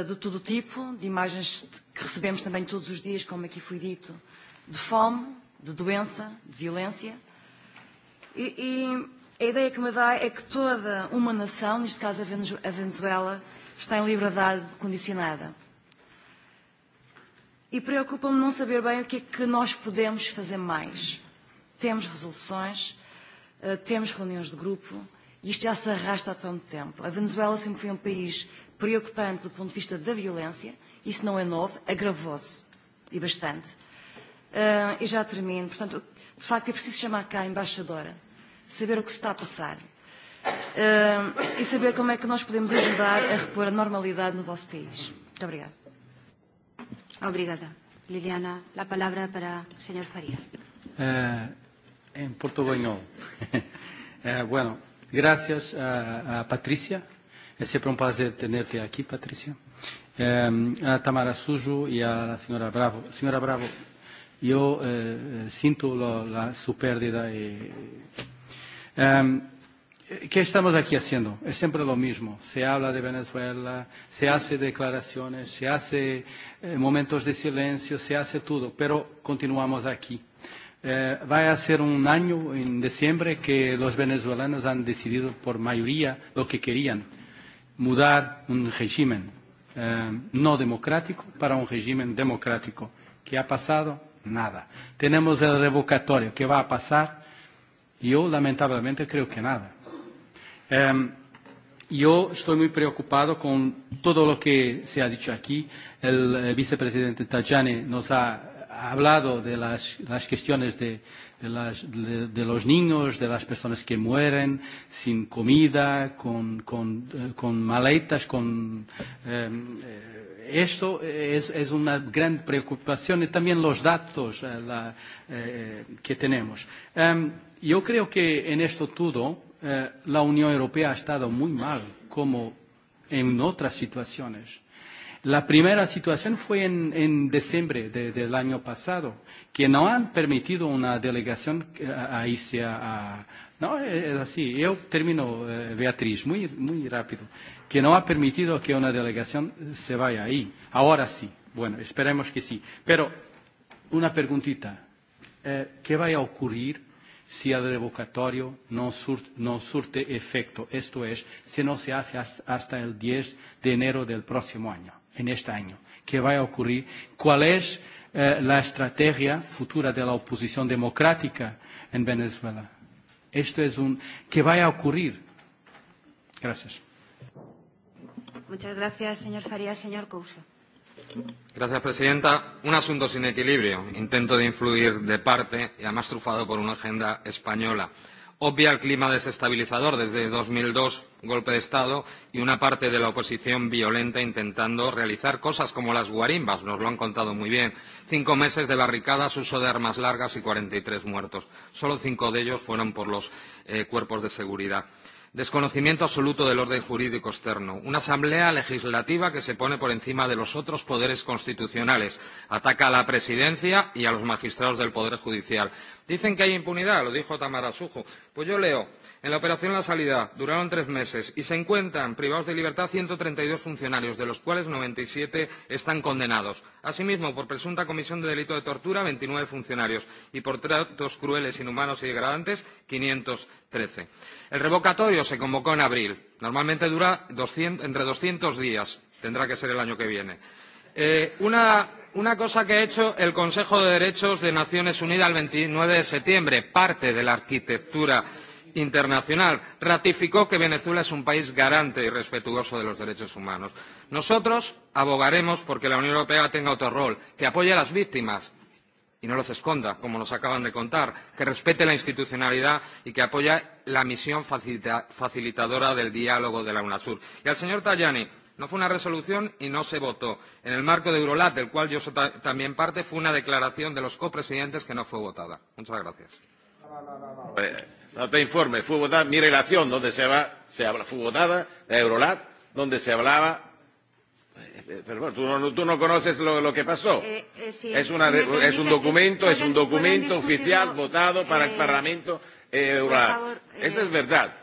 de todo o tipo, de imagens que recebemos também todos os dias, como aqui foi dito, de fome, de doença, de violência. E, e a ideia que me dá é que toda uma nação, neste caso a Venezuela, está em liberdade condicionada. E preocupa-me não saber bem o que é que nós podemos fazer mais. Temos resoluções, temos reuniões de grupo, e isto já se arrasta há tanto tempo. A Venezuela sempre foi um país preocupante do ponto de vista da violência, isso não é novo, agravou-se, e bastante e já termino. Portanto, de facto, é preciso chamar cá a embaixadora, saber o que se está a passar e saber como é que nós podemos ajudar a repor a normalidade no vosso país. Muito obrigada. Obrigada. Liliana, a palavra para o Sr. Faría. em portugués. bueno, graças a, Patricia. sempre um um prazer tenerte aquí, Patricia. a Tamara Sujo e a senhora Bravo. Senhora Bravo, Yo siento la su pérdida. ¿Qué estamos aquí haciendo? Es siempre lo mismo. Se habla de Venezuela, se hace declaraciones, se hace momentos de silencio, se hace todo, pero continuamos aquí. Va a ser un año en diciembre que los venezolanos han decidido por mayoría lo que querían, mudar un régimen no democrático para un régimen democrático. ¿Qué ha pasado? nada. Tenemos el revocatorio. ¿Qué va a pasar? Yo, lamentablemente, creo que nada. Yo estoy muy preocupado con todo lo que se ha dicho aquí. El vicepresidente Tajani nos ha hablado de las cuestiones de los niños, de las personas que mueren sin comida, con maletas, con esto es, es una gran preocupación y también los datos la, que tenemos. Um, yo creo que en esto todo la Unión Europea ha estado muy mal, como en otras situaciones. La primera situación fue en, en diciembre de, del año pasado, que no han permitido una delegación a irse a, No, es así. Yo termino, Beatriz, muy, muy rápido. Que no ha permitido que una delegación se vaya ahí. Ahora sí. Bueno, esperemos que sí. Pero una preguntita. ¿Qué va a ocurrir si el revocatorio no surte efecto? Esto es, si no se hace hasta el 10 de enero del próximo año, en este año. ¿Qué va a ocurrir? ¿Cuál es la estrategia futura de la oposición democrática en Venezuela? esto es un que vaya a ocurrir. Gracias. Muchas gracias, señor Farías. Señor Couso. Gracias, presidenta. Un asunto sin equilibrio, intento de influir de parte y además trufado por una agenda española obvia el clima desestabilizador desde 2002, golpe de Estado, y una parte de la oposición violenta intentando realizar cosas como las guarimbas, nos lo han contado muy bien. Cinco meses de barricadas, uso de armas largas y 43 muertos. Solo cinco de ellos fueron por los cuerpos de seguridad. Desconocimiento absoluto del orden jurídico externo. Una asamblea legislativa que se pone por encima de los otros poderes constitucionales. Ataca a la presidencia y a los magistrados del Poder Judicial. Dicen que hay impunidad, lo dijo Tamara Sujo. Pues yo leo, en la operación La Salida duraron tres meses y se encuentran privados de libertad 132 funcionarios, de los cuales 97 están condenados. Asimismo, por presunta comisión de delito de tortura, 29 funcionarios y por tratos crueles, inhumanos y degradantes, 513. El revocatorio se convocó en abril. Normalmente dura entre 200 días. Tendrá que ser el año que viene. Eh, una, una cosa que ha hecho el Consejo de Derechos de Naciones Unidas el 29 de septiembre, parte de la arquitectura internacional ratificó que venezuela es un país garante y respetuoso de los derechos humanos. nosotros abogaremos porque la unión europea tenga otro rol que apoye a las víctimas y no los esconda como nos acaban de contar que respete la institucionalidad y que apoye la misión facilitadora del diálogo de la unasur. y al señor tajani No fue una resolución y no se votó. En el marco de Eurolat, del cual yo soy también parte, fue una declaración de los copresidentes que no fue votada. Muchas gracias. No, no, no, no. Eh, no te informe Fue votada mi relación, donde se, va, se habla, fue votada de Eurolat, donde se hablaba pero bueno, tú no, tú no conoces lo, que pasó. es, una, es un documento, es, un documento oficial votado para el Parlamento eh, Esa es verdad.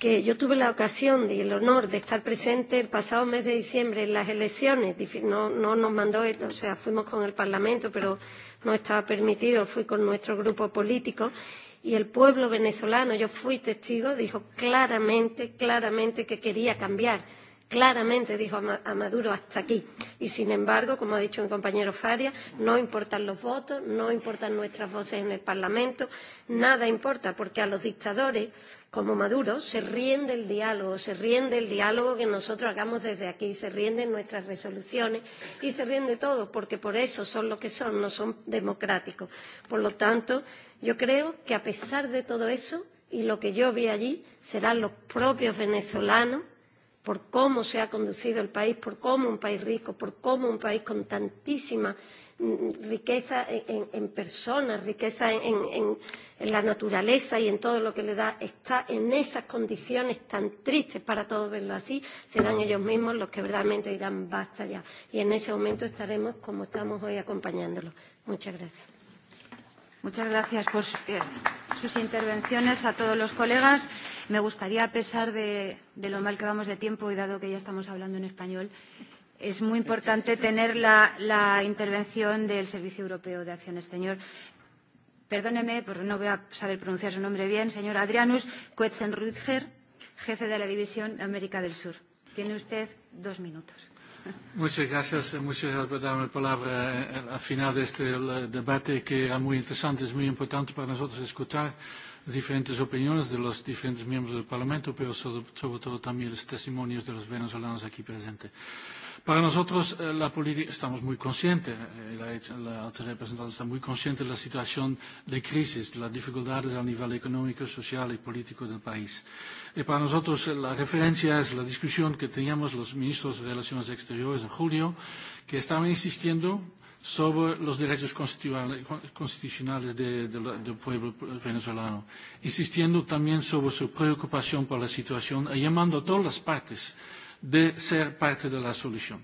que yo tuve la ocasión y el honor de estar presente el pasado mes de diciembre en las elecciones. No, no nos mandó, o sea, fuimos con el Parlamento, pero no estaba permitido, fui con nuestro grupo político. Y el pueblo venezolano, yo fui testigo, dijo claramente, claramente que quería cambiar Claramente dijo a Maduro hasta aquí. Y sin embargo, como ha dicho mi compañero Faria, no importan los votos, no importan nuestras voces en el Parlamento, nada importa, porque a los dictadores como Maduro se ríen del diálogo, se ríen del diálogo que nosotros hagamos desde aquí, se ríen nuestras resoluciones y se ríen de todo, porque por eso son lo que son, no son democráticos. Por lo tanto, yo creo que a pesar de todo eso y lo que yo vi allí, serán los propios venezolanos por cómo se ha conducido el país, por cómo un país rico, por cómo un país con tantísima riqueza en personas, riqueza en la naturaleza y en todo lo que le da, está en esas condiciones tan tristes para todos verlo así, serán ellos mismos los que verdaderamente dirán basta ya. Y en ese momento estaremos como estamos hoy acompañándolos. Muchas gracias. Muchas gracias por sus intervenciones a todos los colegas. Me gustaría, a pesar de, de lo mal que vamos de tiempo y dado que ya estamos hablando en español, es muy importante tener la, la intervención del Servicio Europeo de Acción Exterior. Perdóneme, porque no voy a saber pronunciar su nombre bien, señor Adrianus Kuetzenrüther, jefe de la División América del Sur. Tiene usted dos minutos. Muchas gracias, muchas gracias por darme la palabra al final de este debate que era muy interesante, es muy importante para nosotros escuchar las diferentes opiniones de los diferentes miembros del Parlamento, pero sobre todo también los testimonios de los venezolanos aquí presentes. Para nosotros la política, estamos muy conscientes, la alta representante está muy consciente de la situación de crisis, de las dificultades a nivel económico, social y político del país. Y para nosotros la referencia es la discusión que teníamos los ministros de Relaciones Exteriores en julio, que estaban insistiendo sobre los derechos constitucionales del pueblo venezolano, insistiendo también sobre su preocupación por la situación y llamando a todas las partes de ser parte de la solución.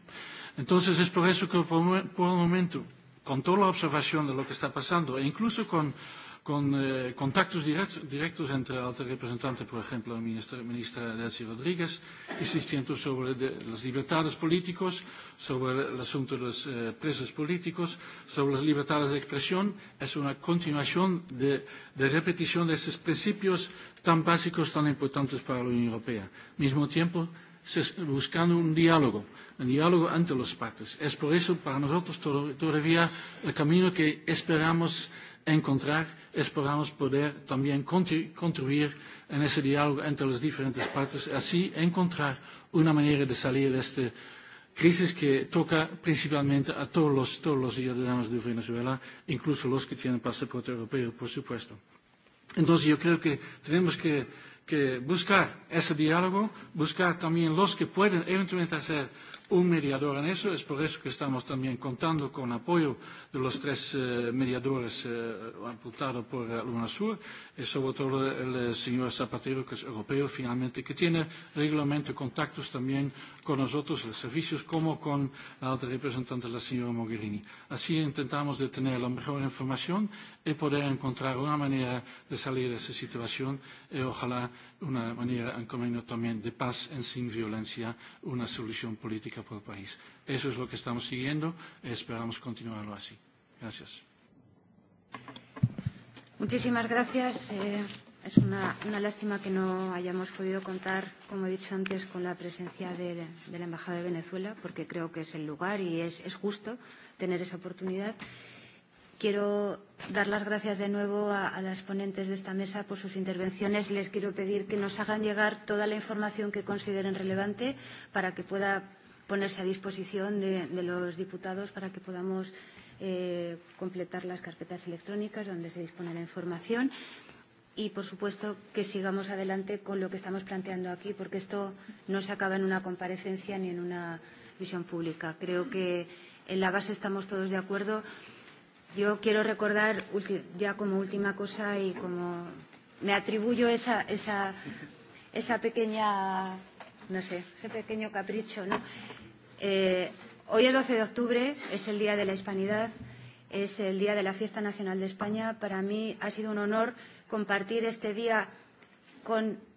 Entonces, es por eso que por el momento, con toda la observación de lo que está pasando, e incluso con con contactos directos entre alta representante, por ejemplo, la ministra Delcy Rodríguez, insistiendo sobre las libertades políticos, sobre el asunto de los presos políticos, sobre las libertades de expresión. Es una continuación de repetición de esos principios tan básicos, tan importantes para la Unión Europea. Al mismo tiempo, buscando un diálogo, un diálogo entre los pactos. Es por eso para nosotros todavía el camino que esperamos encontrar, esperamos poder también contribuir en ese diálogo entre las diferentes partes, así encontrar una manera de salir de esta crisis que toca principalmente a todos todos los ciudadanos de Venezuela, incluso los que tienen pasaporte europeo, por supuesto. Entonces yo creo que tenemos que que buscar ese diálogo, buscar también los que pueden eventualmente hacer un mediador en eso. Es por eso que estamos también contando con apoyo de los tres mediadores apuntados por UNASUR, y sobre todo el señor Zapatero, que es europeo finalmente, que tiene regularmente contactos también con nosotros, los servicios, como con la alta representante, la señora Mogherini. Así intentamos de tener la mejor información y poder encontrar una manera de salir de esa situación y ojalá una manera en camino también de paz en sin violencia, una solución política para el país. Eso es lo que estamos siguiendo y esperamos continuarlo así. Gracias. Muchísimas gracias. Es una lástima que no hayamos podido contar, como he dicho antes, con la presencia de la Embajada de Venezuela, porque creo que es el lugar y es justo tener esa oportunidad. Quiero dar las gracias de nuevo a, a las ponentes de esta mesa por sus intervenciones. Les quiero pedir que nos hagan llegar toda la información que consideren relevante para que pueda ponerse a disposición de, los diputados para que podamos eh, completar las carpetas electrónicas donde se dispone la información y, por supuesto, que sigamos adelante con lo que estamos planteando aquí, porque esto no se acaba en una comparecencia ni en una visión pública. Creo que en la base estamos todos de acuerdo. Yo quiero recordar, ya como última cosa, y como me atribuyo esa, esa, esa pequeña, no sé, ese pequeño capricho, ¿no? Eh, hoy es 12 de octubre es el Día de la Hispanidad, es el Día de la Fiesta Nacional de España. Para mí ha sido un honor compartir este día con